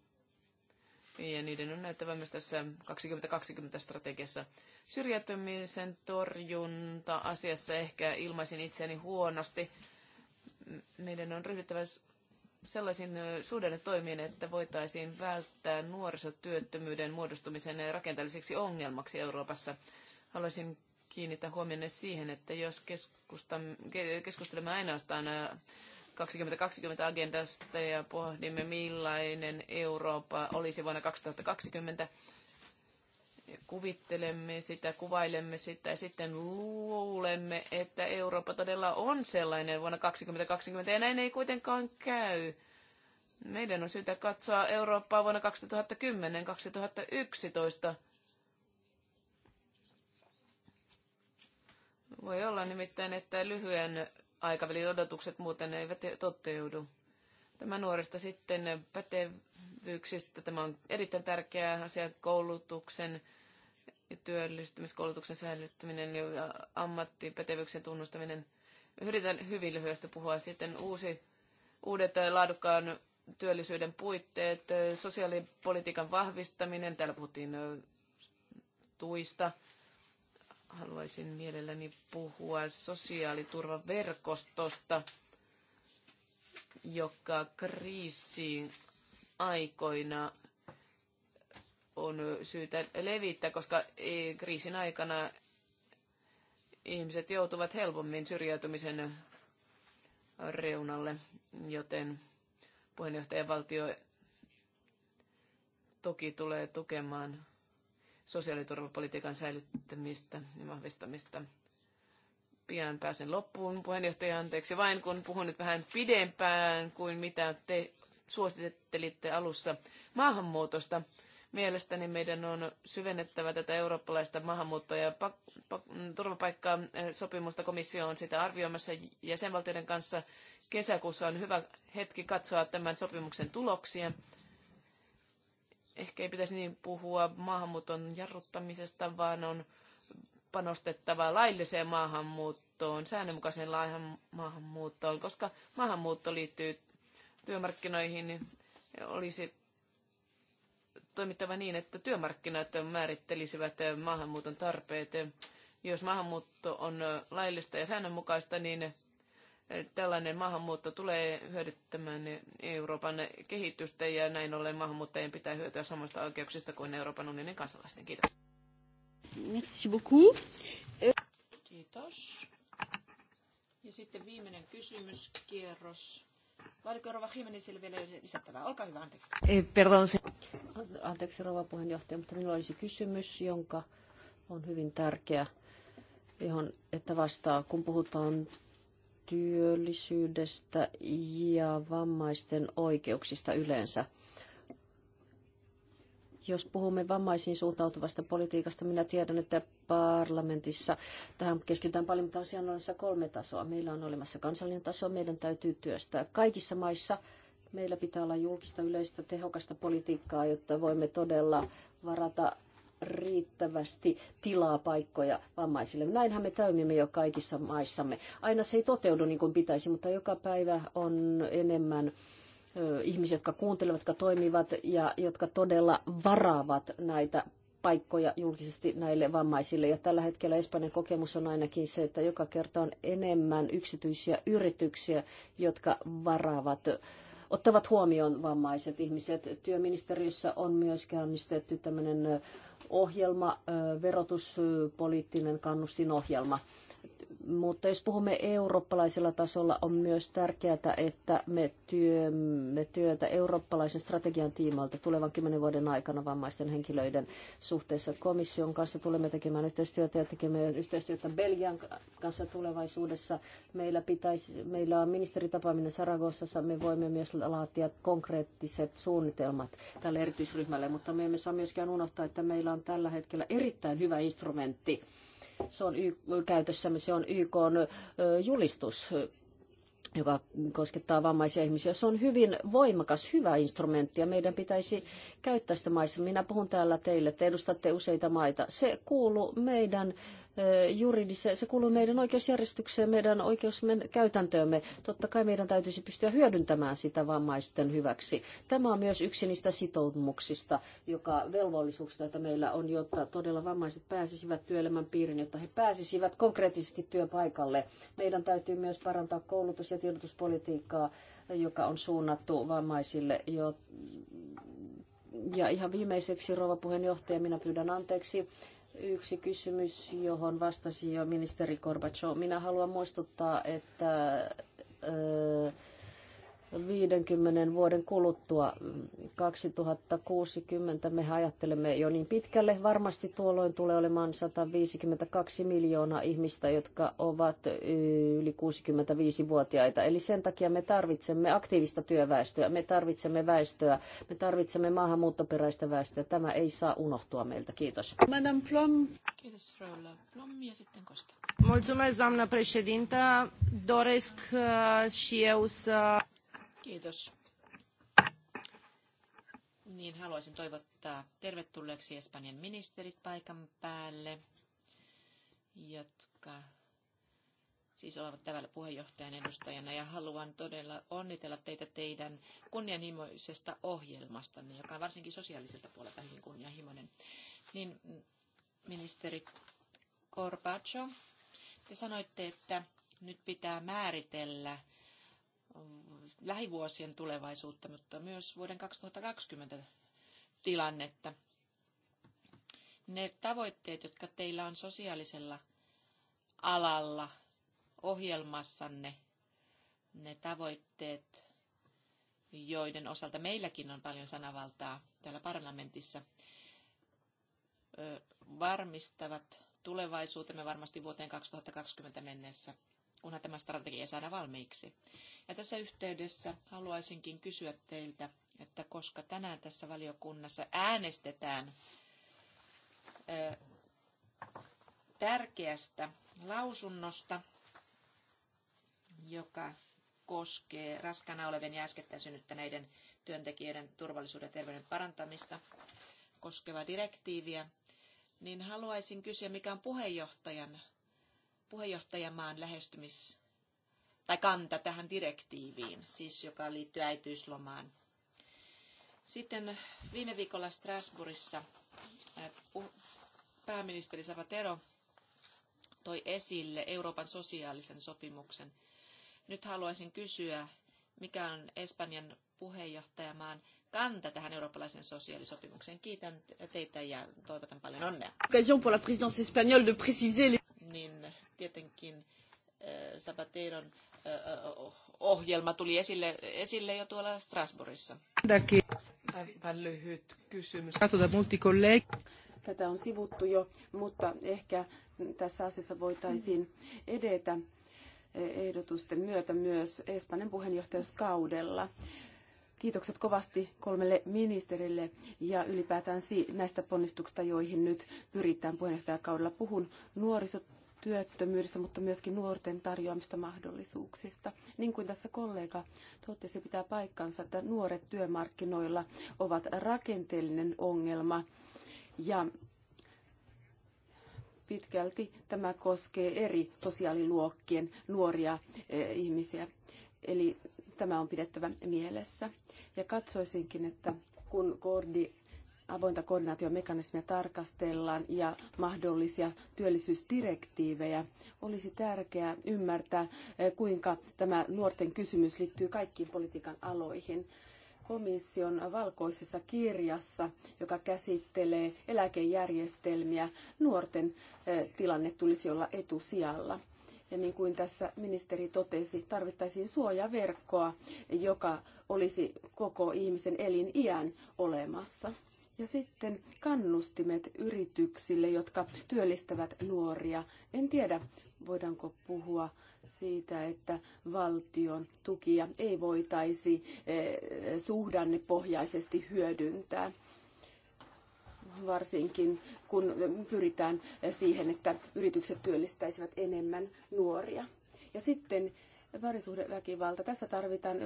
ja niiden on näyttävä myös tässä 2020-strategiassa. Syrjäytymisen torjunta-asiassa ehkä ilmaisin itseäni huonosti. Meidän on ryhdyttävä sellaisin suhdannetoimiin, että voitaisiin välttää nuorisotyöttömyyden muodostumisen rakenteelliseksi ongelmaksi Euroopassa. Haluaisin kiinnittää huomioon siihen, että jos keskustelemme ainoastaan 2020 agendasta ja pohdimme, millainen Eurooppa olisi vuonna 2020, kuvittelemme sitä, kuvailemme sitä ja sitten luulemme, että Eurooppa todella on sellainen vuonna 2020 ja näin ei kuitenkaan käy. Meidän on syytä katsoa Eurooppaa vuonna 2010-2011. Voi olla nimittäin, että lyhyen aikavälin odotukset muuten eivät toteudu. Tämä nuorista sitten pätevyyksistä. Tämä on erittäin tärkeä asia koulutuksen ja työllistymiskoulutuksen säilyttäminen ja ammattipätevyyksien tunnustaminen. Yritän hyvin lyhyesti puhua sitten uusi, uudet laadukkaan työllisyyden puitteet, sosiaalipolitiikan vahvistaminen, täällä puhuttiin tuista. Haluaisin mielelläni puhua sosiaaliturvaverkostosta, joka kriisiin aikoina on syytä levittää, koska e, kriisin aikana ihmiset joutuvat helpommin syrjäytymisen reunalle, joten puheenjohtajavaltio toki tulee tukemaan sosiaaliturvapolitiikan säilyttämistä ja vahvistamista. Pian pääsen loppuun. Puheenjohtaja, anteeksi vain, kun puhun nyt vähän pidempään kuin mitä te suosittelitte alussa maahanmuutosta. Mielestäni meidän on syvennettävä tätä eurooppalaista maahanmuutto- ja pak- pak- mm, turvapaikkaa. Sopimusta komissio on sitä arvioimassa jäsenvaltioiden kanssa. Kesäkuussa on hyvä hetki katsoa tämän sopimuksen tuloksia. Ehkä ei pitäisi niin puhua maahanmuuton jarruttamisesta, vaan on panostettava lailliseen maahanmuuttoon, säännönmukaiseen maahanmuuttoon, koska maahanmuutto liittyy työmarkkinoihin, olisi toimittava niin, että työmarkkinat määrittelisivät eh, maahanmuuton tarpeet. Eh, jos maahanmuutto on eh, laillista ja säännönmukaista, niin tällainen maahanmuutto tulee hyödyttämään Euroopan kehitystä ja näin ollen maahanmuuttajien pitää hyötyä samoista oikeuksista kuin Euroopan unionin kansalaisten. Kiitos. Merci beaucoup. Kiitos. Ja sitten viimeinen kysymyskierros. Vaadiko Rova anteeksi. Eh, puheenjohtaja, mutta minulla olisi kysymys, jonka on hyvin tärkeä, johon, että vastaa, kun puhutaan työllisyydestä ja vammaisten oikeuksista yleensä – jos puhumme vammaisiin suuntautuvasta politiikasta, minä tiedän, että parlamentissa tähän keskitytään paljon, mutta asian on olemassa kolme tasoa. Meillä on olemassa kansallinen taso, meidän täytyy työstää kaikissa maissa. Meillä pitää olla julkista, yleistä, tehokasta politiikkaa, jotta voimme todella varata riittävästi tilaa paikkoja vammaisille. Näinhän me toimimme jo kaikissa maissamme. Aina se ei toteudu niin kuin pitäisi, mutta joka päivä on enemmän ihmisiä, jotka kuuntelevat, jotka toimivat ja jotka todella varaavat näitä paikkoja julkisesti näille vammaisille. Ja tällä hetkellä Espanjan kokemus on ainakin se, että joka kerta on enemmän yksityisiä yrityksiä, jotka varaavat ottavat huomioon vammaiset ihmiset. Työministeriössä on myös käynnistetty tämmöinen ohjelma, verotuspoliittinen kannustinohjelma. Mutta jos puhumme eurooppalaisella tasolla, on myös tärkeää, että me työmme työtä eurooppalaisen strategian tiimalta tulevan kymmenen vuoden aikana vammaisten henkilöiden suhteessa komission kanssa. Tulemme tekemään yhteistyötä ja tekemään yhteistyötä Belgian kanssa tulevaisuudessa. Meillä, pitäisi, meillä on ministeritapaaminen Saragossassa. Me voimme myös laatia konkreettiset suunnitelmat tälle erityisryhmälle, mutta me emme saa myöskään unohtaa, että meillä on tällä hetkellä erittäin hyvä instrumentti se on y- käytössämme, se on YK julistus joka koskettaa vammaisia ihmisiä. Se on hyvin voimakas, hyvä instrumentti ja meidän pitäisi käyttää sitä maissa. Minä puhun täällä teille, te edustatte useita maita. Se kuuluu meidän juridiseen, niin se kuuluu meidän oikeusjärjestykseen, meidän oikeuskäytäntöömme. Totta kai meidän täytyisi pystyä hyödyntämään sitä vammaisten hyväksi. Tämä on myös yksi niistä sitoumuksista, joka velvollisuuksista, joita meillä on, jotta todella vammaiset pääsisivät työelämän piirin, jotta he pääsisivät konkreettisesti työpaikalle. Meidän täytyy myös parantaa koulutus- ja tiedotuspolitiikkaa, joka on suunnattu vammaisille jo ja ihan viimeiseksi, rouva puheenjohtaja, minä pyydän anteeksi. Yksi kysymys, johon vastasi jo ministeri Gorbachev. Minä haluan muistuttaa, että 50 vuoden kuluttua 2060. Me ajattelemme jo niin pitkälle. Varmasti tuolloin tulee olemaan 152 miljoonaa ihmistä, jotka ovat yli 65-vuotiaita. Eli sen takia me tarvitsemme aktiivista työväestöä, me tarvitsemme väestöä, me tarvitsemme maahanmuuttoperäistä väestöä. Tämä ei saa unohtua meiltä. Kiitos. Madame Plom. Kiitos Raula. Plom ja sitten Kosta. Mulțumesc, doamnă președintă. Doresc uh, și eu să Kiitos. Niin, haluaisin toivottaa tervetulleeksi Espanjan ministerit paikan päälle, jotka siis ovat täällä puheenjohtajan edustajana ja haluan todella onnitella teitä teidän kunnianhimoisesta ohjelmastanne, joka on varsinkin sosiaaliselta puolelta hyvin kunnianhimoinen. Niin ministeri Corbacho, te sanoitte, että nyt pitää määritellä lähivuosien tulevaisuutta, mutta myös vuoden 2020 tilannetta. Ne tavoitteet, jotka teillä on sosiaalisella alalla ohjelmassanne, ne tavoitteet, joiden osalta meilläkin on paljon sanavaltaa täällä parlamentissa, varmistavat tulevaisuutemme varmasti vuoteen 2020 mennessä – kunhan tämä strategia saada valmiiksi. Ja tässä yhteydessä haluaisinkin kysyä teiltä, että koska tänään tässä valiokunnassa äänestetään tärkeästä lausunnosta, joka koskee raskana olevien ja äskettäin synnyttäneiden työntekijöiden turvallisuuden ja terveyden parantamista koskevaa direktiiviä, niin haluaisin kysyä, mikä on puheenjohtajan puheenjohtajamaan lähestymis- tai kanta tähän direktiiviin, siis joka liittyy äitiyslomaan. Sitten viime viikolla Strasbourgissa äh, pääministeri Savatero toi esille Euroopan sosiaalisen sopimuksen. Nyt haluaisin kysyä, mikä on Espanjan puheenjohtajamaan kanta tähän eurooppalaisen sosiaalisopimukseen. Kiitän teitä ja toivotan paljon onnea. Occasion pour la présidence espagnole de préciser niin tietenkin Sabateron eh, eh, eh, ohjelma tuli esille, esille jo tuolla Strasbourgissa. Aivan lyhyt kysymys. Tätä on sivuttu jo, mutta ehkä tässä asiassa voitaisiin edetä ehdotusten myötä myös Espanjan puheenjohtajuuskaudella. Kiitokset kovasti kolmelle ministerille ja ylipäätään näistä ponnistuksista, joihin nyt pyritään puheenjohtajakaudella. Puhun nuorisotyöttömyydestä, mutta myöskin nuorten tarjoamista mahdollisuuksista. Niin kuin tässä kollega totesi, pitää paikkansa, että nuoret työmarkkinoilla ovat rakenteellinen ongelma. Ja pitkälti tämä koskee eri sosiaaliluokkien nuoria eh, ihmisiä. Eli tämä on pidettävä mielessä. Ja katsoisinkin, että kun koordi, avointa koordinaatiomekanismia tarkastellaan ja mahdollisia työllisyysdirektiivejä, olisi tärkeää ymmärtää, eh, kuinka tämä nuorten kysymys liittyy kaikkiin politiikan aloihin komission valkoisessa kirjassa, joka käsittelee eläkejärjestelmiä, nuorten eh, tilanne tulisi olla etusijalla. Ja niin kuin tässä ministeri totesi, tarvittaisiin suojaverkkoa, joka olisi koko ihmisen eliniän olemassa. Ja sitten kannustimet yrityksille, jotka työllistävät nuoria. En tiedä, voidaanko puhua siitä, että valtion tukia ei voitaisi eh, suhdannepohjaisesti hyödyntää varsinkin kun pyritään siihen, että yritykset työllistäisivät enemmän nuoria. Ja sitten parisuhdeväkivalta. Tässä tarvitaan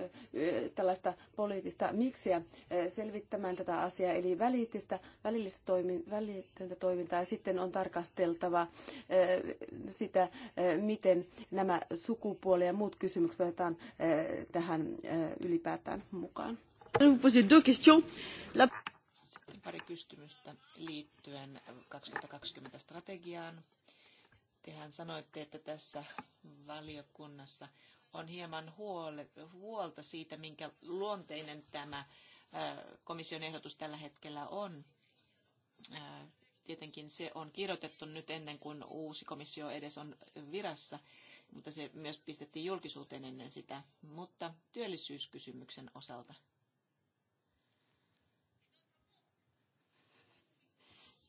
tällaista poliittista miksiä selvittämään tätä asiaa, eli välitistä, välillistä toimin, välitöntä toimintaa. Ja sitten on tarkasteltava sitä, miten nämä sukupuoli ja muut kysymykset otetaan tähän ylipäätään mukaan. La pari kysymystä liittyen 2020 strategiaan. Tehän sanoitte, että tässä valiokunnassa on hieman huolta siitä, minkä luonteinen tämä komission ehdotus tällä hetkellä on. Tietenkin se on kirjoitettu nyt ennen kuin uusi komissio edes on virassa, mutta se myös pistettiin julkisuuteen ennen sitä. Mutta työllisyyskysymyksen osalta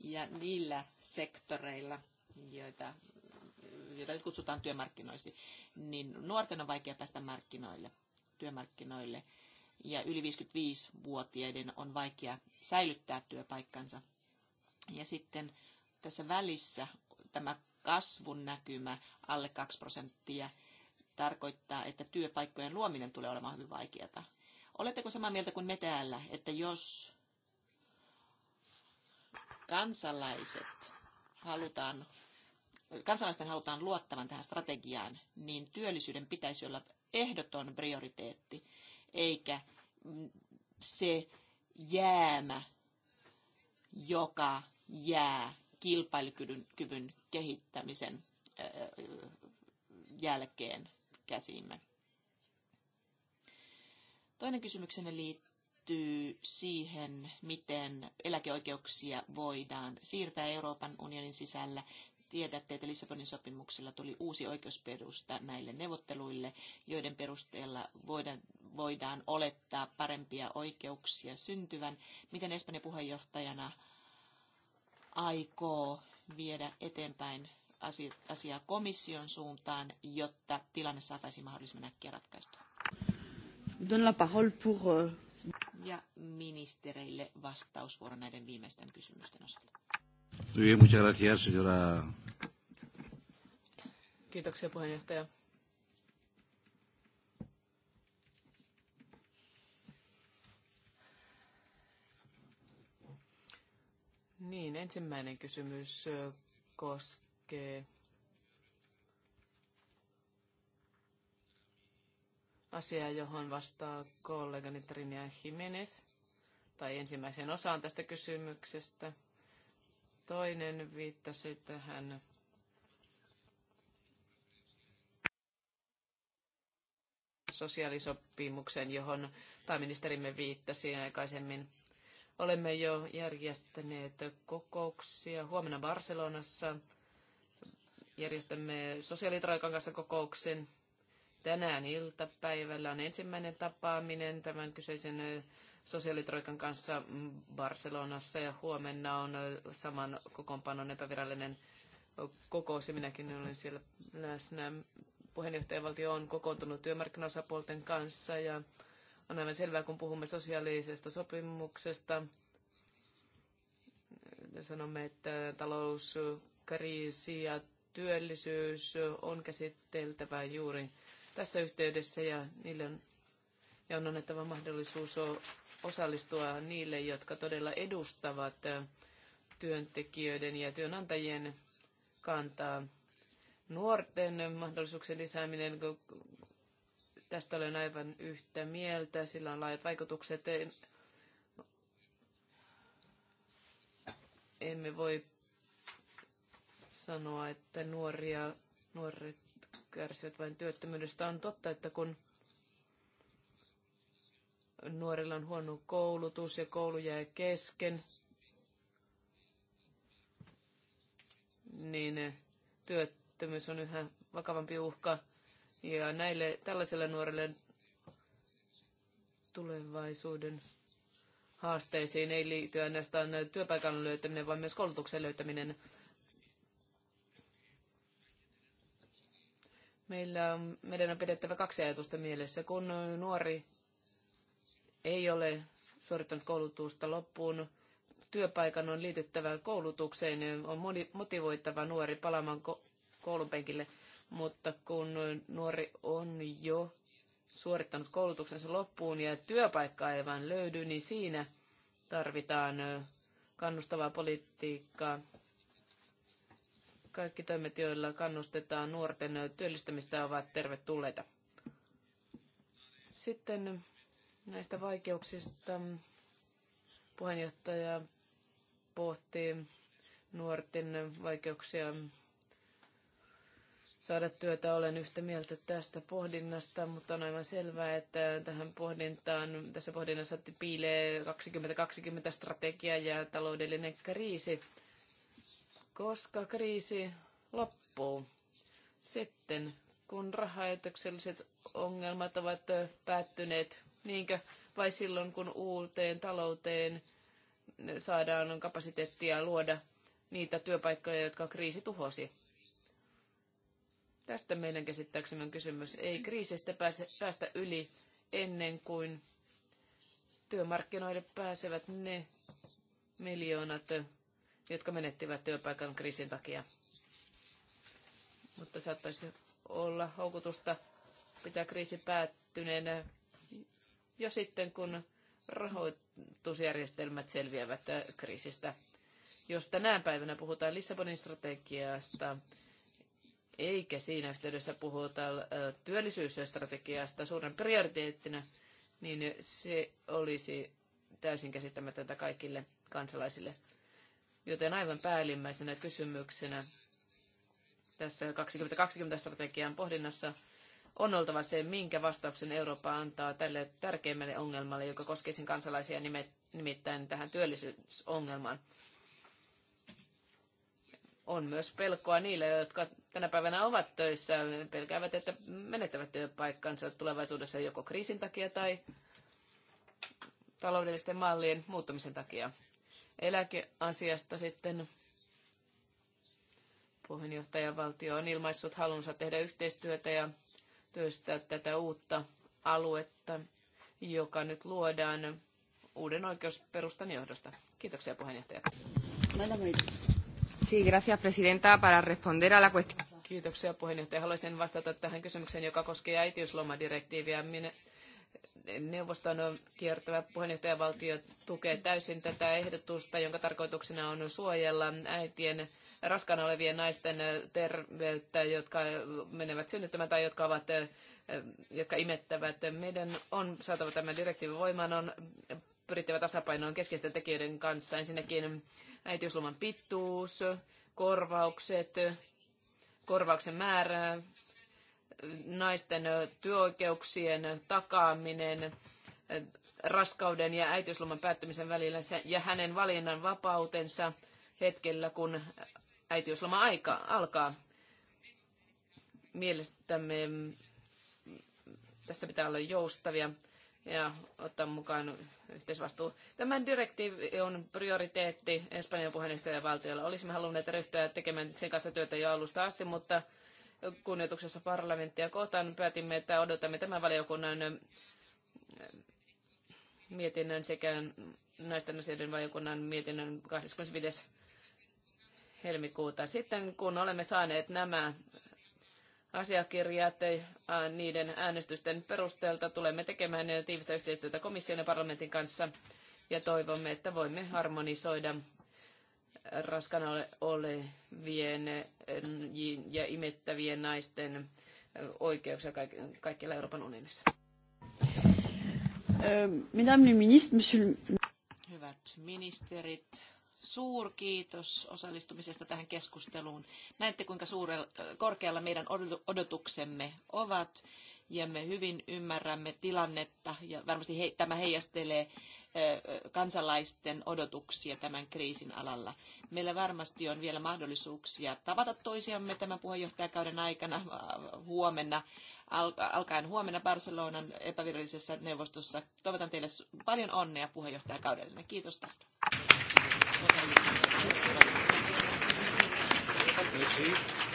ja niillä sektoreilla, joita, joita nyt kutsutaan työmarkkinoiksi, niin nuorten on vaikea päästä markkinoille, työmarkkinoille ja yli 55-vuotiaiden on vaikea säilyttää työpaikkansa. Ja sitten tässä välissä tämä kasvun näkymä alle 2 prosenttia tarkoittaa, että työpaikkojen luominen tulee olemaan hyvin vaikeata. Oletteko samaa mieltä kuin me täällä, että jos kansalaiset halutaan, kansalaisten halutaan luottavan tähän strategiaan, niin työllisyyden pitäisi olla ehdoton prioriteetti, eikä se jäämä, joka jää kilpailukyvyn kehittämisen jälkeen käsimme. Toinen kysymykseni liittyy liittyy siihen, miten eläkeoikeuksia voidaan siirtää Euroopan unionin sisällä. Tiedätte, että Lissabonin sopimuksella tuli uusi oikeusperusta näille neuvotteluille, joiden perusteella voidaan, voidaan olettaa parempia oikeuksia syntyvän. Miten Espanjan puheenjohtajana aikoo viedä eteenpäin asiaa komission suuntaan, jotta tilanne saataisiin mahdollisimman äkkiä ratkaistua? donne la parole pour euh, ja ministereille vastausvuoro näiden viimeisten kysymysten osalta. Kiitoksia puheenjohtaja. Niin, ensimmäinen kysymys koskee asia, johon vastaa kollegani Trinia Jimenez, tai ensimmäiseen osaan tästä kysymyksestä. Toinen viittasi tähän sosiaalisopimukseen, johon pääministerimme viittasi aikaisemmin. Olemme jo järjestäneet kokouksia huomenna Barcelonassa. Järjestämme sosiaalitraikan kanssa kokouksen Tänään iltapäivällä on ensimmäinen tapaaminen tämän kyseisen sosiaalitroikan kanssa Barcelonassa ja huomenna on saman kokoonpanon epävirallinen kokous ja minäkin olen siellä läsnä. Puheenjohtajavaltio on kokoontunut työmarkkinaosapuolten kanssa ja on aivan selvää, kun puhumme sosiaalisesta sopimuksesta, sanomme, että talouskriisi ja työllisyys on käsiteltävä juuri tässä yhteydessä ja niille on, ja on annettava mahdollisuus osallistua niille, jotka todella edustavat työntekijöiden ja työnantajien kantaa. Nuorten mahdollisuuksien lisääminen, tästä olen aivan yhtä mieltä, sillä on laajat vaikutukset. Emme voi sanoa, että nuoria, nuoret kärsivät vain työttömyydestä. On totta, että kun nuorilla on huono koulutus ja koulu jää kesken, niin työttömyys on yhä vakavampi uhka. Ja näille tällaisille nuorille tulevaisuuden haasteisiin ei liity ainoastaan työpaikan löytäminen, vaan myös koulutuksen löytäminen Meillä meidän on pidettävä kaksi ajatusta mielessä. Kun nuori ei ole suorittanut koulutusta loppuun, työpaikan on liityttävä koulutukseen on motivoittava nuori palaamaan koulun penkille. Mutta kun nuori on jo suorittanut koulutuksensa loppuun ja työpaikkaa ei vaan löydy, niin siinä tarvitaan kannustavaa politiikkaa kaikki toimet, joilla kannustetaan nuorten työllistämistä, ovat tervetulleita. Sitten näistä vaikeuksista puheenjohtaja pohtii nuorten vaikeuksia saada työtä. Olen yhtä mieltä tästä pohdinnasta, mutta on aivan selvää, että tähän pohdintaan, tässä pohdinnassa piilee 2020 strategia ja taloudellinen kriisi koska kriisi loppuu. Sitten kun rahoitukselliset ongelmat ovat päättyneet, niinkö, vai silloin kun uuteen talouteen saadaan kapasiteettia luoda niitä työpaikkoja, jotka kriisi tuhosi. Tästä meidän käsittääksemme on kysymys. Ei kriisistä pääse, päästä yli ennen kuin työmarkkinoille pääsevät ne miljoonat jotka menettivät työpaikan kriisin takia. Mutta saattaisi olla houkutusta pitää kriisi päättyneenä jo sitten, kun rahoitusjärjestelmät selviävät kriisistä. Jos tänään päivänä puhutaan Lissabonin strategiasta, eikä siinä yhteydessä puhuta äh, työllisyysstrategiasta suuren prioriteettina, niin se olisi täysin käsittämätöntä kaikille kansalaisille. Joten aivan päällimmäisenä kysymyksenä tässä 2020-strategian pohdinnassa on oltava se, minkä vastauksen Eurooppa antaa tälle tärkeimmälle ongelmalle, joka koskee sen kansalaisia nimittäin tähän työllisyysongelmaan. On myös pelkoa niillä, jotka tänä päivänä ovat töissä, pelkäävät, että menettävät työpaikkansa tulevaisuudessa joko kriisin takia tai taloudellisten mallien muuttumisen takia eläkeasiasta sitten puheenjohtajavaltio on ilmaissut halunsa tehdä yhteistyötä ja työstää tätä uutta aluetta, joka nyt luodaan uuden oikeusperustan johdosta. Kiitoksia puheenjohtaja. Sí, gracias, presidenta, para responder a la cuestión. Kiitoksia puheenjohtaja. Haluaisin vastata tähän kysymykseen, joka koskee äitiyslomadirektiiviä. Minä, neuvoston kiertävä puheenjohtajavaltio tukee täysin tätä ehdotusta, jonka tarkoituksena on suojella äitien raskaana olevien naisten terveyttä, jotka menevät synnyttämään tai jotka, ovat, jotka imettävät. Meidän on saatava tämä direktiivi voimaan, on pyrittävä tasapainoon keskeisten tekijöiden kanssa. Ensinnäkin äitiysloman pituus, korvaukset, korvauksen määrä, naisten työoikeuksien takaaminen raskauden ja äitiysloman päättymisen välillä ja hänen valinnan vapautensa hetkellä, kun äitiysloma aika alkaa. Mielestämme mm, tässä pitää olla joustavia ja ottaa mukaan yhteisvastuu. Tämä direktiivi on prioriteetti Espanjan puheenjohtajavaltiolla. Olisimme halunneet ryhtyä tekemään sen kanssa työtä jo alusta asti, mutta kunnioituksessa parlamenttia kohtaan päätimme, että odotamme tämän valiokunnan mietinnön sekä naisten asioiden valiokunnan mietinnön 25. helmikuuta. Sitten kun olemme saaneet nämä asiakirjat niiden äänestysten perusteelta, tulemme tekemään tiivistä yhteistyötä komission ja parlamentin kanssa ja toivomme, että voimme harmonisoida raskana olevien eh, ja imettävien naisten eh, oikeuksia kaikkialla Euroopan unionissa. Eh, Madame le ministre, monsieur... Hyvät ministerit, suurkiitos osallistumisesta tähän keskusteluun. Näette, kuinka suurella, äh, korkealla meidän odotuksemme ovat ja me hyvin ymmärrämme tilannetta ja varmasti he, tämä heijastelee äh, kansalaisten odotuksia tämän kriisin alalla. Meillä varmasti on vielä mahdollisuuksia tavata toisiamme tämän puheenjohtajakauden aikana äh, huomenna, alkaen huomenna Barcelonan epävirallisessa neuvostossa. Toivotan teille paljon onnea puheenjohtajakaudelle. Kiitos tästä. Thank you.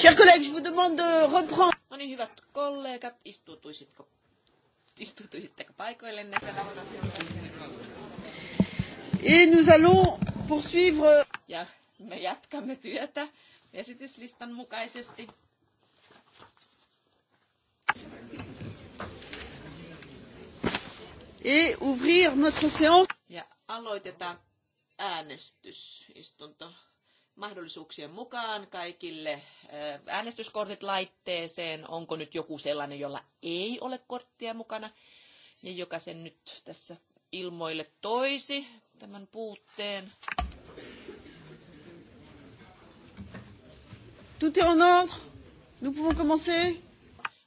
Chers collègues, je vous demande de reprendre. No niin, hyvät kollegat, istutuisitko, istutuisitteko paikoillenne? Et nous allons poursuivre. Ja me jatkamme työtä esityslistan mukaisesti. Et ouvrir notre séance. Ja aloitetaan äänestysistunto mahdollisuuksien mukaan kaikille äh, äänestyskortit laitteeseen. Onko nyt joku sellainen, jolla ei ole korttia mukana ja joka sen nyt tässä ilmoille toisi tämän puutteen? Tout est en ordre. Nous pouvons commencer.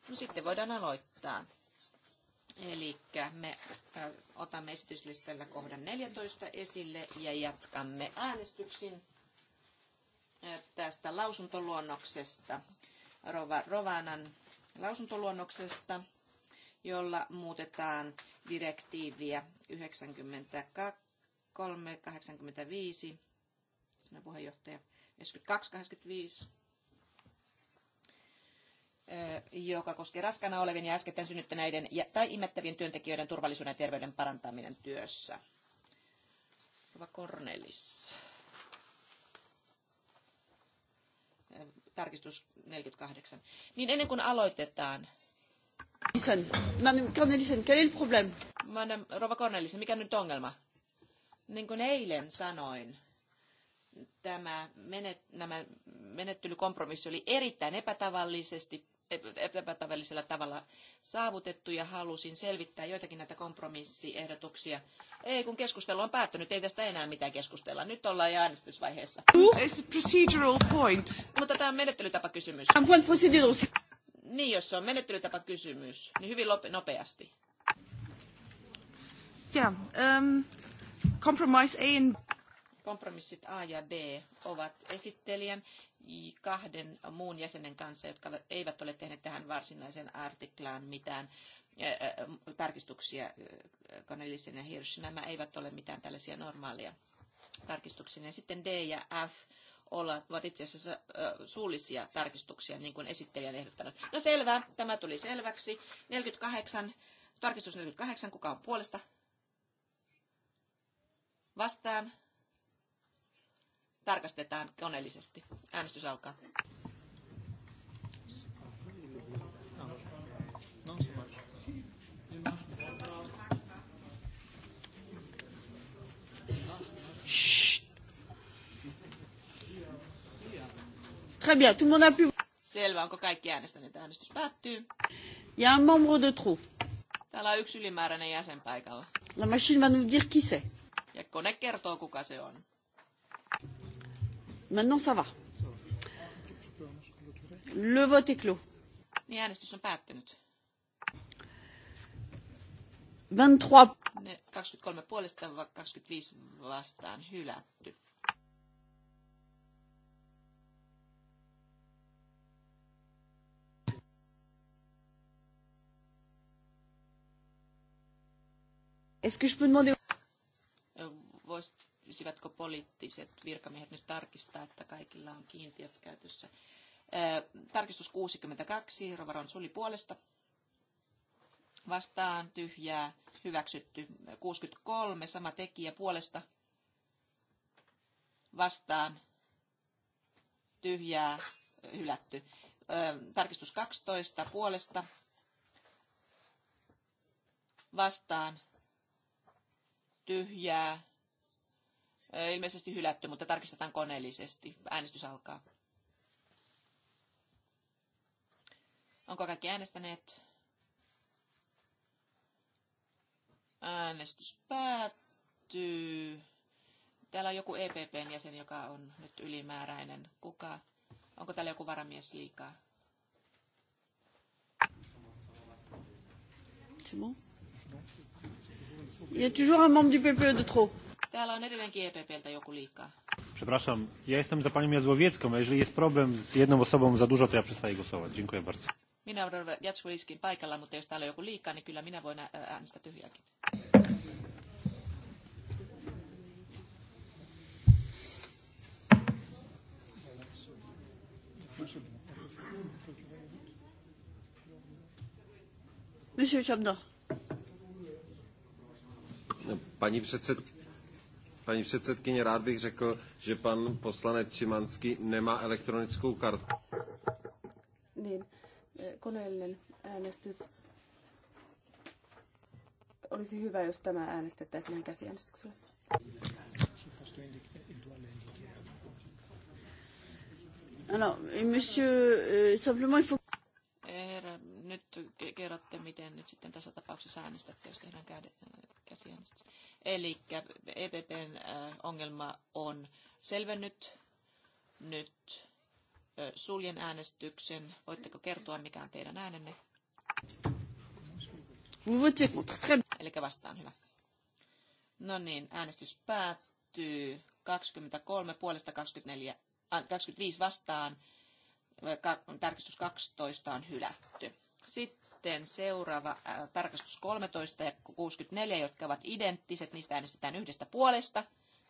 No sitten voidaan aloittaa. Eli me äh, otamme esitysliställä kohdan 14 esille ja jatkamme äänestyksin tästä lausuntoluonnoksesta, Rovanan lausuntoluonnoksesta, jolla muutetaan direktiiviä 9385, sinä puheenjohtaja, 92.85, eh, joka koskee raskana olevien ja äskettäin synnyttäneiden tai imettävien työntekijöiden turvallisuuden ja terveyden parantaminen työssä. Rova Cornelis. tarkistus 48. Niin ennen kuin aloitetaan. Listen, Madame Cornelissen, quel est le problème? Madame Rova Cornelissen, mikä nyt ongelma? Niin kuin eilen sanoin, tämä menet, nämä menettelykompromissi oli erittäin epätavallisesti epätavallisella tavalla saavutettu ja halusin selvittää joitakin näitä kompromissiehdotuksia. Ei, kun keskustelu on päättynyt, ei tästä enää mitään keskustella. Nyt ollaan jo äänestysvaiheessa. It's a procedural point. Mutta tämä on menettelytapakysymys. Un point procedural. Niin, jos se on menettelytapakysymys, niin hyvin nopeasti. Yeah, um, compromise A and... Kompromissit A ja B ovat esittelijän kahden muun jäsenen kanssa, jotka eivät ole tehneet tähän varsinaiseen artiklaan mitään tarkistuksia, Cornelissen ja Hirsch. Nämä eivät ole mitään tällaisia normaaleja tarkistuksia. Ja sitten D ja F ovat itse asiassa suullisia tarkistuksia, niin kuin esittelijä on ehdottanut. No selvä, tämä tuli selväksi. 48, tarkistus 48, kuka on puolesta? Vastaan, tarkastetaan koneellisesti. Äänestys alkaa. Très bien, tout le monde a pu... Selvä, onko kaikki äänestäneet? Äänestys päättyy. Il un membre de trop. Täällä on yksi ylimääräinen jäsen paikalla. La machine va nous dire qui c'est. Ja kone kertoo, kuka se on. Maintenant ça va. Le vote est clos. Niin äänestys on päättynyt. 23. 23 puolesta, 25 vastaan hylätty. Est-ce que je peux demander voisivatko poliittiset virkamiehet nyt tarkistaa, että kaikilla on kiintiöt käytössä. Tarkistus 62, Rovaron suli puolesta. Vastaan tyhjää, hyväksytty 63, sama tekijä puolesta. Vastaan tyhjää, hylätty. Tarkistus 12 puolesta. Vastaan tyhjää, Ilmeisesti hylätty, mutta tarkistetaan koneellisesti. Äänestys alkaa. Onko kaikki äänestäneet? Äänestys päättyy. Täällä on joku EPPn jäsen, joka on nyt ylimääräinen. Kuka? Onko täällä joku varamies liikaa? Il y a toujours un membre du PPE de trop. Täällä on edelleenkin EPPltä joku liikaa. Przepraszam, ja jestem za panią Jadłowiecką, a jeżeli jest problem z jedną osobą za dużo, to ja przestaję głosować. Dziękuję bardzo. Minä olen Jatskuliskin paikalla, mutta jos täällä on joku liikaa, niin kyllä minä voin äänestää tyhjääkin. Pani, předsed, paní předsedkyně, rád bych řekl, že pan poslanec Čimanský nemá elektronickou kartu. Niin, koneellinen äänestys. Olisi hyvä, jos tämä äänestettäisiin ihan käsiäänestyksellä. Alors, monsieur, euh, eh, Herra, nyt kerrotte, miten nyt sitten tässä tapauksessa äänestätte, jos tehdään käden, käsiäänestys. Eli EPPn äh, ongelma on selvennyt nyt. Äh, suljen äänestyksen. Voitteko kertoa, mikä on teidän äänenne? Eli vastaan hyvä. No niin, äänestys päättyy. 23 puolesta 24, 25 äh, vastaan. Tarkistus 12 on hylätty. Sitten sitten seuraava tarkastus 13 ja 64, jotka ovat identtiset. Niistä äänestetään yhdestä puolesta.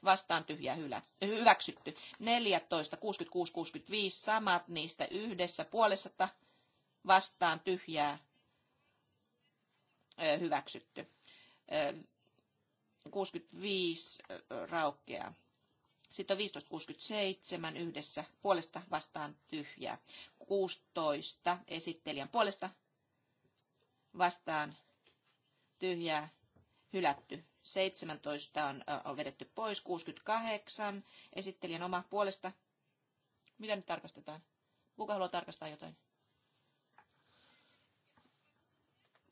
Vastaan tyhjä hylä, hyväksytty. 14, 66, 65 samat niistä yhdessä puolesta. Vastaan tyhjää hyväksytty. 65 raukkeaa. Sitten on 1567 yhdessä puolesta vastaan tyhjää. 16 esittelijän puolesta vastaan tyhjää hylätty. 17 on, on vedetty pois, 68 esittelijän oma puolesta. Mitä nyt tarkastetaan? Kuka haluaa tarkastaa jotain?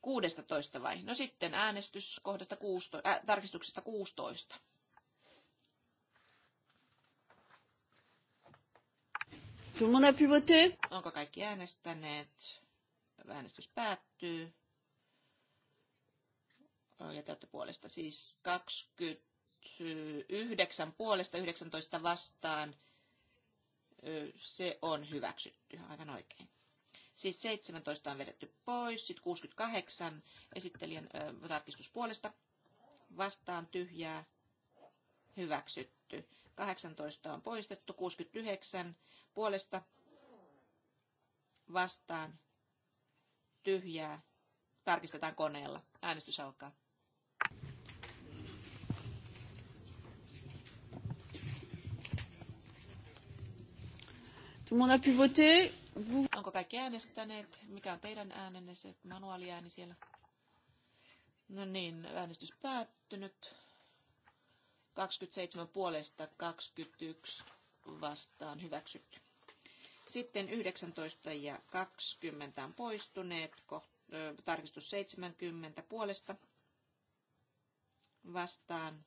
16 vai? No sitten äänestys kohdasta 16, äh, tarkistuksesta 16. Tout le monde a pu voter? Onko kaikki äänestäneet? Äänestys päättyy ja puolesta, Siis 29 puolesta 19 vastaan. Se on hyväksytty aivan oikein. Siis 17 on vedetty pois, sitten 68 esittelijän ö, tarkistuspuolesta vastaan tyhjää hyväksytty. 18 on poistettu, 69 puolesta vastaan tyhjää tarkistetaan koneella. Äänestys alkaa. Tout le monde a pu voter? Vous... Onko kaikki äänestäneet? Mikä on teidän äänenne, se manuaaliääni siellä? No niin, äänestys päättynyt. 27 puolesta 21 vastaan hyväksytty. Sitten 19 ja 20 on poistuneet. Tarkistus 70 puolesta vastaan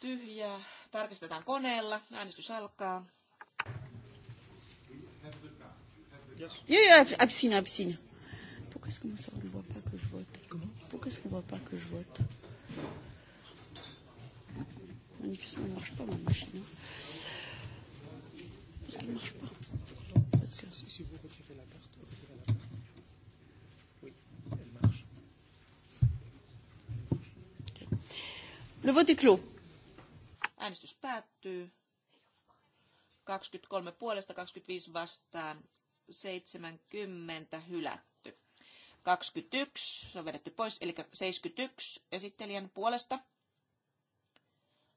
tyhjää. Tarkistetaan koneella. Äänestys alkaa. Yeah, I've, I've seen, I've seen. Pourquoi est-ce que moi ça on voit pas que je vote Pourquoi est-ce qu'on voit pas que je vote Manifestement, elle marche pas ma machine. Hein. Parce qu'elle marche pas. Parce que... Si vous retirez la carte, retirez la carte. Oui, elle marche. Le vote est clos. Äänestys päättyy. 23 puolesta 25 vastaan 70 hylätty. 21, se on vedetty pois, eli 71 esittelijän puolesta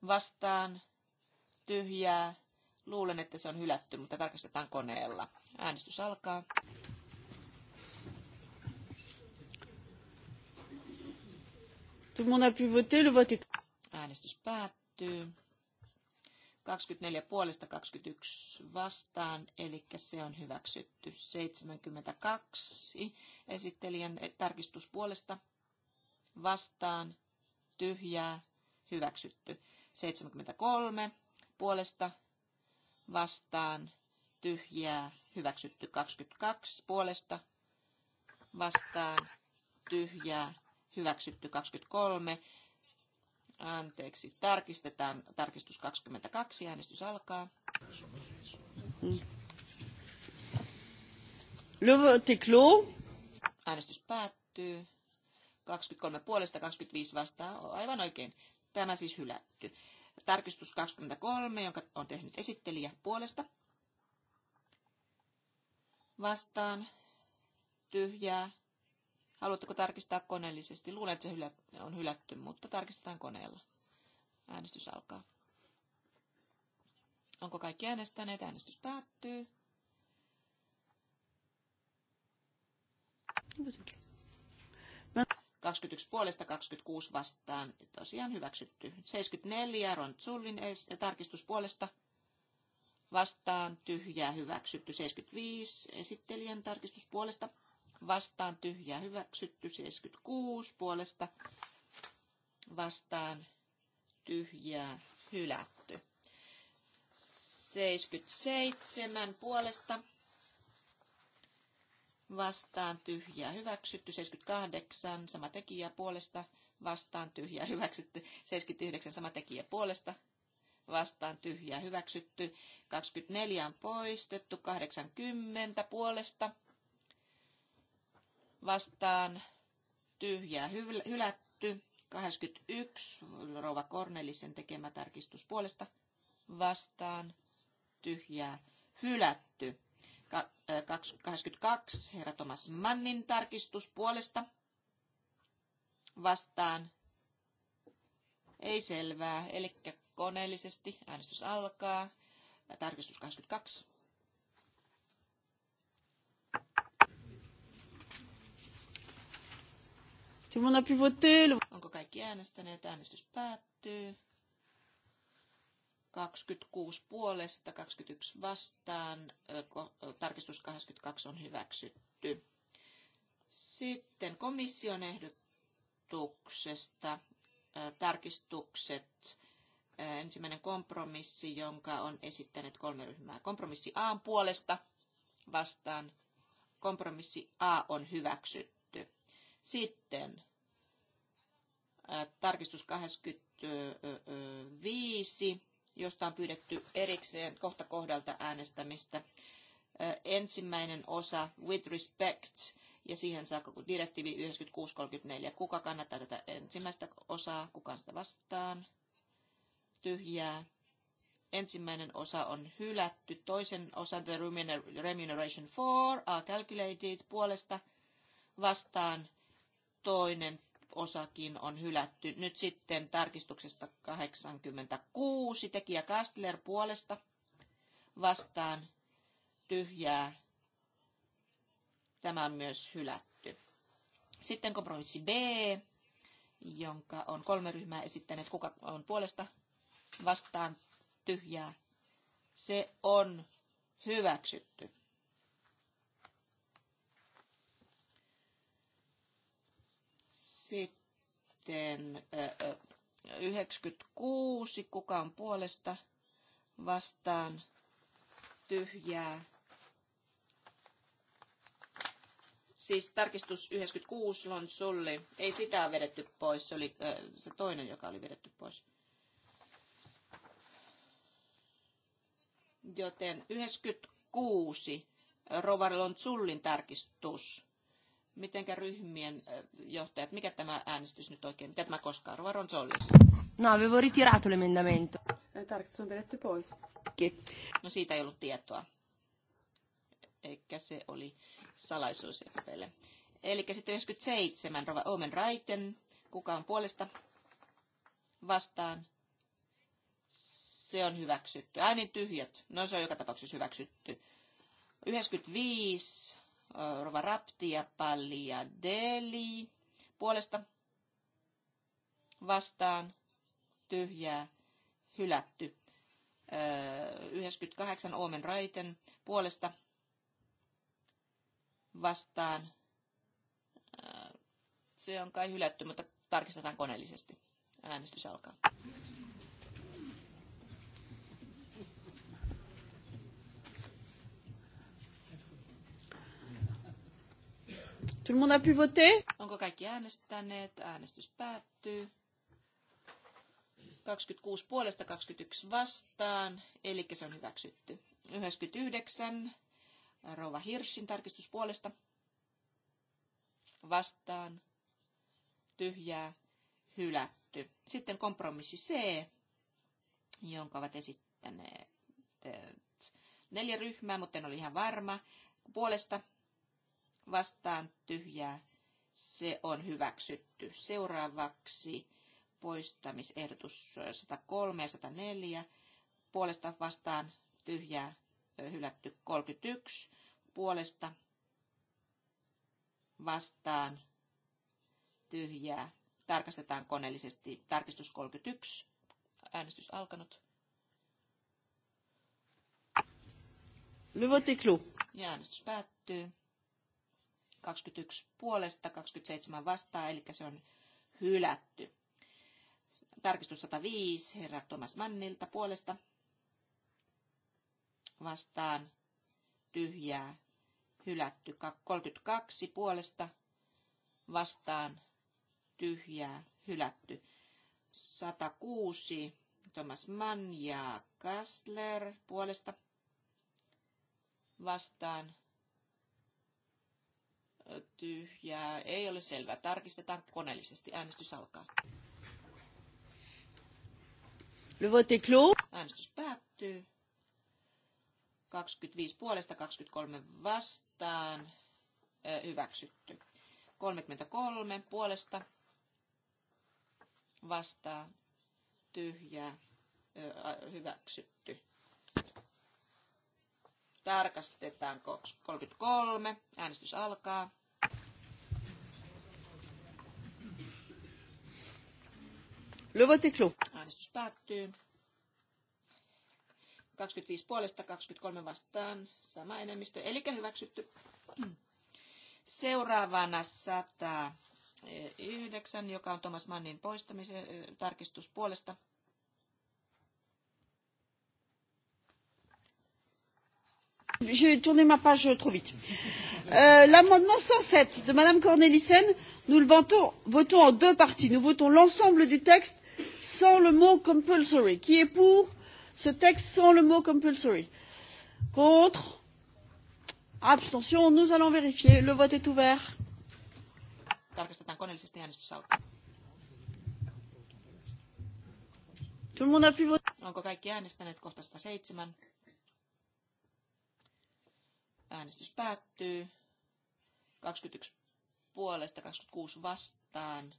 vastaan tyhjää. Luulen, että se on hylätty, mutta tarkastetaan koneella. Äänestys alkaa. Tout le monde a pu voter, le vote Äänestys päättyy. 24 puolesta 21 vastaan, eli se on hyväksytty. 72 esittelijän tarkistus puolesta vastaan, tyhjää, hyväksytty. 73 puolesta vastaan, tyhjää, hyväksytty. 22 puolesta vastaan, tyhjää, hyväksytty. 23 Anteeksi, tarkistetaan. Tarkistus 22, äänestys alkaa. Le vote Äänestys päättyy. 23 puolesta, 25 vastaan. Aivan oikein. Tämä siis hylätty. Tarkistus 23, jonka on tehnyt esittelijä puolesta. Vastaan. Tyhjää. Haluatteko tarkistaa koneellisesti? Luulen, että se on hylätty, mutta tarkistetaan koneella. Äänestys alkaa. Onko kaikki äänestäneet? Äänestys päättyy. Mä 21 puolesta 26 vastaan. Tosiaan hyväksytty. 74 Ron Zullin tarkistus puolesta vastaan. Tyhjää hyväksytty. 75 esittelijän tarkistus puolesta vastaan tyhjä hyväksytty 76 puolesta vastaan tyhjää hylätty. 77 puolesta vastaan tyhjää hyväksytty, 78 sama tekijä puolesta vastaan tyhjää hyväksytty, 79 sama tekijä puolesta vastaan tyhjää hyväksytty, 24 on poistettu, 80 puolesta vastaan tyhjää hylätty. 21 Rova Kornelisen tekemä tarkistus puolesta vastaan tyhjää hylätty. 22 herra Thomas Mannin tarkistus puolesta vastaan ei selvää, eli koneellisesti äänestys alkaa. Tarkistus 22. Tout on monde Onko kaikki äänestäneet? Äänestys päättyy. 26 puolesta, 21 vastaan. Tarkistus 22 on hyväksytty. Sitten komission ehdotuksesta tarkistukset. Ensimmäinen kompromissi, jonka on esittänyt kolme ryhmää. Kompromissi A puolesta vastaan. Kompromissi A on hyväksytty sitten äh, tarkistus 25, josta on pyydetty erikseen kohta kohdalta äänestämistä. Äh, ensimmäinen osa, with respect, ja siihen saakka kun direktiivi 9634. Kuka kannattaa tätä ensimmäistä osaa, kuka sitä vastaan? Tyhjää. Ensimmäinen osa on hylätty. Toisen osan the remuneration for are calculated puolesta vastaan toinen osakin on hylätty. Nyt sitten tarkistuksesta 86 tekijä Kastler puolesta vastaan tyhjää. Tämä on myös hylätty. Sitten kompromissi B, jonka on kolme ryhmää esittäneet, kuka on puolesta vastaan tyhjää. Se on hyväksytty. Sitten 96, kukaan puolesta vastaan tyhjää. Siis tarkistus 96 sulli Ei sitä vedetty pois, se oli se toinen, joka oli vedetty pois. Joten 96 rovarlon sullin tarkistus Miten ryhmien johtajat, mikä tämä äänestys nyt oikein, mitä tämä koskaan? Ruoron Zolli. No, avevo ritirato l'emendamento. Tarkoitus on vedetty pois. Ki. No siitä ei ollut tietoa. Eikä se oli salaisuus Eli sitten 97, Rova Omen Raiten, kuka on puolesta vastaan. Se on hyväksytty. Äänin tyhjät. No se on joka tapauksessa hyväksytty. 95, Rova Rapti ja Pallia Deli puolesta vastaan tyhjää hylätty. 98 Omen Raiten puolesta vastaan. Se on kai hylätty, mutta tarkistetaan koneellisesti. Äänestys alkaa. Tout le monde a pu voter? Onko kaikki äänestäneet? Äänestys päättyy. 26 puolesta 21 vastaan, eli se on hyväksytty. 99, Rova Hirschin tarkistus puolesta. Vastaan, tyhjää, hylätty. Sitten kompromissi C, jonka ovat esittäneet eh, neljä ryhmää, mutta en ole ihan varma. Puolesta vastaan tyhjää. Se on hyväksytty. Seuraavaksi poistamisehdotus 103 ja 104. Puolesta vastaan tyhjää hylätty 31. Puolesta vastaan tyhjää. Tarkastetaan koneellisesti tarkistus 31. Äänestys alkanut. Le vote est clos. Ja äänestys päättyy. 21 puolesta, 27 vastaa, eli se on hylätty. Tarkistus 105, herra Thomas Mannilta puolesta vastaan, tyhjää, hylätty. 32 puolesta vastaan, tyhjää, hylätty. 106, Thomas Mann ja Kastler puolesta vastaan, tyhjää. Ei ole selvää. Tarkistetaan koneellisesti. Äänestys alkaa. Le vote Äänestys päättyy. 25 puolesta, 23 vastaan. Hyväksytty. 33 puolesta vastaan. Tyhjää. Hyväksytty. Tarkastetaan 33. Äänestys alkaa. Le vote clos. Äänestys päättyy. 25 puolesta, 23 vastaan, sama enemmistö, eli hyväksytty. Seuraavana 109, joka on Thomas Mannin poistamisen tarkistus puolesta j'ai tourné ma page euh, trop vite. Euh, l'amendement cent sept de mme cornelissen nous le votons en deux parties. nous votons l'ensemble du texte sans le mot compulsory. qui est pour ce texte sans le mot compulsory? contre? abstention. nous allons vérifier. le vote est ouvert. Tout le monde a pu voter. Onko kaikki äänestäneet kohta 107? Äänestys päättyy. 21 puolesta, 26 vastaan.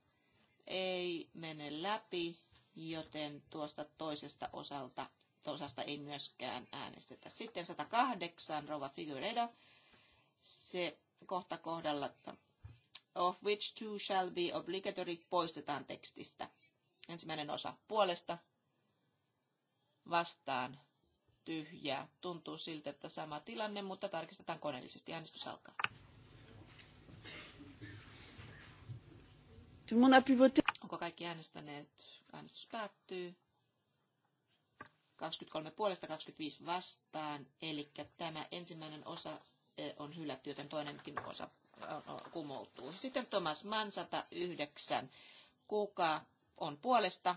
Ei mene läpi, joten tuosta toisesta osalta, osasta ei myöskään äänestetä. Sitten 108, Rova Figueredo. Se kohta kohdalla, of which two shall be obligatory, poistetaan tekstistä. Ensimmäinen osa puolesta, vastaan, Tyhjä Tuntuu siltä, että sama tilanne, mutta tarkistetaan koneellisesti. Äänestys alkaa. Onko kaikki äänestäneet? Äänestys päättyy. 23 puolesta 25 vastaan, eli tämä ensimmäinen osa eh, on hylätty, joten toinenkin osa eh, kumoutuu. Sitten Thomas Mann 109. Kuka on puolesta?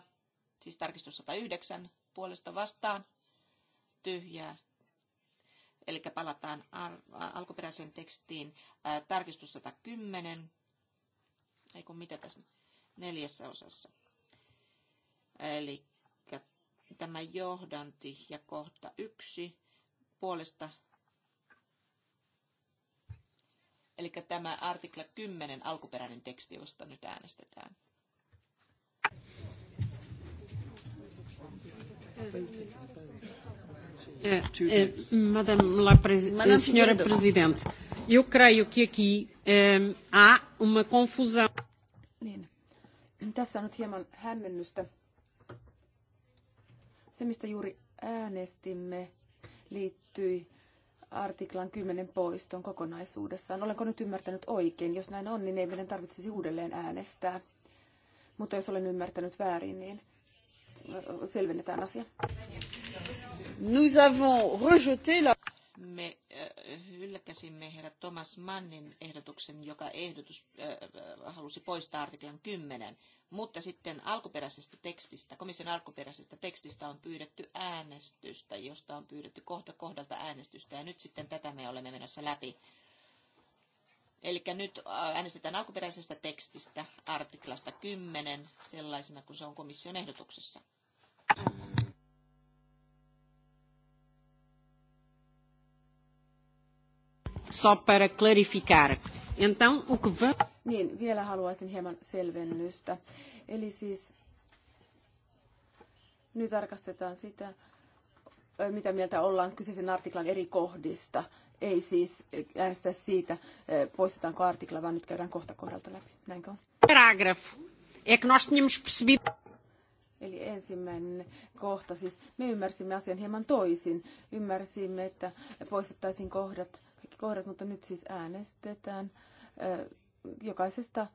Siis tarkistus 109 puolesta vastaan tyhjää. Eli palataan alkuperäiseen tekstiin. Ää, tarkistus 110. Ei kun mitä tässä neljässä osassa. Eli tämä johdanti ja kohta yksi puolesta. Eli tämä artikla 10 alkuperäinen teksti, josta nyt äänestetään. Mm. Senhora Presidente, eu creio que aqui um, há uma confusão. Niin. Tässä on nyt hieman hämmennystä. Se, mistä juuri äänestimme, liittyi artiklan 10 poiston kokonaisuudessaan. Olenko nyt ymmärtänyt oikein? Jos näin on, niin ei meidän tarvitsisi uudelleen äänestää. Mutta jos olen ymmärtänyt väärin, niin selvennetään asia nous avons rejeté la me äh, hylkäsimme herra Thomas Mannin ehdotuksen, joka ehdotus äh, äh halusi poistaa artiklan 10, mutta sitten alkuperäisestä tekstistä, komission alkuperäisestä tekstistä on pyydetty äänestystä, josta on pyydetty kohta kohdalta äänestystä, ja nyt sitten tätä me olemme menossa läpi. Eli nyt äh, äänestetään alkuperäisestä tekstistä artiklasta 10 sellaisena kuin se on komission ehdotuksessa. só para clarificar. Então, o que va... Niin, vielä haluaisin hieman selvennystä. Eli siis nyt tarkastetaan sitä, mitä mieltä ollaan kyseisen artiklan eri kohdista. Ei siis äänestä siitä, poistetaanko artikla, vaan nyt käydään kohta kohdalta läpi. Näinkö on? Paragraf. Eli ensimmäinen kohta, siis me ymmärsimme asian hieman toisin. Ymmärsimme, että poistettaisiin kohdat kohdat, mutta nyt siis äänestetään jokaisesta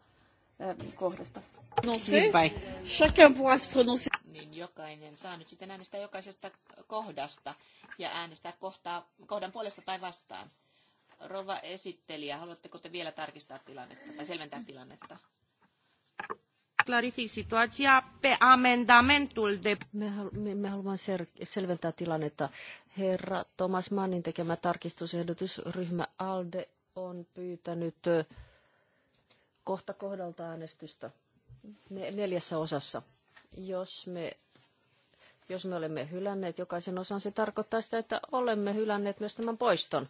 kohdasta. No se, chacun pourra se prononcer. Niin jokainen saa nyt sitten äänestää jokaisesta kohdasta ja äänestää kohtaa, kohdan puolesta tai vastaan. Rova esittelijä, haluatteko te vielä tarkistaa tilannetta tai selventää tilannetta? clarific situația pe amendamentul de... Me, me, selventää tilannetta. Herra Thomas Mannin tekemä tarkistusehdotus ryhmä ALDE on pyytänyt kohta kohdalta äänestystä neljässä osassa. Jos me, jos me olemme hylänneet jokaisen osan, se tarkoittaa sitä, että olemme hylänneet myös tämän poiston.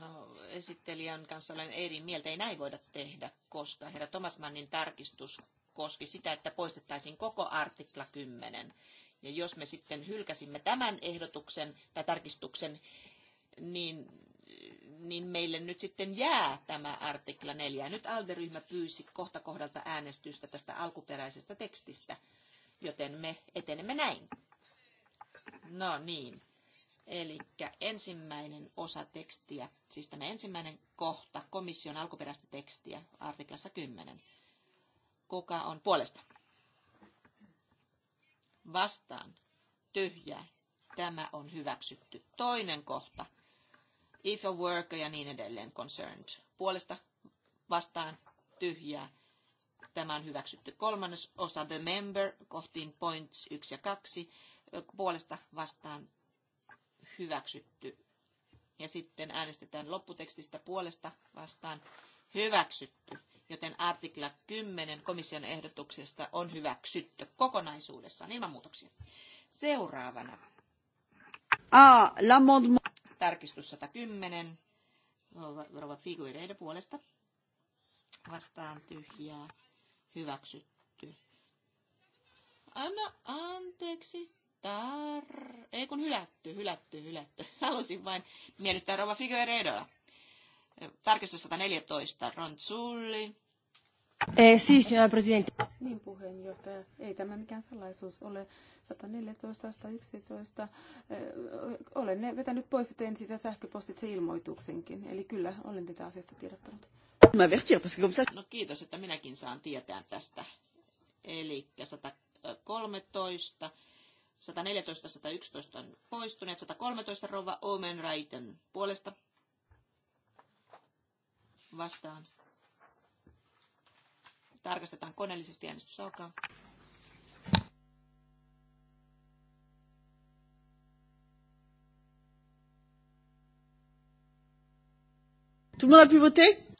No, esittelijän kanssa olen eri mieltä. Ei näin voida tehdä, koska herra Tomasmannin tarkistus koski sitä, että poistettaisiin koko artikla 10. Ja jos me sitten hylkäsimme tämän ehdotuksen tai tarkistuksen, niin, niin meille nyt sitten jää tämä artikla 4. Nyt Alderyhmä pyysi kohta kohdalta äänestystä tästä alkuperäisestä tekstistä, joten me etenemme näin. No niin, Eli ensimmäinen osa tekstiä, siis tämä ensimmäinen kohta komission alkuperäistä tekstiä artiklassa 10. Kuka on puolesta? Vastaan. Tyhjää. Tämä on hyväksytty. Toinen kohta. If a worker ja niin edelleen concerned. Puolesta vastaan tyhjää. Tämä on hyväksytty. Kolmannes osa the member kohtiin points 1 ja 2. Puolesta vastaan hyväksytty. Ja sitten äänestetään lopputekstistä puolesta vastaan hyväksytty. Joten artikla 10 komission ehdotuksesta on hyväksytty kokonaisuudessaan ilman muutoksia. Seuraavana. A, l'amendement. Tarkistus 110. Rova Figuireiden puolesta. Vastaan tyhjää. Hyväksytty. Anna anteeksi tar... Ei kun hylätty, hylätty, hylätty. Halusin vain miellyttää Rova Figueredoa. Tarkistus 114, Zulli. Eh, siis, signora Presidente. Niin, puheenjohtaja. Ei tämä mikään salaisuus ole. 114, 111. Eh, olen ne vetänyt pois että tein sitä sähköpostitse ilmoituksenkin. Eli kyllä, olen tätä asiasta tiedottanut. No kiitos, että minäkin saan tietää tästä. Eli 113 114, 111 on poistuneet. 113 rouva Omen Raiten puolesta vastaan. Tarkastetaan koneellisesti äänestys alkaa.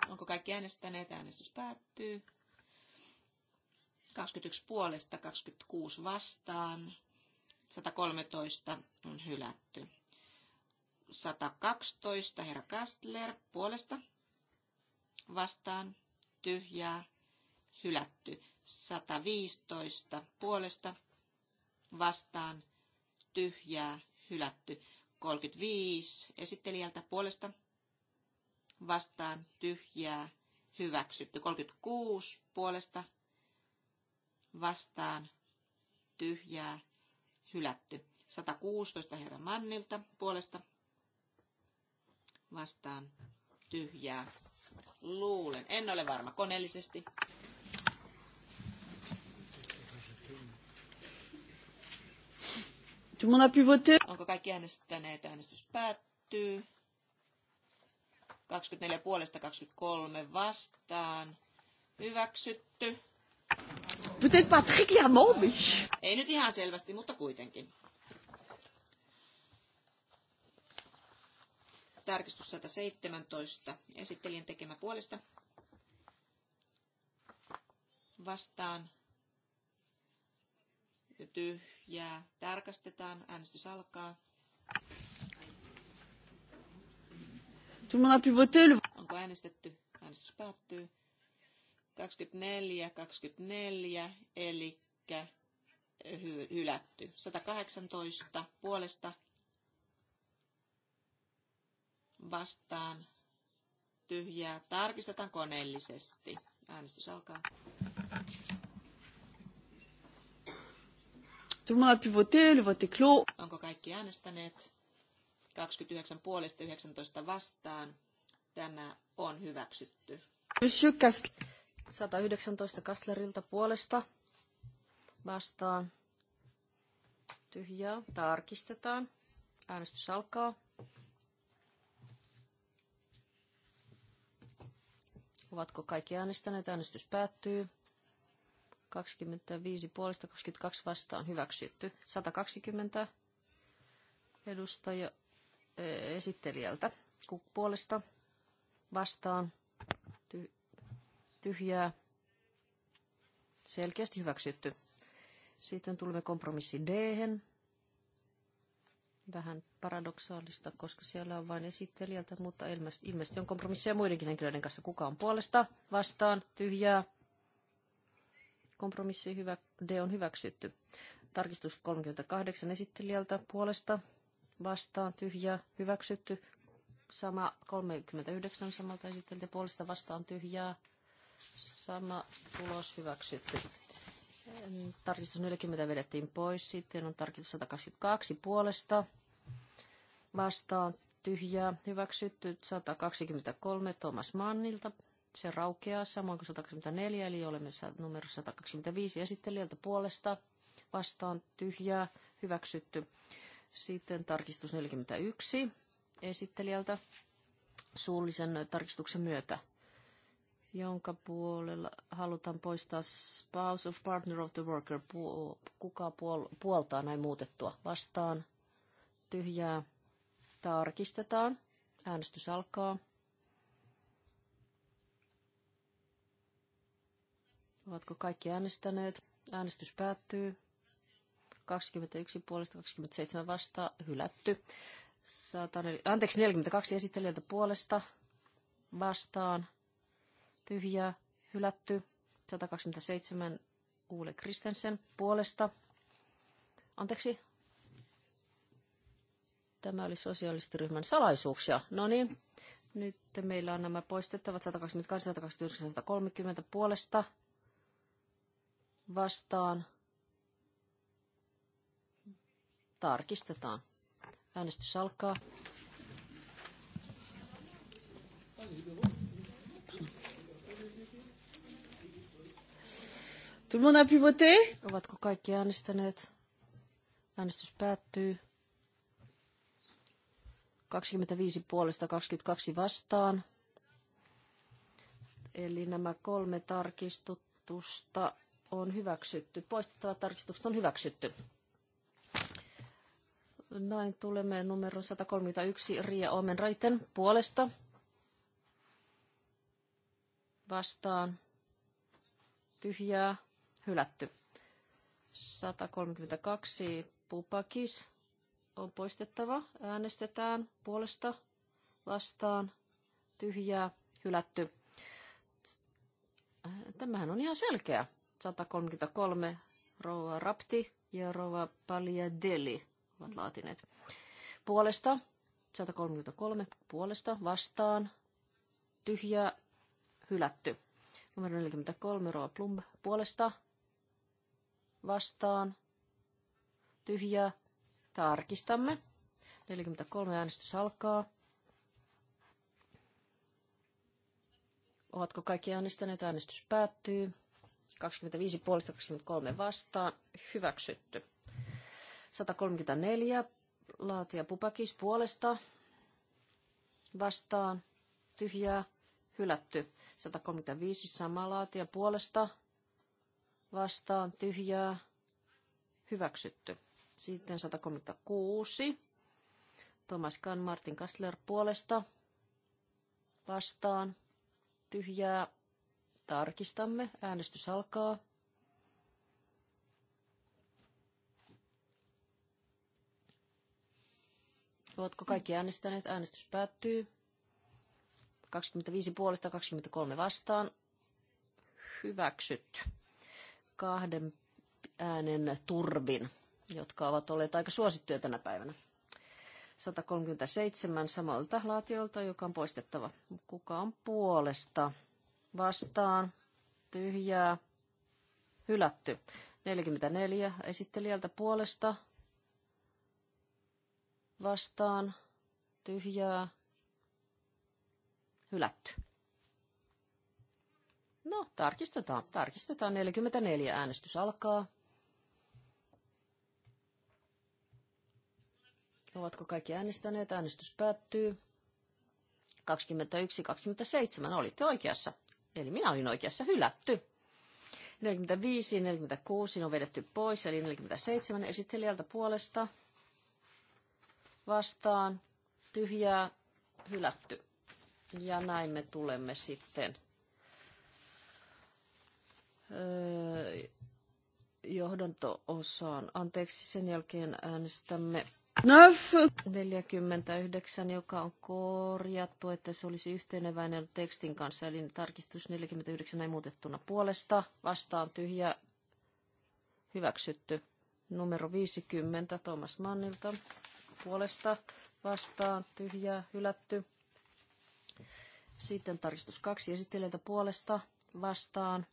Onko kaikki äänestäneet? Äänestys päättyy. 21 puolesta, 26 vastaan. 113 on hylätty. 112 herra Kastler puolesta vastaan tyhjää hylätty. 115 puolesta vastaan tyhjää hylätty. 35 esittelijältä puolesta vastaan tyhjää hyväksytty. 36 puolesta vastaan tyhjää hylätty. 116 herra Mannilta puolesta vastaan tyhjää. Luulen. En ole varma koneellisesti. Onko kaikki äänestäneet? Äänestys päättyy. 24 puolesta 23 vastaan. Hyväksytty. Peut-être pas très clairement, mais... Ei nyt ihan selvästi, mutta kuitenkin. Tarkistus 117. Esittelijän tekemä puolesta. Vastaan. Tyhjää. Tarkastetaan. Äänestys alkaa. Tout le monde a pu voter. Onko äänestetty? Äänestys päättyy. 24, 24, eli hy- hylätty. 118 puolesta vastaan tyhjää. Tarkistetaan koneellisesti. Äänestys alkaa. Onko kaikki äänestäneet? 29 puolesta 19 vastaan. Tämä on hyväksytty. Monsieur 119 Kastlerilta puolesta vastaan tyhjää. Tarkistetaan. Äänestys alkaa. Ovatko kaikki äänestäneet? Äänestys päättyy. 25 puolesta 22 vastaan hyväksytty. 120 edustaja eh, esittelijältä puolesta vastaan tyhjää, selkeästi hyväksytty. Sitten tulemme kompromissi d -hen. Vähän paradoksaalista, koska siellä on vain esittelijältä, mutta ilmeisesti on kompromisseja muidenkin henkilöiden kanssa. Kuka on puolesta, vastaan, tyhjää. Kompromissi hyvä, D on hyväksytty. Tarkistus 38 esittelijältä puolesta, vastaan, tyhjää, hyväksytty. Sama 39 samalta esittelijältä puolesta, vastaan, tyhjää, Sama tulos hyväksytty. Tarkistus 40 vedettiin pois. Sitten on tarkistus 122 puolesta. Vastaan tyhjää hyväksytty 123 Thomas Mannilta. Se raukeaa samoin kuin 124, eli olemme numero 125 esittelijältä puolesta. Vastaan tyhjää hyväksytty. Sitten tarkistus 41 esittelijältä suullisen tarkistuksen myötä jonka puolella halutaan poistaa spouse of partner of the worker. Kuka puoltaa näin muutettua? Vastaan. Tyhjää. Tarkistetaan. Äänestys alkaa. Ovatko kaikki äänestäneet? Äänestys päättyy. 21 puolesta 27 vastaa hylätty. 100, anteeksi, 42 esittelijältä puolesta vastaan tyhjää, hylätty. 127 Uule Kristensen puolesta. Anteeksi. Tämä oli sosiaalistiryhmän salaisuuksia. No niin, nyt meillä on nämä poistettavat 122, 129, 130 puolesta vastaan. Tarkistetaan. Äänestys alkaa. Tout le monde a pu voter? Ovatko kaikki äänestäneet? Äänestys päättyy. 25 puolesta 22 vastaan. Eli nämä kolme tarkistusta on hyväksytty. Poistettavat tarkistukset on hyväksytty. Näin tulemme numero 131 Ria Omenraiten puolesta vastaan tyhjää hylätty. 132 Pupakis on poistettava. Äänestetään puolesta vastaan tyhjää hylätty. Tämähän on ihan selkeä. 133 Rova Rapti ja Rova Paliadeli ovat laatineet. Puolesta 133 puolesta vastaan tyhjää hylätty. Numero 43 Rova Plumb puolesta vastaan, tyhjää, tarkistamme. 43 äänestys alkaa. Ovatko kaikki äänestäneet? Äänestys päättyy. 25 puolesta 23 vastaan. Hyväksytty. 134. Laatia Pupakis puolesta. Vastaan. Tyhjää. Hylätty. 135. Sama laatia puolesta vastaan tyhjää hyväksytty. Sitten 136. Thomas Kahn, Martin Kastler puolesta vastaan tyhjää. Tarkistamme. Äänestys alkaa. Oletko kaikki äänestäneet? Äänestys päättyy. 25 puolesta, 23 vastaan. Hyväksytty kahden äänen turvin, jotka ovat olleet aika suosittuja tänä päivänä. 137 samalta laatiolta, joka on poistettava. Kuka on puolesta? Vastaan. Tyhjää. Hylätty. 44 esittelijältä puolesta. Vastaan. Tyhjää. Hylätty. No, tarkistetaan. Tarkistetaan. 44 äänestys alkaa. Ovatko kaikki äänestäneet? Äänestys päättyy. 21-27 olitte oikeassa. Eli minä olin oikeassa hylätty. 45 46 on vedetty pois, eli 47 esittelijältä puolesta vastaan tyhjää hylätty. Ja näin me tulemme sitten johdanto-osaan. Anteeksi, sen jälkeen äänestämme 49, joka on korjattu, että se olisi yhteneväinen tekstin kanssa, eli tarkistus 49 ei muutettuna puolesta, vastaan tyhjä, hyväksytty. Numero 50 Thomas Mannilta puolesta, vastaan tyhjä, hylätty. Sitten tarkistus 2 esittelijältä puolesta, vastaan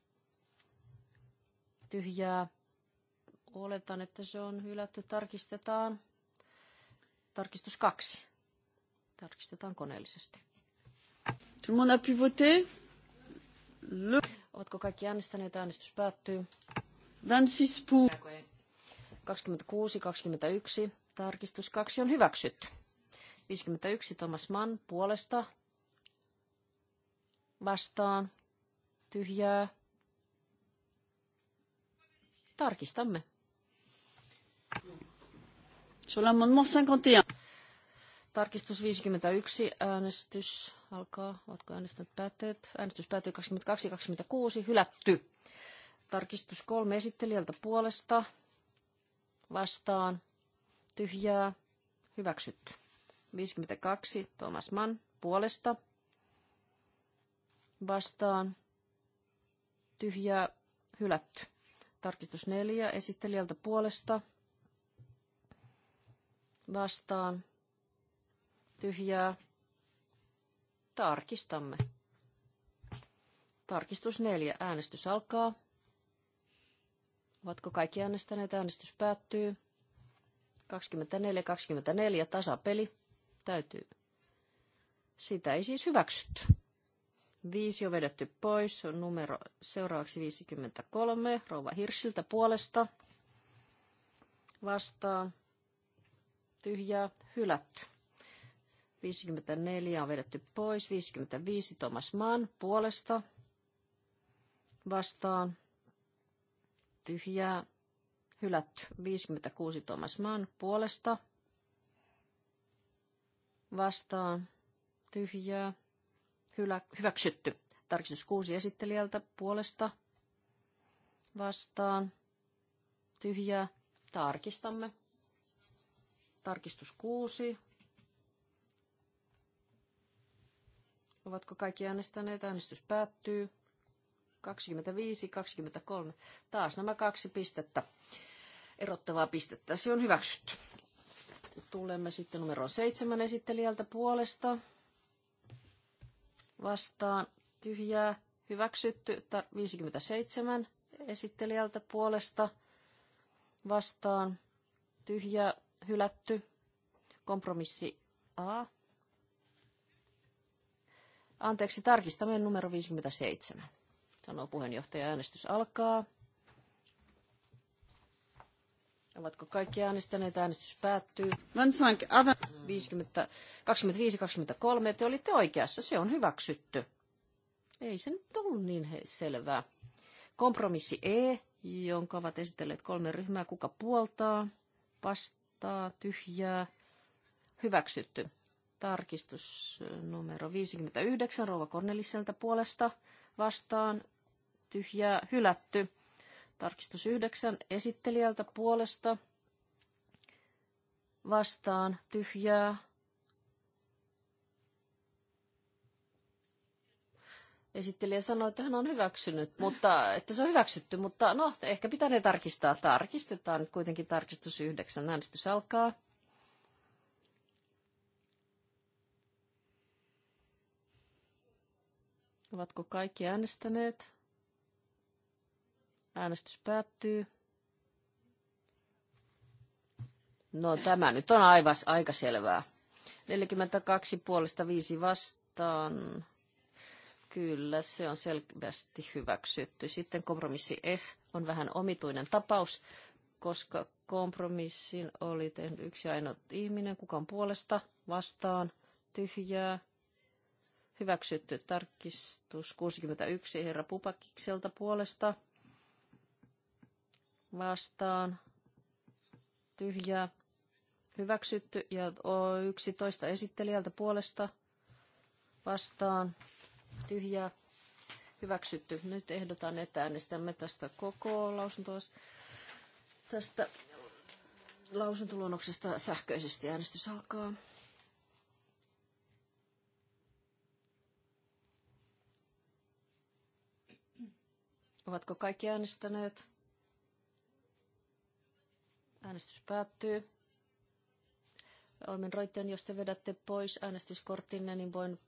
tyhjää. Oletan, että se on hylätty. Tarkistetaan. Tarkistus kaksi. Tarkistetaan koneellisesti. Tout le monde a pu voter? Le... Ovatko kaikki äänestäneet? Äänestys päättyy. 26 pour. 26, 21. Tarkistus 2 on hyväksytty. 51 Thomas Mann puolesta. Vastaan. Tyhjää Tarkistamme. 51. Tarkistus 51. Äänestys alkaa. Ovatko äänestäneet päätteet? Äänestys päättyy 22-26. Hylätty. Tarkistus kolme esittelijältä puolesta. Vastaan. Tyhjää. Hyväksytty. 52. Thomas Mann puolesta. Vastaan. Tyhjää. Hylätty. Tarkistus neljä esittelijältä puolesta vastaan tyhjää. Tarkistamme. Tarkistus neljä. Äänestys alkaa. Ovatko kaikki äänestäneet? Äänestys päättyy. 24-24 tasapeli. Täytyy. Sitä ei siis hyväksytty. Viisi on vedetty pois, on numero seuraavaksi 53, Rouva Hirsiltä puolesta. vastaa tyhjää, hylätty. 54 on vedetty pois, 55 Thomas Mann puolesta. Vastaan, tyhjää, hylätty. 56 Thomas Mann puolesta. Vastaan, tyhjää, hyväksytty. Tarkistus kuusi esittelijältä puolesta vastaan. Tyhjää. Tarkistamme. Tarkistus kuusi. Ovatko kaikki äänestäneet? Äänestys päättyy. 25, 23. Taas nämä kaksi pistettä, erottavaa pistettä. Se on hyväksytty. Tulemme sitten numero seitsemän esittelijältä puolesta vastaan tyhjää hyväksytty. 57 esittelijältä puolesta vastaan tyhjää hylätty. Kompromissi A. Anteeksi, tarkistamme numero 57. Sanoo puheenjohtaja, äänestys alkaa. Ovatko kaikki äänestäneet? Äänestys päättyy. 25-23. Te olitte oikeassa. Se on hyväksytty. Ei se nyt ollut niin selvää. Kompromissi E, jonka ovat esitelleet kolme ryhmää. Kuka puoltaa? Vastaa? Tyhjää? Hyväksytty. Tarkistus numero 59 Rouva Korneliselta puolesta vastaan. Tyhjää hylätty. Tarkistus yhdeksän esittelijältä puolesta vastaan tyhjää. Esittelijä sanoi, että hän on hyväksynyt, mutta että se on hyväksytty, mutta no, ehkä pitää ne tarkistaa. Tarkistetaan nyt kuitenkin tarkistus yhdeksän. Äänestys alkaa. Ovatko kaikki äänestäneet? Äänestys päättyy. No tämä nyt on aivan aika selvää. 42 puolesta 5 vastaan. Kyllä, se on selvästi hyväksytty. Sitten kompromissi F on vähän omituinen tapaus, koska kompromissin oli tehnyt yksi ainoa ihminen, kukaan puolesta vastaan, tyhjää, hyväksytty tarkistus 61 herra Pupakikselta puolesta vastaan tyhjä hyväksytty ja 11 esittelijältä puolesta vastaan tyhjä hyväksytty. Nyt ehdotan, että äänestämme tästä koko lausuntoa tästä lausuntoluonnoksesta sähköisesti äänestys alkaa. Ovatko kaikki äänestäneet? Äänestys päättyy. Oimen roitteen, jos te vedätte pois äänestyskorttinne, niin voin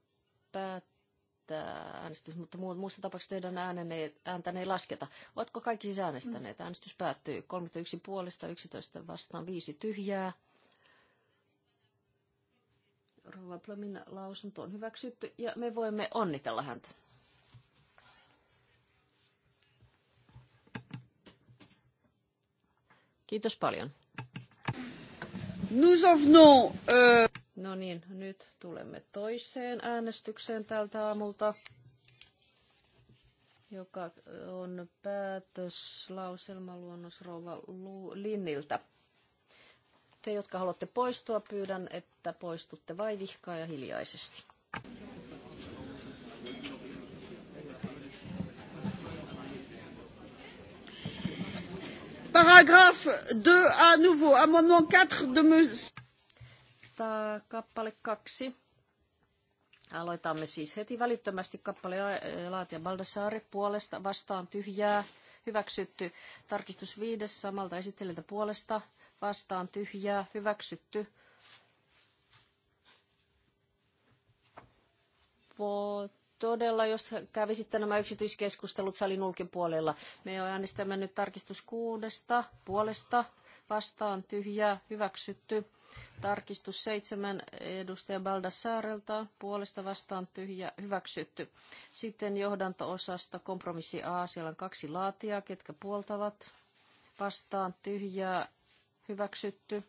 päättää äänestys, mutta muussa tapauksessa teidän äänenne, ääntäne ei lasketa. Ovatko kaikki siis äänestäneet? Mm. Äänestys päättyy. 31 puolesta, 11 vastaan, 5 tyhjää. Rova Plomin lausunto on hyväksytty ja me voimme onnitella häntä. Kiitos paljon. Nous avons, euh... No niin, nyt tulemme toiseen äänestykseen tältä aamulta, joka on päätöslauselmaluonnos Rouva Linniltä. Te, jotka haluatte poistua, pyydän, että poistutte vaivihkaa ja hiljaisesti. Paragraphe 2 à nouveau, amendement 4 de Tämä kappale 2. Aloitamme siis heti välittömästi kappale Laatia Baldassari puolesta vastaan tyhjää. Hyväksytty. Tarkistus 5 samalta esittelijältä puolesta vastaan tyhjää. Hyväksytty. Vot todella, jos kävisitte nämä yksityiskeskustelut salin ulkopuolella. Me äänestämme nyt tarkistus kuudesta puolesta vastaan tyhjää hyväksytty. Tarkistus seitsemän edustaja Baldassarelta puolesta vastaan tyhjä hyväksytty. Sitten johdanto-osasta kompromissi A. Siellä on kaksi laatia, ketkä puoltavat. Vastaan tyhjää hyväksytty.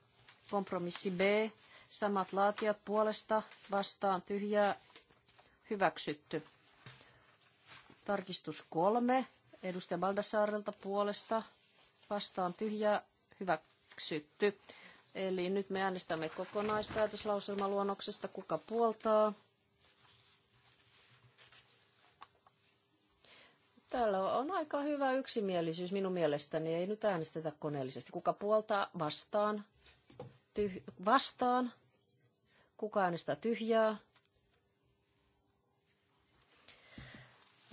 Kompromissi B. Samat laatijat puolesta vastaan tyhjää hyväksytty. Tarkistus kolme, edustaja Baldassaarelta puolesta, vastaan tyhjää, hyväksytty. Eli nyt me äänestämme kokonaispäätöslauselmaluonnoksesta, kuka puoltaa. Täällä on aika hyvä yksimielisyys minun mielestäni. Ei nyt äänestetä koneellisesti. Kuka puoltaa vastaan? Tyh- vastaan. Kuka äänestää tyhjää?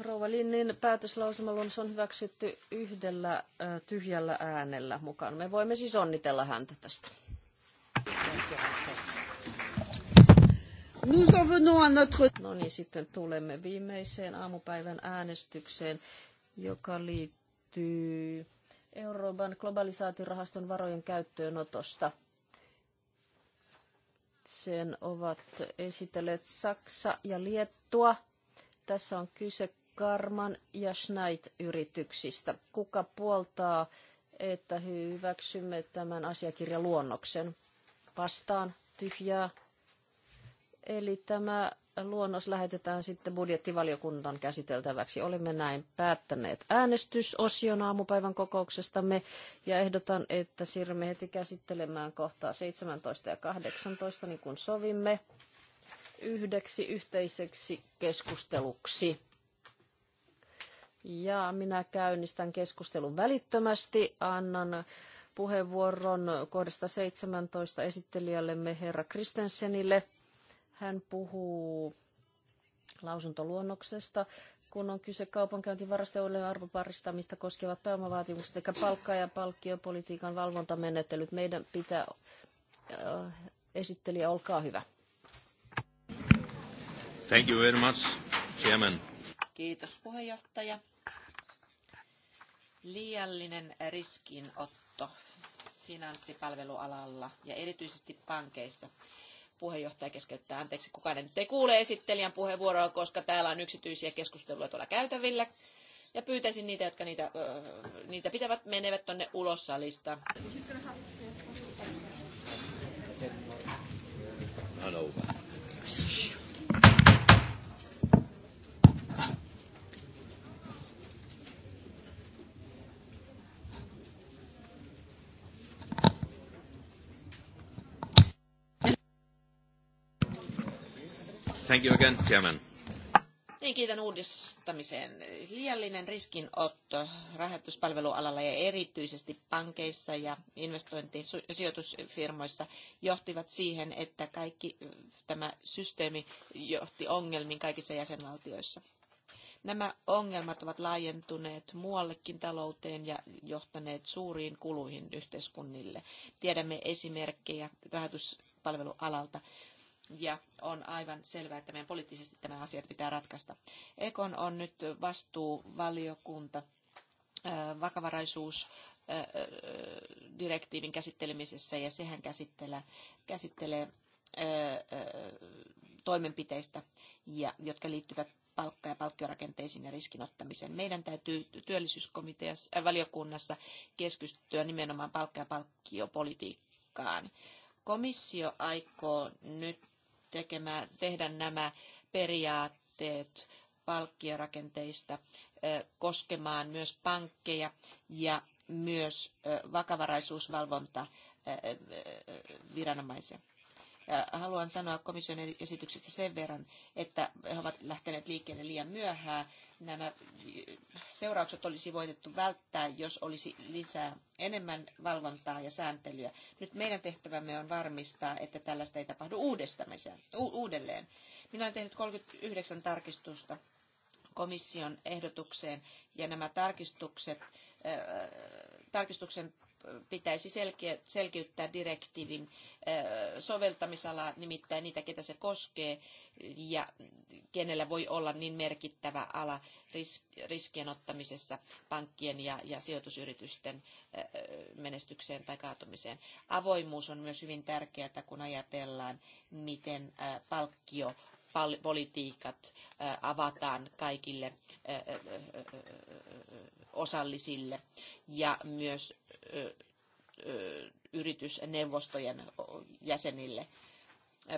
Rouva Linnin päätöslausumaluonnos on hyväksytty yhdellä tyhjällä äänellä mukaan. Me voimme siis onnitella häntä tästä. No niin, sitten tulemme viimeiseen aamupäivän äänestykseen, joka liittyy Euroopan globalisaatiorahaston varojen käyttöönotosta. Sen ovat esitelleet Saksa ja Liettua. Tässä on kyse Karman ja Schneid-yrityksistä. Kuka puoltaa, että hyväksymme tämän asiakirjan luonnoksen? Vastaan tyhjää. Eli tämä luonnos lähetetään sitten budjettivaliokunnan käsiteltäväksi. Olemme näin päättäneet äänestysosion aamupäivän kokouksestamme ja ehdotan, että siirrymme heti käsittelemään kohtaa 17 ja 18, niin kuin sovimme, yhdeksi yhteiseksi keskusteluksi. Ja minä käynnistän keskustelun välittömästi. Annan puheenvuoron kohdasta 17 esittelijällemme herra Kristensenille. Hän puhuu lausuntoluonnoksesta, kun on kyse kaupankäyntivarastojen arvoparistamista koskevat pääomavaatimukset sekä palkka- ja palkkiopolitiikan valvontamenettelyt. Meidän pitää äh, esittelijä, olkaa hyvä. Thank you very much, Chairman. Kiitos puheenjohtaja. Liiallinen riskinotto finanssipalvelualalla ja erityisesti pankeissa. Puheenjohtaja keskeyttää, anteeksi, kukaan ei nyt kuule esittelijän puheenvuoroa, koska täällä on yksityisiä keskusteluja tuolla käytävillä. Ja pyytäisin niitä, jotka niitä, niitä pitävät, menevät tuonne ulos salista. Thank you again, Chairman. Niin, kiitän uudistamiseen. Liiallinen riskinotto rahoituspalvelualalla ja erityisesti pankeissa ja investointi- ja sijoitusfirmoissa johtivat siihen, että kaikki tämä systeemi johti ongelmiin kaikissa jäsenvaltioissa. Nämä ongelmat ovat laajentuneet muuallekin talouteen ja johtaneet suuriin kuluihin yhteiskunnille. Tiedämme esimerkkejä rahoituspalvelualalta, ja on aivan selvää, että meidän poliittisesti tämä asiat pitää ratkaista. Ekon on nyt vastuuvaliokunta vakavaraisuus direktiivin käsittelemisessä ja sehän käsittelee, käsittelee toimenpiteistä, ja, jotka liittyvät palkka- ja palkkiorakenteisiin ja riskinottamiseen. Meidän täytyy työllisyyskomiteassa äh, valiokunnassa keskittyä nimenomaan palkka- ja palkkiopolitiikkaan. Komissio aikoo nyt tehdä nämä periaatteet palkkiorakenteista koskemaan myös pankkeja ja myös vakavaraisuusvalvonta viranomaisia. Haluan sanoa komission esityksestä sen verran, että he ovat lähteneet liikkeelle liian myöhään. Nämä seuraukset olisi voitettu välttää, jos olisi lisää enemmän valvontaa ja sääntelyä. Nyt meidän tehtävämme on varmistaa, että tällaista ei tapahdu uudelleen. Minä olen tehnyt 39 tarkistusta komission ehdotukseen ja nämä tarkistukset, äh, tarkistuksen pitäisi selkeä, selkiyttää direktiivin soveltamisalaa, nimittäin niitä, ketä se koskee ja kenellä voi olla niin merkittävä ala riskien ottamisessa pankkien ja, ja sijoitusyritysten menestykseen tai kaatumiseen. Avoimuus on myös hyvin tärkeää, kun ajatellaan, miten palkkio politiikat avataan kaikille osallisille ja myös yritysneuvostojen jäsenille.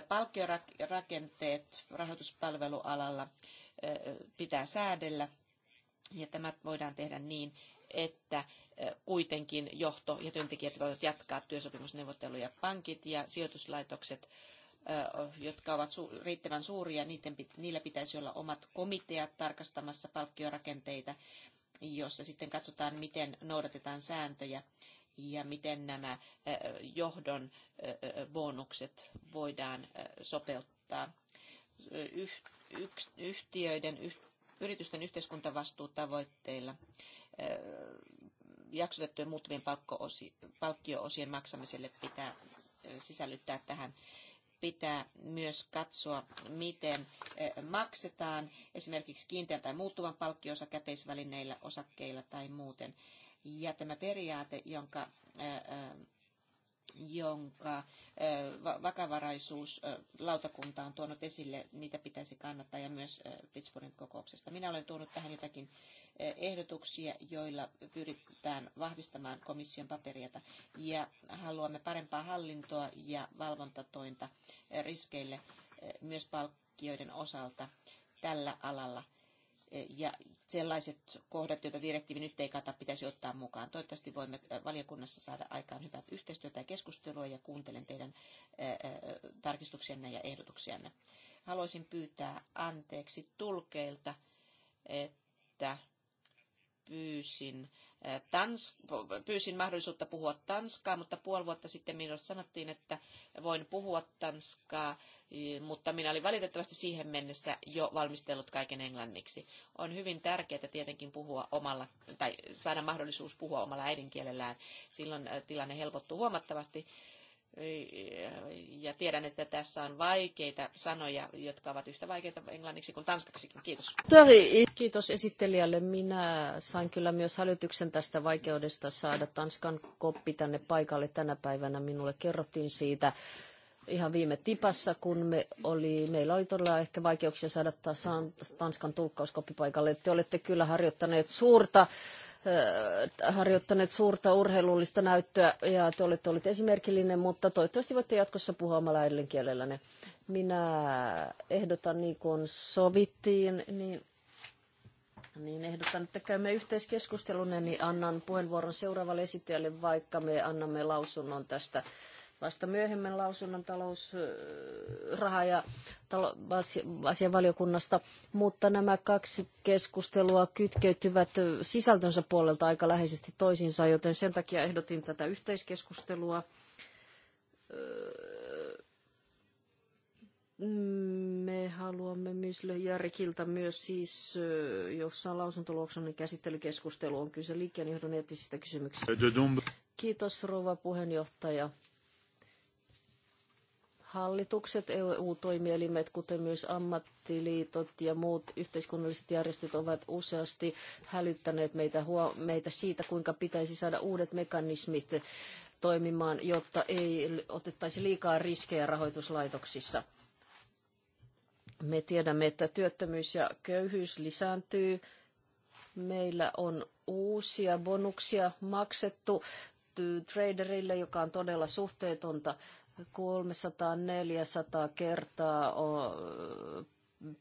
Palkkiorakenteet rahoituspalvelualalla pitää säädellä ja tämä voidaan tehdä niin, että kuitenkin johto ja työntekijät voivat jatkaa työsopimusneuvotteluja. Pankit ja sijoituslaitokset, jotka ovat riittävän suuria, niillä pitäisi olla omat komiteat tarkastamassa palkkiorakenteita jossa sitten katsotaan, miten noudatetaan sääntöjä ja miten nämä johdon bonukset voidaan sopeuttaa. Yhtiöiden, yritysten yhteiskuntavastuutavoitteilla jaksotettujen muuttuvien palkkioosien maksamiselle pitää sisällyttää tähän pitää myös katsoa, miten maksetaan esimerkiksi kiinteän tai muuttuvan palkkiosa käteisvälineillä, osakkeilla tai muuten. Ja tämä periaate, jonka jonka vakavaraisuuslautakunta on tuonut esille, niitä pitäisi kannattaa ja myös Pittsburghin kokouksesta. Minä olen tuonut tähän jotakin ehdotuksia, joilla pyritään vahvistamaan komission paperia ja haluamme parempaa hallintoa ja valvontatointa riskeille myös palkkioiden osalta tällä alalla – ja sellaiset kohdat, joita direktiivi nyt ei kata, pitäisi ottaa mukaan. Toivottavasti voimme äh, valiokunnassa saada aikaan hyvät yhteistyötä ja keskustelua ja kuuntelen teidän äh, äh, tarkistuksianne ja ehdotuksianne. Haluaisin pyytää anteeksi tulkeilta, että pyysin Tans, pyysin mahdollisuutta puhua tanskaa, mutta puoli vuotta sitten minulle sanottiin, että voin puhua tanskaa, mutta minä olin valitettavasti siihen mennessä jo valmistellut kaiken englanniksi. On hyvin tärkeää tietenkin puhua omalla, tai saada mahdollisuus puhua omalla äidinkielellään. Silloin äh, tilanne helpottuu huomattavasti ja tiedän, että tässä on vaikeita sanoja, jotka ovat yhtä vaikeita englanniksi kuin tanskaksikin. Kiitos. Kiitos esittelijälle. Minä sain kyllä myös hälytyksen tästä vaikeudesta saada Tanskan koppi tänne paikalle tänä päivänä. Minulle kerrottiin siitä ihan viime tipassa, kun me oli, meillä oli todella ehkä vaikeuksia saada Tanskan tulkkauskoppi paikalle. Te olette kyllä harjoittaneet suurta harjoittaneet suurta urheilullista näyttöä ja te olette olleet esimerkillinen, mutta toivottavasti voitte jatkossa puhua omalla äidinkielellänne. Minä ehdotan, niin kuin sovittiin, niin niin ehdotan, että käymme yhteiskeskustelun, niin annan puheenvuoron seuraavalle esittäjälle, vaikka me annamme lausunnon tästä vasta myöhemmän lausunnon talousraha- ja talo- asianvaliokunnasta, mutta nämä kaksi keskustelua kytkeytyvät sisältönsä puolelta aika läheisesti toisiinsa, joten sen takia ehdotin tätä yhteiskeskustelua. Me haluamme myös Järkiltä myös siis, jossa on lausuntoluoksonen käsittelykeskustelu, on kyse liikkeenjohdon eettisistä kysymyksistä. Kiitos rouva puheenjohtaja. Hallitukset, EU-toimielimet, kuten myös ammattiliitot ja muut yhteiskunnalliset järjestöt ovat useasti hälyttäneet meitä, meitä siitä, kuinka pitäisi saada uudet mekanismit toimimaan, jotta ei otettaisi liikaa riskejä rahoituslaitoksissa. Me tiedämme, että työttömyys ja köyhyys lisääntyy. Meillä on uusia bonuksia maksettu traderille, joka on todella suhteetonta. 300-400 kertaa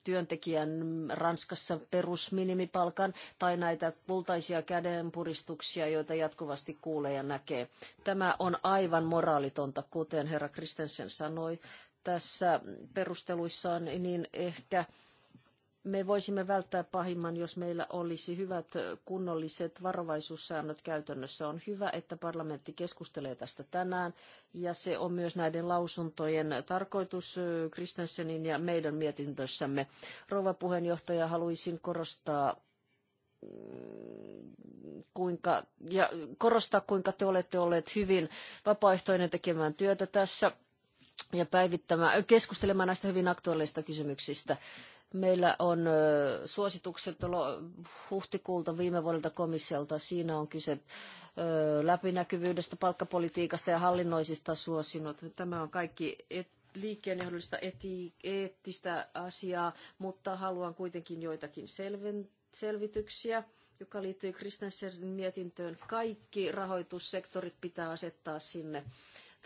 työntekijän Ranskassa perusminimipalkan tai näitä kultaisia kädenpuristuksia, joita jatkuvasti kuulee ja näkee. Tämä on aivan moraalitonta, kuten herra Kristensen sanoi tässä perusteluissaan, niin ehkä me voisimme välttää pahimman, jos meillä olisi hyvät kunnolliset varovaisuussäännöt käytännössä. On hyvä, että parlamentti keskustelee tästä tänään ja se on myös näiden lausuntojen tarkoitus Kristensenin ja meidän mietintössämme. Rouva puheenjohtaja, haluaisin korostaa mm, kuinka, ja korostaa, kuinka te olette olleet hyvin vapaaehtoinen tekemään työtä tässä ja päivittämään, keskustelemaan näistä hyvin aktuaaleista kysymyksistä. Meillä on suositukset huhtikuulta viime vuodelta komissiolta. Siinä on kyse läpinäkyvyydestä, palkkapolitiikasta ja hallinnoisista suosinnot. Tämä on kaikki et, liikkeenjohdollista eti, eettistä asiaa, mutta haluan kuitenkin joitakin selven, selvityksiä joka liittyy Kristensenin mietintöön. Kaikki rahoitussektorit pitää asettaa sinne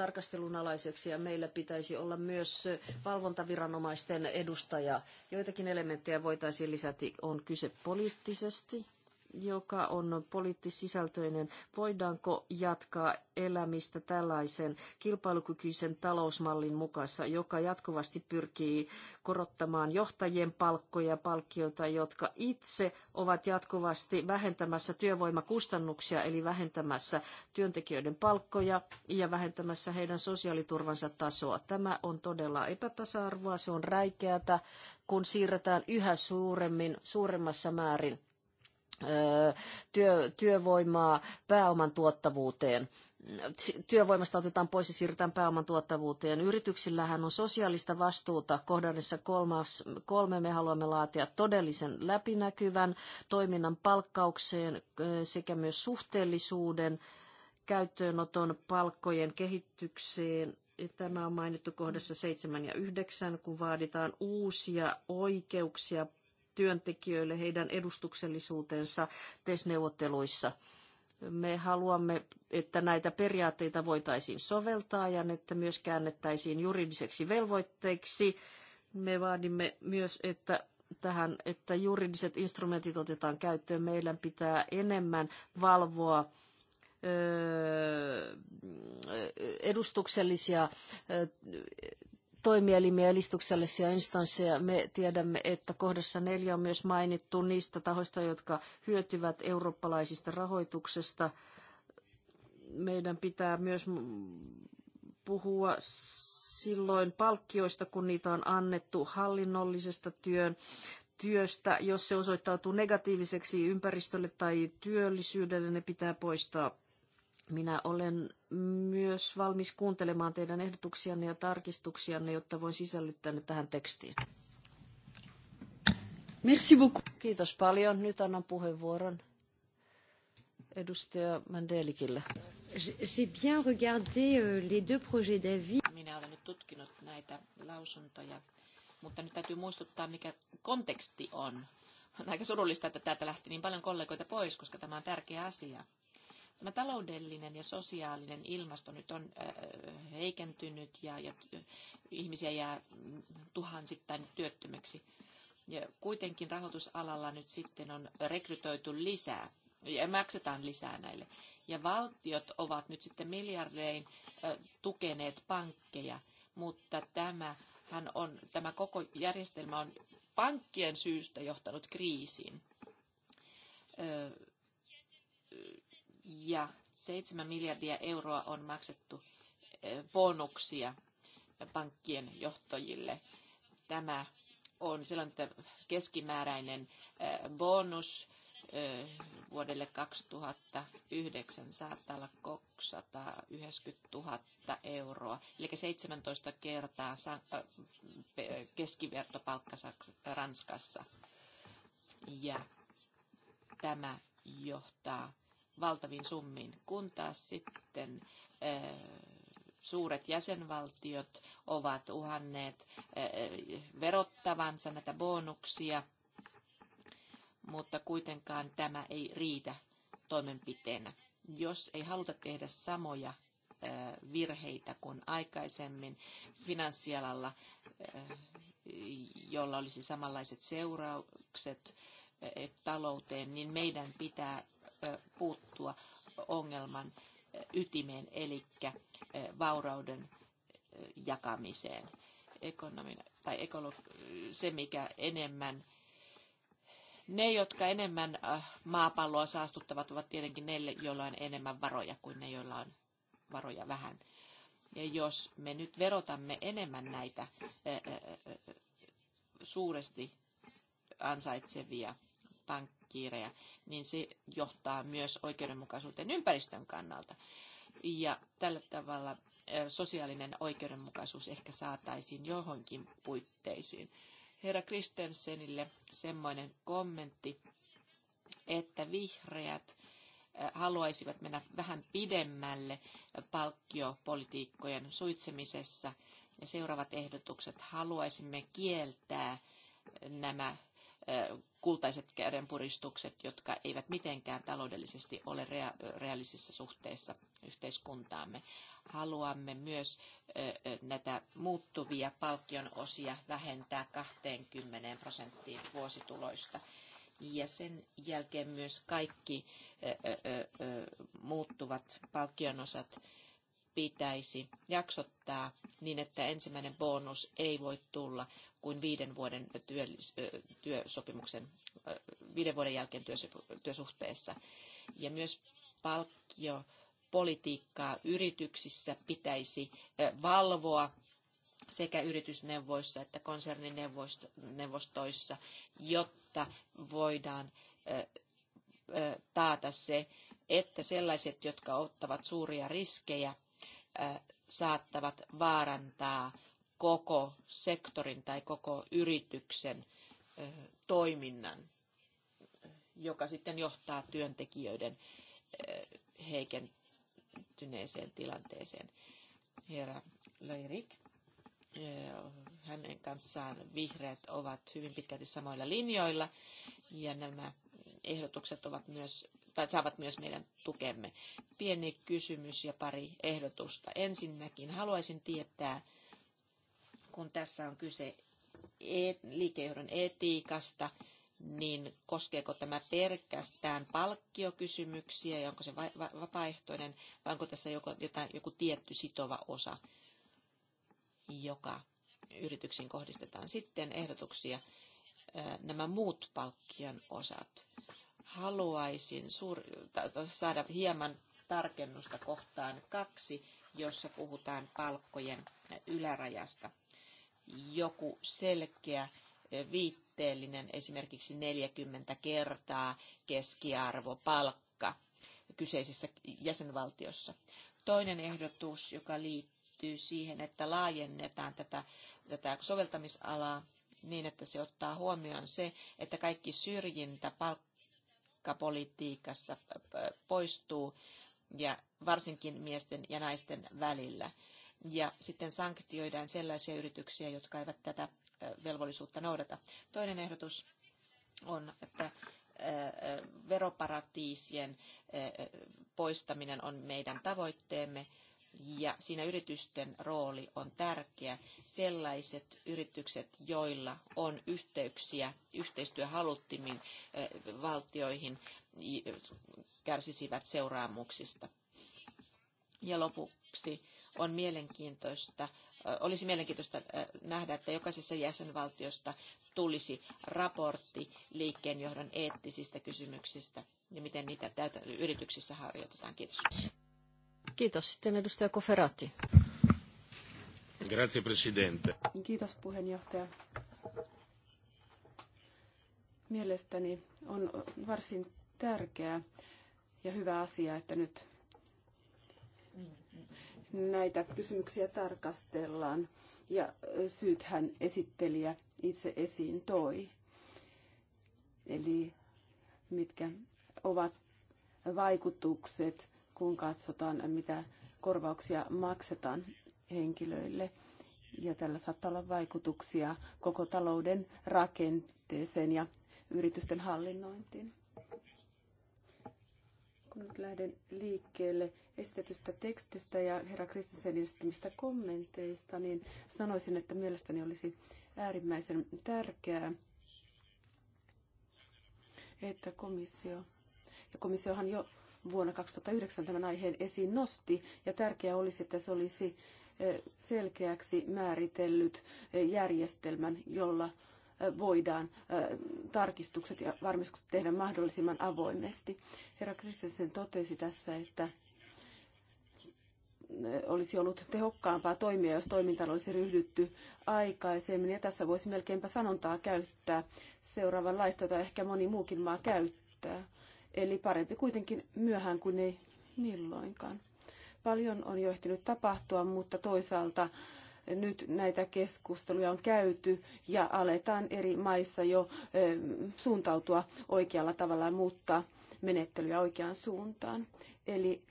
tarkastelun alaiseksi ja meillä pitäisi olla myös valvontaviranomaisten edustaja. Joitakin elementtejä voitaisiin lisätä, on kyse poliittisesti joka on poliittisisältöinen. Voidaanko jatkaa elämistä tällaisen kilpailukykyisen talousmallin mukaisessa, joka jatkuvasti pyrkii korottamaan johtajien palkkoja ja palkkioita, jotka itse ovat jatkuvasti vähentämässä työvoimakustannuksia, eli vähentämässä työntekijöiden palkkoja ja vähentämässä heidän sosiaaliturvansa tasoa. Tämä on todella epätasa-arvoa, se on räikeätä, kun siirretään yhä suuremmin, suuremmassa määrin työ, työvoimaa pääoman tuottavuuteen. Työvoimasta otetaan pois ja siirrytään pääoman tuottavuuteen. Yrityksillähän on sosiaalista vastuuta. Kohdannessa kolmas, kolme me haluamme laatia todellisen läpinäkyvän toiminnan palkkaukseen sekä myös suhteellisuuden käyttöönoton palkkojen kehitykseen Tämä on mainittu kohdassa 7 ja 9, kun vaaditaan uusia oikeuksia työntekijöille heidän edustuksellisuutensa TES-neuvotteluissa. Me haluamme, että näitä periaatteita voitaisiin soveltaa ja että myös käännettäisiin juridiseksi velvoitteiksi. Me vaadimme myös, että tähän, että juridiset instrumentit otetaan käyttöön. Meidän pitää enemmän valvoa edustuksellisia toimielimiä elistyksellisiä instansseja. Me tiedämme, että kohdassa neljä on myös mainittu niistä tahoista, jotka hyötyvät eurooppalaisista rahoituksesta. Meidän pitää myös puhua silloin palkkioista, kun niitä on annettu hallinnollisesta työn, työstä. Jos se osoittautuu negatiiviseksi ympäristölle tai työllisyydelle, ne pitää poistaa minä olen myös valmis kuuntelemaan teidän ehdotuksianne ja tarkistuksianne, jotta voin sisällyttää ne tähän tekstiin. Merci beaucoup. Kiitos paljon. Nyt annan puheenvuoron edustaja Mandelikille. bien regardé euh, les deux projets Minä olen nyt tutkinut näitä lausuntoja, mutta nyt täytyy muistuttaa, mikä konteksti on. On aika surullista, että täältä lähti niin paljon kollegoita pois, koska tämä on tärkeä asia Tämä taloudellinen ja sosiaalinen ilmasto nyt on äh, heikentynyt ja, ja ihmisiä jää tuhansittain työttömäksi. Ja kuitenkin rahoitusalalla nyt sitten on rekrytoitu lisää ja maksetaan lisää näille. Ja valtiot ovat nyt sitten miljardein äh, tukeneet pankkeja, mutta tämä, hän on, tämä koko järjestelmä on pankkien syystä johtanut kriisiin. Äh, ja 7 miljardia euroa on maksettu eh, bonuksia pankkien johtajille. Tämä on sellainen keskimääräinen eh, bonus eh, vuodelle 2009 saattaa olla 290 000 euroa, eli 17 kertaa keskivertopalkka Ranskassa. Ja tämä johtaa valtaviin summiin, kun taas sitten suuret jäsenvaltiot ovat uhanneet verottavansa näitä bonuksia, mutta kuitenkaan tämä ei riitä toimenpiteenä. Jos ei haluta tehdä samoja virheitä kuin aikaisemmin finanssialalla, jolla olisi samanlaiset seuraukset talouteen, niin meidän pitää puuttua ongelman ytimeen, eli vaurauden jakamiseen. Ekonomina, tai ekolo- se, mikä enemmän ne, jotka enemmän maapalloa saastuttavat, ovat tietenkin ne, joilla on enemmän varoja kuin ne, joilla on varoja vähän. Ja jos me nyt verotamme enemmän näitä suuresti ansaitsevia kiirejä, niin se johtaa myös oikeudenmukaisuuteen ympäristön kannalta. Ja tällä tavalla sosiaalinen oikeudenmukaisuus ehkä saataisiin johonkin puitteisiin. Herra Kristensenille semmoinen kommentti, että vihreät haluaisivat mennä vähän pidemmälle palkkiopolitiikkojen suitsemisessa. Ja seuraavat ehdotukset haluaisimme kieltää nämä kultaiset kädenpuristukset, jotka eivät mitenkään taloudellisesti ole rea- suhteessa yhteiskuntaamme. Haluamme myös näitä muuttuvia palkkion osia vähentää 20 prosenttiin vuosituloista. Ja sen jälkeen myös kaikki muuttuvat palkionosat pitäisi jaksottaa niin, että ensimmäinen bonus ei voi tulla kuin viiden vuoden työllis- työsopimuksen, viiden vuoden jälkeen työsuhteessa. Ja myös palkkiopolitiikkaa yrityksissä pitäisi valvoa sekä yritysneuvoissa että konsernineuvostoissa, jotta voidaan taata se, että sellaiset, jotka ottavat suuria riskejä, saattavat vaarantaa koko sektorin tai koko yrityksen toiminnan, joka sitten johtaa työntekijöiden heikentyneeseen tilanteeseen. Herra Leirik, hänen kanssaan vihreät ovat hyvin pitkälti samoilla linjoilla ja nämä ehdotukset ovat myös tai saavat myös meidän tukemme. Pieni kysymys ja pari ehdotusta. Ensinnäkin haluaisin tietää, kun tässä on kyse liikejohdon etiikasta, niin koskeeko tämä pelkästään palkkiokysymyksiä ja onko se vapaaehtoinen vai onko tässä joku, jotain, joku tietty sitova osa, joka yrityksiin kohdistetaan. Sitten ehdotuksia nämä muut palkkion osat haluaisin suur, saada hieman tarkennusta kohtaan kaksi, jossa puhutaan palkkojen ylärajasta. Joku selkeä viitteellinen, esimerkiksi 40 kertaa keskiarvo palkka kyseisessä jäsenvaltiossa. Toinen ehdotus, joka liittyy siihen, että laajennetaan tätä, tätä soveltamisalaa niin, että se ottaa huomioon se, että kaikki syrjintä palkka palkkapolitiikassa poistuu ja varsinkin miesten ja naisten välillä. Ja sitten sanktioidaan sellaisia yrityksiä, jotka eivät tätä velvollisuutta noudata. Toinen ehdotus on, että veroparatiisien poistaminen on meidän tavoitteemme ja siinä yritysten rooli on tärkeä. Sellaiset yritykset, joilla on yhteyksiä yhteistyöhaluttimiin eh, valtioihin, kärsisivät seuraamuksista. Ja lopuksi on mielenkiintoista, eh, olisi mielenkiintoista eh, nähdä, että jokaisessa jäsenvaltiosta tulisi raportti liikkeenjohdon eettisistä kysymyksistä ja miten niitä yrityksissä harjoitetaan. Kiitos. Kiitos. puhemies Kiitos puheenjohtaja. Mielestäni on varsin tärkeä ja hyvä asia, että nyt näitä kysymyksiä tarkastellaan ja syythän esittelijä itse esiin toi. Eli mitkä ovat vaikutukset kun katsotaan, mitä korvauksia maksetaan henkilöille. Ja tällä saattaa olla vaikutuksia koko talouden rakenteeseen ja yritysten hallinnointiin. Kun nyt lähden liikkeelle esitetystä tekstistä ja herra Kristensen esittämistä kommenteista, niin sanoisin, että mielestäni olisi äärimmäisen tärkeää, että komissio, ja komissiohan jo vuonna 2009 tämän aiheen esiin nosti, ja tärkeää olisi, että se olisi eh, selkeäksi määritellyt eh, järjestelmän, jolla eh, voidaan tarkistukset ja varmistukset tehdä mahdollisimman avoimesti. Herra Kristensen totesi tässä, että olisi ollut tehokkaampaa toimia, jos toiminta olisi ryhdytty aikaisemmin. Ja tässä voisi melkeinpä sanontaa käyttää seuraavanlaista, jota ehkä moni muukin maa käyttää. Eli parempi kuitenkin myöhään kuin ei milloinkaan. Paljon on jo ehtinyt tapahtua, mutta toisaalta nyt näitä keskusteluja on käyty ja aletaan eri maissa jo suuntautua oikealla tavalla ja muuttaa menettelyä oikeaan suuntaan. Eli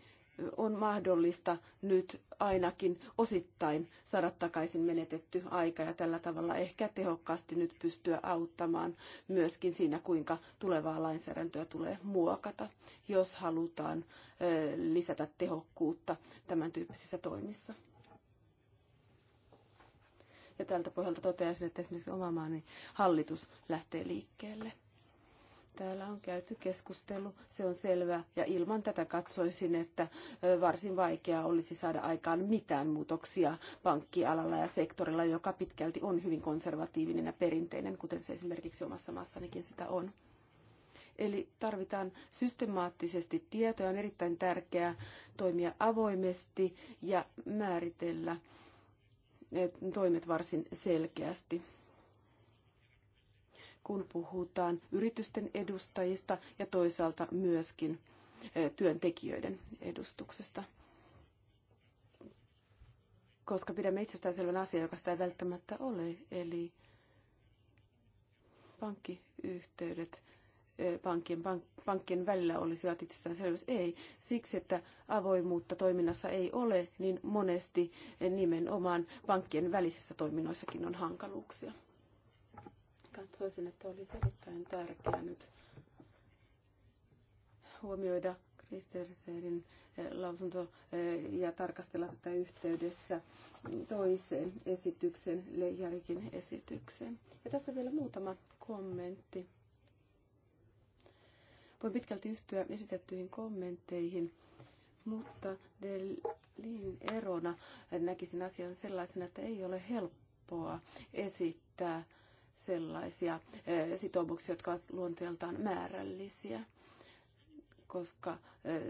on mahdollista nyt ainakin osittain saada takaisin menetetty aika ja tällä tavalla ehkä tehokkaasti nyt pystyä auttamaan myöskin siinä, kuinka tulevaa lainsäädäntöä tulee muokata, jos halutaan lisätä tehokkuutta tämän tyyppisissä toimissa. Ja tältä pohjalta toteaisin, että esimerkiksi oma maani hallitus lähtee liikkeelle. Täällä on käyty keskustelu, se on selvä, ja ilman tätä katsoisin, että varsin vaikeaa olisi saada aikaan mitään muutoksia pankkialalla ja sektorilla, joka pitkälti on hyvin konservatiivinen ja perinteinen, kuten se esimerkiksi omassa maassanikin sitä on. Eli tarvitaan systemaattisesti tietoja, on erittäin tärkeää toimia avoimesti ja määritellä toimet varsin selkeästi kun puhutaan yritysten edustajista ja toisaalta myöskin eh, työntekijöiden edustuksesta. Koska pidämme itsestäänselvän asian, joka sitä ei välttämättä ole, eli pankkiyhteydet eh, pankkien, pank, pankkien välillä olisivat itsestäänselvyys. Ei, siksi että avoimuutta toiminnassa ei ole, niin monesti eh, nimenomaan pankkien välisissä toiminnoissakin on hankaluuksia katsoisin, että olisi erittäin tärkeää nyt huomioida Kristerserin eh, lausunto eh, ja tarkastella tätä yhteydessä toiseen esityksen, Leijarikin esitykseen. Ja tässä vielä muutama kommentti. Voin pitkälti yhtyä esitettyihin kommentteihin, mutta Delin erona eh, näkisin asian sellaisena, että ei ole helppoa esittää sellaisia eh, sitoumuksia, jotka ovat luonteeltaan määrällisiä, koska eh,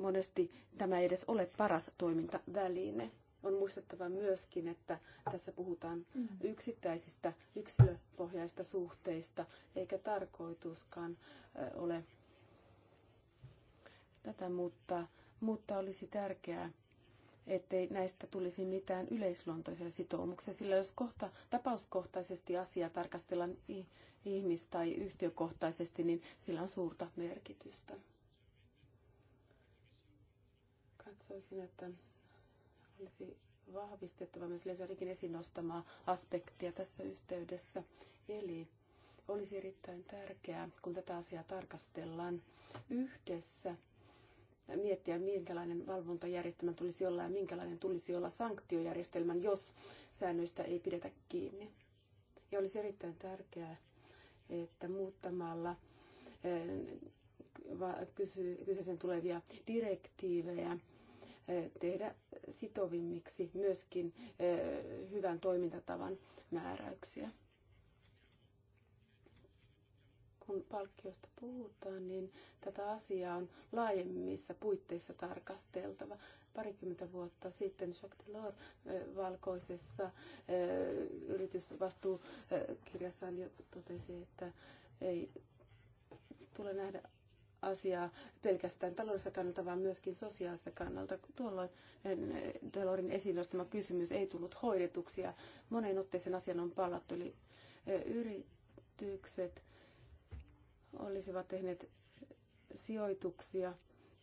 monesti tämä ei edes ole paras toimintaväline. On muistettava myöskin, että tässä puhutaan mm. yksittäisistä yksilöpohjaista suhteista, eikä tarkoituskaan eh, ole tätä, mutta, mutta olisi tärkeää ettei näistä tulisi mitään yleisluontoisia sitoumuksia, sillä jos kohta, tapauskohtaisesti asiaa tarkastellaan ihmis- tai yhtiökohtaisesti, niin sillä on suurta merkitystä. Katsoisin, että olisi vahvistettava myös Lesarikin esiin nostamaa aspektia tässä yhteydessä. Eli olisi erittäin tärkeää, kun tätä asiaa tarkastellaan yhdessä, miettiä, minkälainen valvontajärjestelmä tulisi olla ja minkälainen tulisi olla sanktiojärjestelmän, jos säännöistä ei pidetä kiinni. Ja olisi erittäin tärkeää, että muuttamalla eh, kyseisen tulevia direktiivejä eh, tehdä sitovimmiksi myöskin eh, hyvän toimintatavan määräyksiä kun palkkiosta puhutaan, niin tätä asiaa on laajemmissa puitteissa tarkasteltava. Parikymmentä vuotta sitten Jacques Delors valkoisessa yritysvastuukirjassaan jo totesi, että ei tule nähdä asiaa pelkästään taloudessa kannalta, vaan myöskin sosiaalista kannalta. Tuolloin Delorin esiin nostama kysymys ei tullut hoidetuksi ja moneen otteeseen asian on palattu. Eli yritykset olisivat tehneet sijoituksia,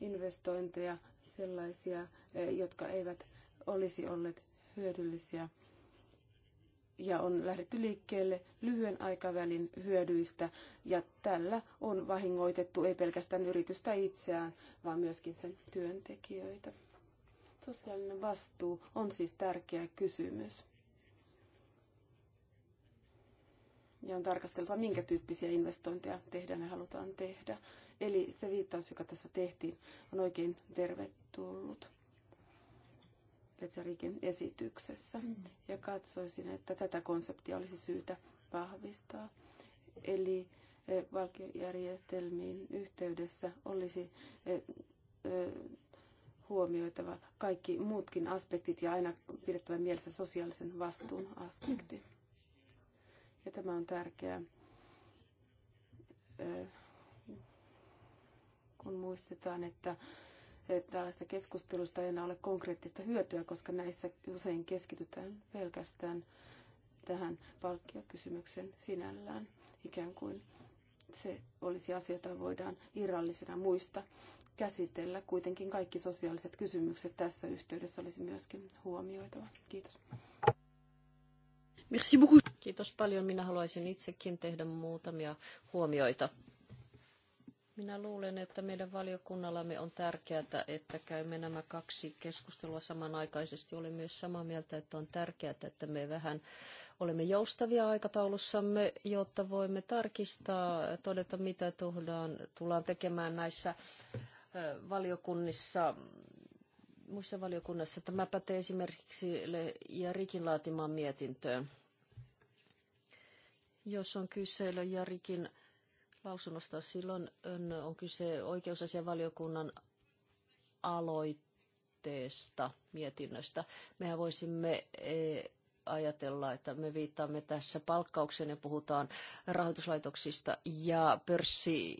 investointeja, sellaisia, eh, jotka eivät olisi olleet hyödyllisiä. Ja on lähdetty liikkeelle lyhyen aikavälin hyödyistä, ja tällä on vahingoitettu ei pelkästään yritystä itseään, vaan myöskin sen työntekijöitä. Sosiaalinen vastuu on siis tärkeä kysymys. ja on tarkasteltava, minkä tyyppisiä investointeja tehdään ja halutaan tehdä. Eli se viittaus, joka tässä tehtiin, on oikein tervetullut Letsarikin esityksessä. Mm. Ja katsoisin, että tätä konseptia olisi syytä vahvistaa. Eli e, valtiojärjestelmiin yhteydessä olisi e, e, huomioitava kaikki muutkin aspektit ja aina pidettävä mielessä sosiaalisen vastuun aspekti. Mm ja tämä on tärkeää, kun muistetaan, että tällaista keskustelusta ei enää ole konkreettista hyötyä, koska näissä usein keskitytään pelkästään tähän palkkiokysymyksen sinällään, ikään kuin se olisi asia, jota voidaan irrallisena muista käsitellä. Kuitenkin kaikki sosiaaliset kysymykset tässä yhteydessä olisi myöskin huomioitava. Kiitos. Merci beaucoup. Kiitos paljon. Minä haluaisin itsekin tehdä muutamia huomioita. Minä luulen, että meidän valiokunnallamme on tärkeää, että käymme nämä kaksi keskustelua samanaikaisesti. Olen myös samaa mieltä, että on tärkeää, että me vähän olemme joustavia aikataulussamme, jotta voimme tarkistaa, todeta mitä tuhdaan, tullaan tekemään näissä valiokunnissa muissa valiokunnassa. Tämä pätee esimerkiksi Le rikin laatimaan mietintöön. Jos on kyse Le rikin lausunnosta, silloin on kyse oikeusasianvaliokunnan aloitteesta, mietinnöstä. Mehän voisimme e, ajatella, että me viittaamme tässä palkkaukseen ja puhutaan rahoituslaitoksista ja pörssi,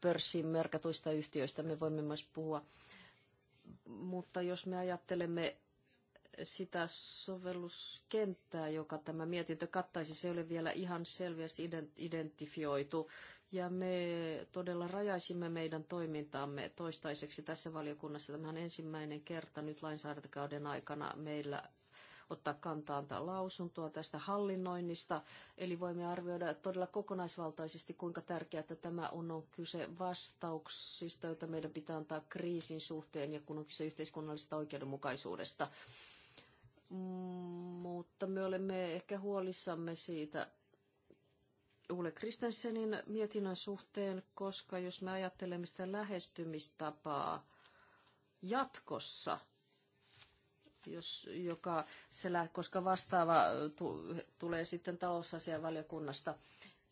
pörssiin merkatuista yhtiöistä. Me voimme myös puhua mutta jos me ajattelemme sitä sovelluskenttää, joka tämä mietintö kattaisi, se ei ole vielä ihan selvästi identifioitu. Ja me todella rajaisimme meidän toimintaamme toistaiseksi tässä valiokunnassa. Tämä on ensimmäinen kerta nyt lainsäädäntökauden aikana meillä ottaa kantaa, antaa lausuntoa tästä hallinnoinnista. Eli voimme arvioida todella kokonaisvaltaisesti, kuinka tärkeää että tämä on, on kyse vastauksista, joita meidän pitää antaa kriisin suhteen ja kun on kyse yhteiskunnallisesta oikeudenmukaisuudesta. Mm, mutta me olemme ehkä huolissamme siitä, Ule Kristensenin mietinnön suhteen, koska jos me ajattelemme sitä lähestymistapaa jatkossa, jos, joka, koska vastaava tulee sitten talousasianvaliokunnasta,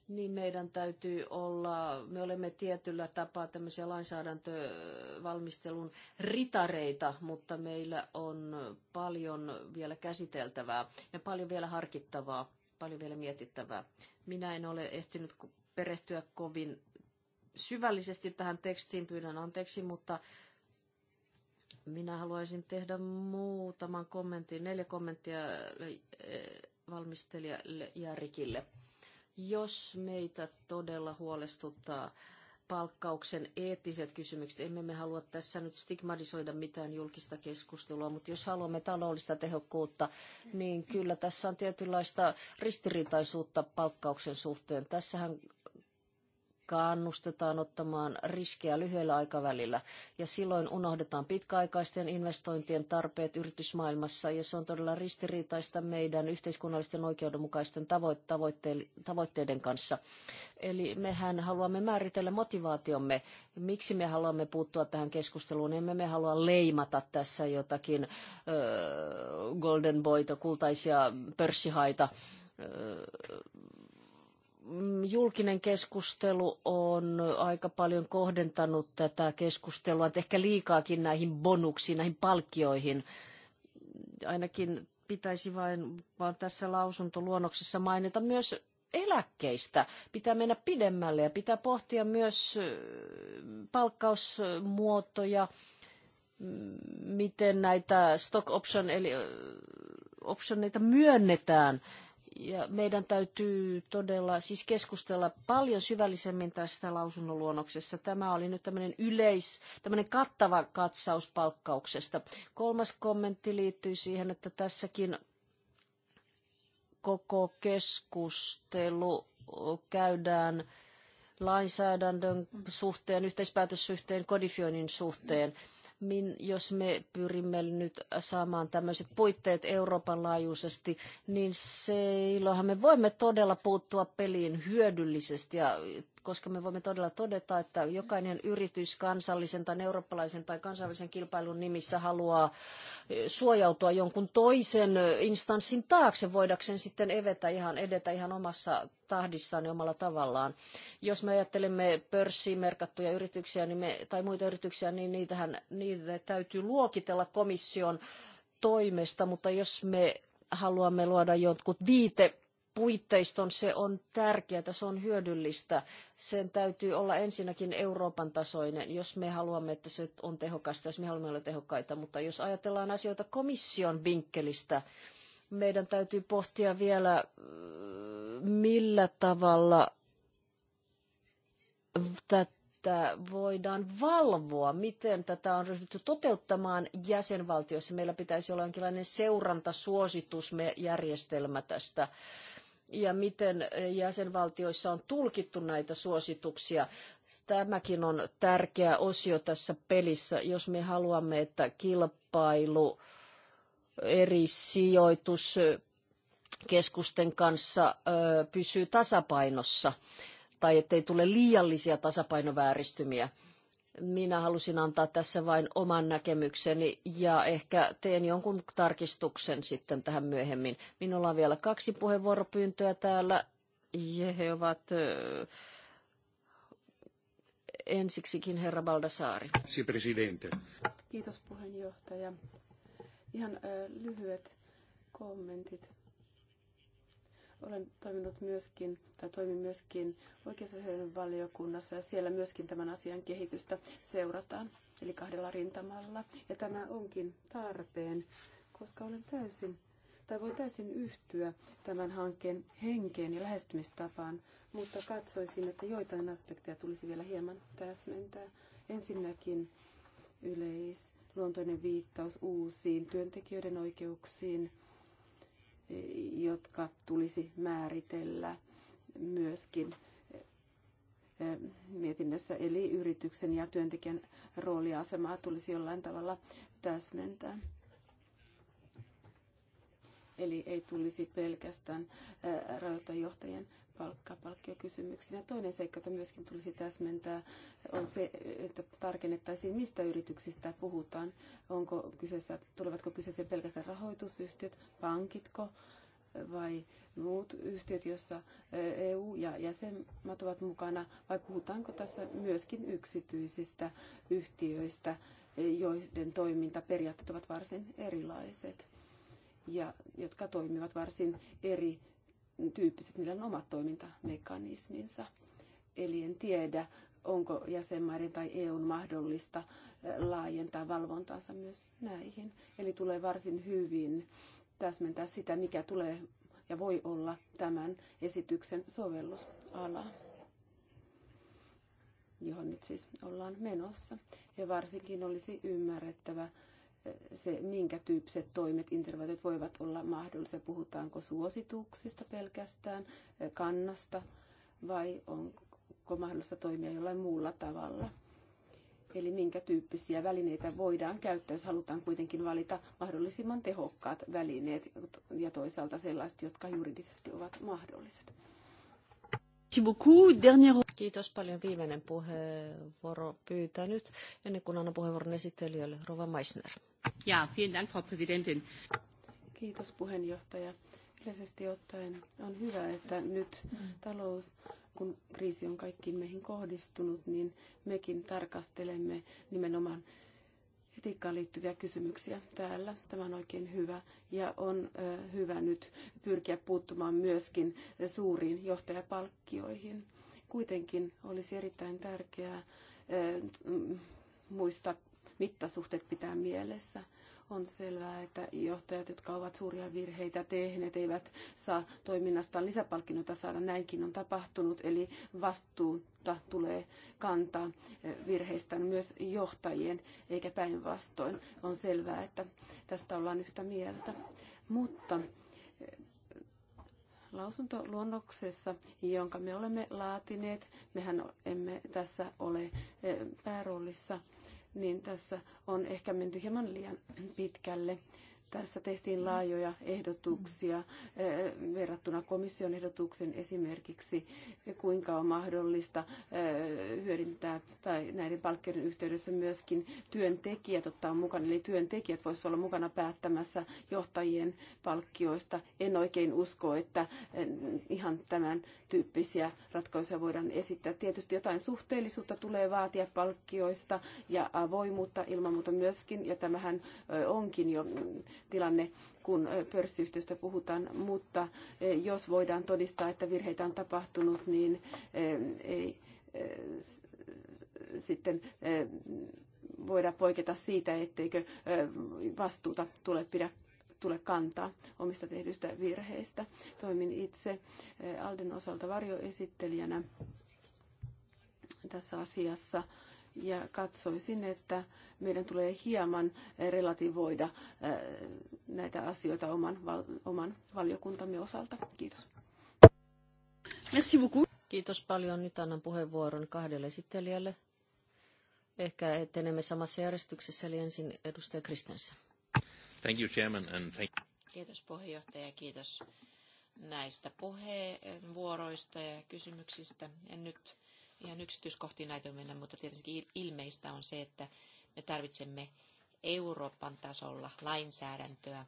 niin meidän täytyy olla, me olemme tietyllä tapaa tämmöisiä lainsäädäntövalmistelun ritareita, mutta meillä on paljon vielä käsiteltävää ja paljon vielä harkittavaa, paljon vielä mietittävää. Minä en ole ehtinyt perehtyä kovin syvällisesti tähän tekstiin, pyydän anteeksi, mutta minä haluaisin tehdä muutaman kommentin, neljä kommenttia eh, valmistelija Jarikille. Jos meitä todella huolestuttaa palkkauksen eettiset kysymykset. Emme me halua tässä nyt stigmatisoida mitään julkista keskustelua, mutta jos haluamme taloudellista tehokkuutta, niin kyllä tässä on tietynlaista ristiriitaisuutta palkkauksen suhteen. Tässähän kannustetaan ottamaan riskejä lyhyellä aikavälillä. Ja silloin unohdetaan pitkäaikaisten investointien tarpeet yritysmaailmassa, ja se on todella ristiriitaista meidän yhteiskunnallisten oikeudenmukaisten tavoitteiden kanssa. Eli mehän haluamme määritellä motivaatiomme, miksi me haluamme puuttua tähän keskusteluun. Emme me halua leimata tässä jotakin ö, golden boyta, kultaisia pörssihaita Mm, julkinen keskustelu on aika paljon kohdentanut tätä keskustelua, ehkä liikaakin näihin bonuksiin, näihin palkkioihin. Ainakin pitäisi vain, vaan tässä lausuntoluonnoksessa mainita myös eläkkeistä. Pitää mennä pidemmälle ja pitää pohtia myös mm, palkkausmuotoja, mm, miten näitä stock option eli optioneita myönnetään – ja meidän täytyy todella siis keskustella paljon syvällisemmin tästä lausunnonluonnoksessa. Tämä oli nyt tämmöinen yleis, tämmöinen kattava katsaus palkkauksesta. Kolmas kommentti liittyy siihen, että tässäkin koko keskustelu käydään lainsäädännön suhteen, yhteispäätössuhteen, kodifioinnin suhteen. Mm min, jos me pyrimme nyt saamaan tämmöiset puitteet Euroopan laajuisesti, niin silloinhan me voimme todella puuttua peliin hyödyllisesti ja koska me voimme todella todeta, että jokainen yritys kansallisen tai eurooppalaisen tai kansainvälisen kilpailun nimissä haluaa eh, suojautua jonkun toisen eh, instanssin taakse, voidakseen sitten evetä ihan, edetä ihan omassa tahdissaan ja omalla tavallaan. Jos me ajattelemme pörssiin merkattuja yrityksiä niin me, tai muita yrityksiä, niin niitähän, niitä täytyy luokitella komission toimesta, mutta jos me haluamme luoda jotkut viite puitteiston, se on tärkeää, se on hyödyllistä. Sen täytyy olla ensinnäkin Euroopan tasoinen, jos me haluamme, että se on tehokasta, jos me haluamme olla tehokkaita. Mutta jos ajatellaan asioita komission vinkkelistä, meidän täytyy pohtia vielä, millä tavalla tätä voidaan valvoa, miten tätä on ryhdytty toteuttamaan jäsenvaltioissa. Meillä pitäisi olla jonkinlainen seurantasuositusjärjestelmä tästä ja miten jäsenvaltioissa on tulkittu näitä suosituksia. Tämäkin on tärkeä osio tässä pelissä, jos me haluamme, että kilpailu eri sijoituskeskusten kanssa pysyy tasapainossa tai ettei tule liiallisia tasapainovääristymiä. Minä halusin antaa tässä vain oman näkemykseni ja ehkä teen jonkun tarkistuksen sitten tähän myöhemmin. Minulla on vielä kaksi puheenvuoropyyntöä täällä. Ja he ovat ensiksikin herra Baldassari. Kiitos puheenjohtaja. Ihan lyhyet kommentit olen toiminut myöskin, tai toimin myöskin oikeusasioiden valiokunnassa ja siellä myöskin tämän asian kehitystä seurataan, eli kahdella rintamalla. Ja tämä onkin tarpeen, koska olen täysin tai voi täysin yhtyä tämän hankkeen henkeen ja lähestymistapaan, mutta katsoisin, että joitain aspekteja tulisi vielä hieman täsmentää. Ensinnäkin yleis luontoinen viittaus uusiin työntekijöiden oikeuksiin, jotka tulisi määritellä myöskin eh, mietinnössä, eli yrityksen ja työntekijän roolia tulisi jollain tavalla täsmentää. Eli ei tulisi pelkästään eh, rajoittaa johtajien palkkapalkkiokysymyksinä. Toinen seikka, jota myöskin tulisi täsmentää, on se, että tarkennettaisiin, mistä yrityksistä puhutaan. Onko kyseessä, tulevatko kyseessä pelkästään rahoitusyhtiöt, pankitko vai muut yhtiöt, joissa EU ja jäsenmat ovat mukana, vai puhutaanko tässä myöskin yksityisistä yhtiöistä, joiden toimintaperiaatteet ovat varsin erilaiset ja jotka toimivat varsin eri tyyppiset, niillä on omat toimintamekanisminsa. Eli en tiedä, onko jäsenmaiden tai EUn mahdollista laajentaa valvontaansa myös näihin. Eli tulee varsin hyvin täsmentää sitä, mikä tulee ja voi olla tämän esityksen sovellusala, johon nyt siis ollaan menossa. Ja varsinkin olisi ymmärrettävä se, minkä tyyppiset toimet, interventiot voivat olla mahdollisia. Puhutaanko suosituksista pelkästään, eh, kannasta vai onko mahdollista toimia jollain muulla tavalla? Eli minkä tyyppisiä välineitä voidaan käyttää, jos halutaan kuitenkin valita mahdollisimman tehokkaat välineet ja toisaalta sellaiset, jotka juridisesti ovat mahdolliset. Kiitos paljon. Viimeinen puheenvuoro pyytänyt ennen kuin annan puheenvuoron esittelijöille. Rova Meissner. Ja, vielen Dank, Frau Präsidentin. Kiitos puheenjohtaja. Yleisesti ottaen on hyvä, että nyt talous, kun kriisi on kaikkiin meihin kohdistunut, niin mekin tarkastelemme nimenomaan etiikkaan liittyviä kysymyksiä täällä. Tämä on oikein hyvä ja on hyvä nyt pyrkiä puuttumaan myöskin suuriin johtajapalkkioihin. Kuitenkin olisi erittäin tärkeää muistaa mittasuhteet pitää mielessä. On selvää, että johtajat, jotka ovat suuria virheitä tehneet, eivät saa toiminnastaan lisäpalkinnoita saada. Näinkin on tapahtunut, eli vastuuta tulee kantaa eh, virheistä myös johtajien, eikä päinvastoin. On selvää, että tästä ollaan yhtä mieltä. Mutta eh, lausuntoluonnoksessa, jonka me olemme laatineet. Mehän emme tässä ole eh, pääroolissa, niin tässä on ehkä menty hieman liian pitkälle tässä tehtiin laajoja ehdotuksia eh, verrattuna komission ehdotuksen esimerkiksi, kuinka on mahdollista eh, hyödyntää tai näiden palkkioiden yhteydessä myöskin työntekijät ottaa mukana. Eli työntekijät voisivat olla mukana päättämässä johtajien palkkioista. En oikein usko, että eh, ihan tämän tyyppisiä ratkaisuja voidaan esittää. Tietysti jotain suhteellisuutta tulee vaatia palkkioista ja avoimuutta ilman muuta myöskin, ja tämähän onkin jo tilanne, kun pörssiyhtiöstä puhutaan, mutta jos voidaan todistaa, että virheitä on tapahtunut, niin ei sitten voida poiketa siitä, etteikö vastuuta tule pidä tule kantaa omista tehdyistä virheistä. Toimin itse Alden osalta varjoesittelijänä tässä asiassa ja katsoisin, että meidän tulee hieman relativoida äh, näitä asioita oman, oman valiokuntamme osalta. Kiitos. Merci beaucoup. Kiitos paljon. Nyt annan puheenvuoron kahdelle esittelijälle. Ehkä etenemme samassa järjestyksessä, eli ensin edustaja Kristensen. Thank you, Chairman, and thank... Kiitos puheenjohtaja, kiitos näistä puheenvuoroista ja kysymyksistä. En nyt ihan yksityiskohtiin näitä mennä, mutta tietenkin ilmeistä on se, että me tarvitsemme Euroopan tasolla lainsäädäntöä.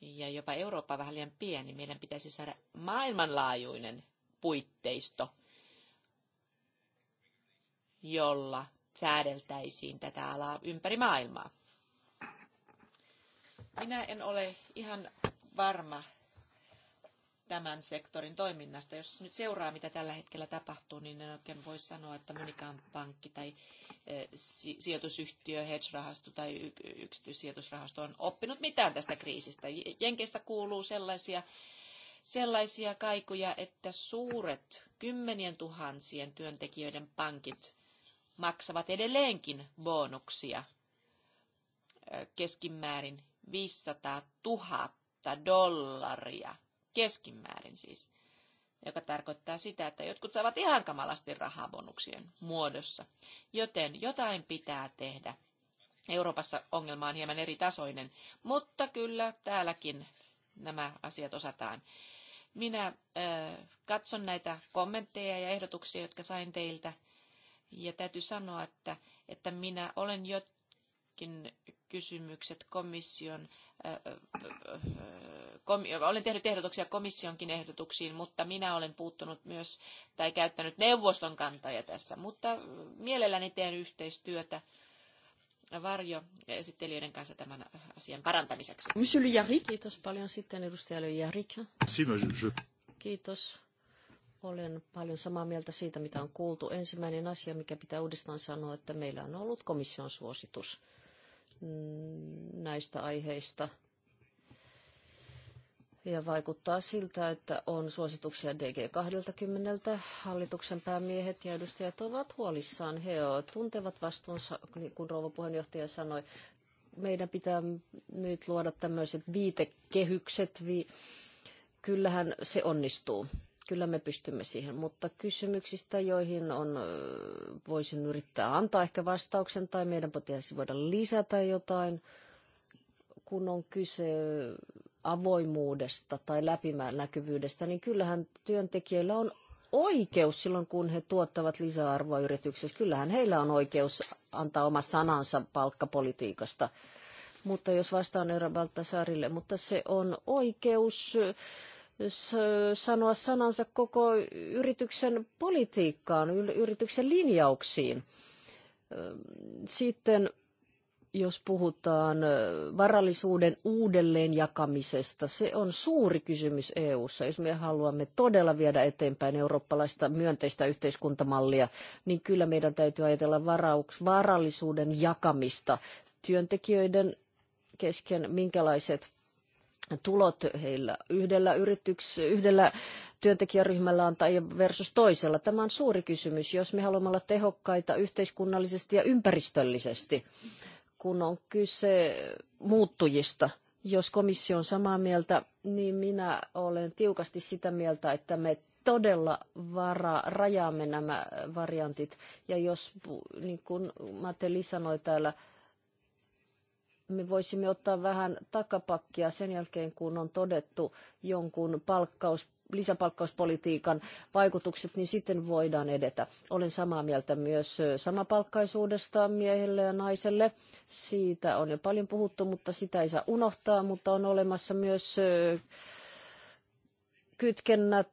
Ja jopa Eurooppa vähän liian pieni, meidän pitäisi saada maailmanlaajuinen puitteisto, jolla säädeltäisiin tätä alaa ympäri maailmaa. Minä en ole ihan varma tämän sektorin toiminnasta. Jos nyt seuraa, mitä tällä hetkellä tapahtuu, niin en oikein voi sanoa, että monikaan pankki tai eh, sijoitusyhtiö, hedge-rahasto tai yksityissijoitusrahasto on oppinut mitään tästä kriisistä. Jenkeistä kuuluu sellaisia, sellaisia kaikuja, että suuret kymmenien tuhansien työntekijöiden pankit maksavat edelleenkin bonuksia eh, keskimäärin 500 000 dollaria keskimäärin siis, joka tarkoittaa sitä, että jotkut saavat ihan kamalasti rahabonuksien muodossa. Joten jotain pitää tehdä. Euroopassa ongelma on hieman eri tasoinen, mutta kyllä täälläkin nämä asiat osataan. Minä äh, katson näitä kommentteja ja ehdotuksia, jotka sain teiltä, ja täytyy sanoa, että, että minä olen jotkin kysymykset komission olen tehnyt ehdotuksia komissionkin ehdotuksiin, mutta minä olen puuttunut myös tai käyttänyt neuvoston kantoja tässä. Mutta mielelläni teen yhteistyötä varjo esittelijöiden kanssa tämän asian parantamiseksi. Monsieur Kiitos paljon sitten edustaja Le Kiitos. Olen paljon samaa mieltä siitä, mitä on kuultu. Ensimmäinen asia, mikä pitää uudestaan sanoa, että meillä on ollut komission suositus Mm, näistä aiheista. Ja vaikuttaa siltä, että on suosituksia DG20. Hallituksen päämiehet ja edustajat ovat huolissaan. He tuntevat vastuunsa, niin kuin rouva puheenjohtaja sanoi. Meidän pitää nyt luoda tämmöiset viitekehykset. Kyllähän se onnistuu. Kyllä me pystymme siihen, mutta kysymyksistä, joihin on, voisin yrittää antaa ehkä vastauksen tai meidän pitäisi voida lisätä jotain, kun on kyse avoimuudesta tai läpinäkyvyydestä, niin kyllähän työntekijöillä on oikeus silloin, kun he tuottavat lisäarvoa yrityksessä. Kyllähän heillä on oikeus antaa oma sanansa palkkapolitiikasta. Mutta jos vastaan Eero Baltasaarille, mutta se on oikeus sanoa sanansa koko yrityksen politiikkaan, yrityksen linjauksiin. Sitten jos puhutaan varallisuuden uudelleenjakamisesta, se on suuri kysymys EU:ssa. Jos me haluamme todella viedä eteenpäin eurooppalaista myönteistä yhteiskuntamallia, niin kyllä meidän täytyy ajatella varallisuuden jakamista työntekijöiden kesken, minkälaiset tulot heillä yhdellä, yrityks, yhdellä työntekijäryhmällä on tai versus toisella. Tämä on suuri kysymys, jos me haluamme olla tehokkaita yhteiskunnallisesti ja ympäristöllisesti, kun on kyse muuttujista. Jos komissio on samaa mieltä, niin minä olen tiukasti sitä mieltä, että me todella vara, rajaamme nämä variantit. Ja jos, niin kuin Matteli sanoi täällä, me voisimme ottaa vähän takapakkia sen jälkeen, kun on todettu jonkun palkkaus, lisäpalkkauspolitiikan vaikutukset, niin sitten voidaan edetä. Olen samaa mieltä myös samapalkkaisuudesta miehelle ja naiselle. Siitä on jo paljon puhuttu, mutta sitä ei saa unohtaa, mutta on olemassa myös kytkennät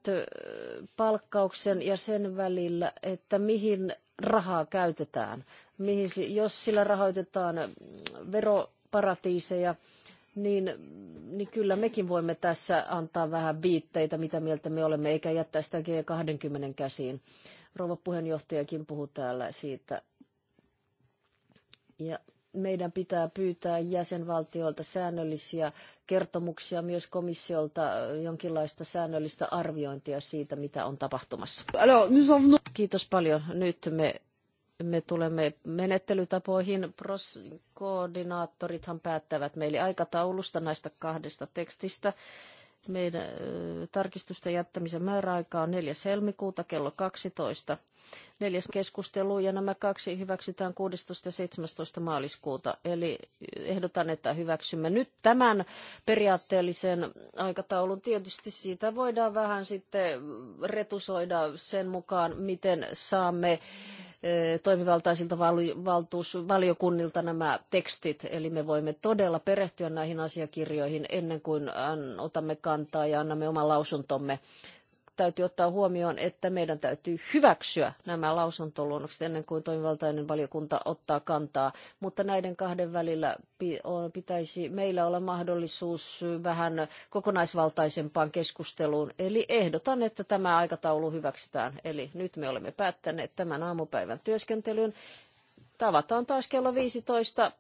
palkkauksen ja sen välillä, että mihin rahaa käytetään. Mihin, jos sillä rahoitetaan vero, Paratiiseja, niin, niin kyllä mekin voimme tässä antaa vähän viitteitä, mitä mieltä me olemme, eikä jättää sitä G20 käsiin. Rouva puheenjohtajakin puhuu täällä siitä. Ja meidän pitää pyytää jäsenvaltioilta säännöllisiä kertomuksia, myös komissiolta jonkinlaista säännöllistä arviointia siitä, mitä on tapahtumassa. Kiitos paljon. Nyt me me tulemme menettelytapoihin. Pros, koordinaattorithan päättävät meille aikataulusta näistä kahdesta tekstistä. Meidän tarkistusten jättämisen määräaika on 4. helmikuuta kello 12 neljäs keskustelu ja nämä kaksi hyväksytään 16. ja 17. maaliskuuta. Eli ehdotan, että hyväksymme nyt tämän periaatteellisen aikataulun. Tietysti siitä voidaan vähän sitten retusoida sen mukaan, miten saamme eh, toimivaltaisilta valtuusvaliokunnilta nämä tekstit, eli me voimme todella perehtyä näihin asiakirjoihin ennen kuin otamme kantaa ja annamme oman lausuntomme täytyy ottaa huomioon, että meidän täytyy hyväksyä nämä lausuntoluonnokset ennen kuin toimivaltainen valiokunta ottaa kantaa. Mutta näiden kahden välillä pitäisi meillä olla mahdollisuus vähän kokonaisvaltaisempaan keskusteluun. Eli ehdotan, että tämä aikataulu hyväksytään. Eli nyt me olemme päättäneet tämän aamupäivän työskentelyn. Tavataan taas kello 15.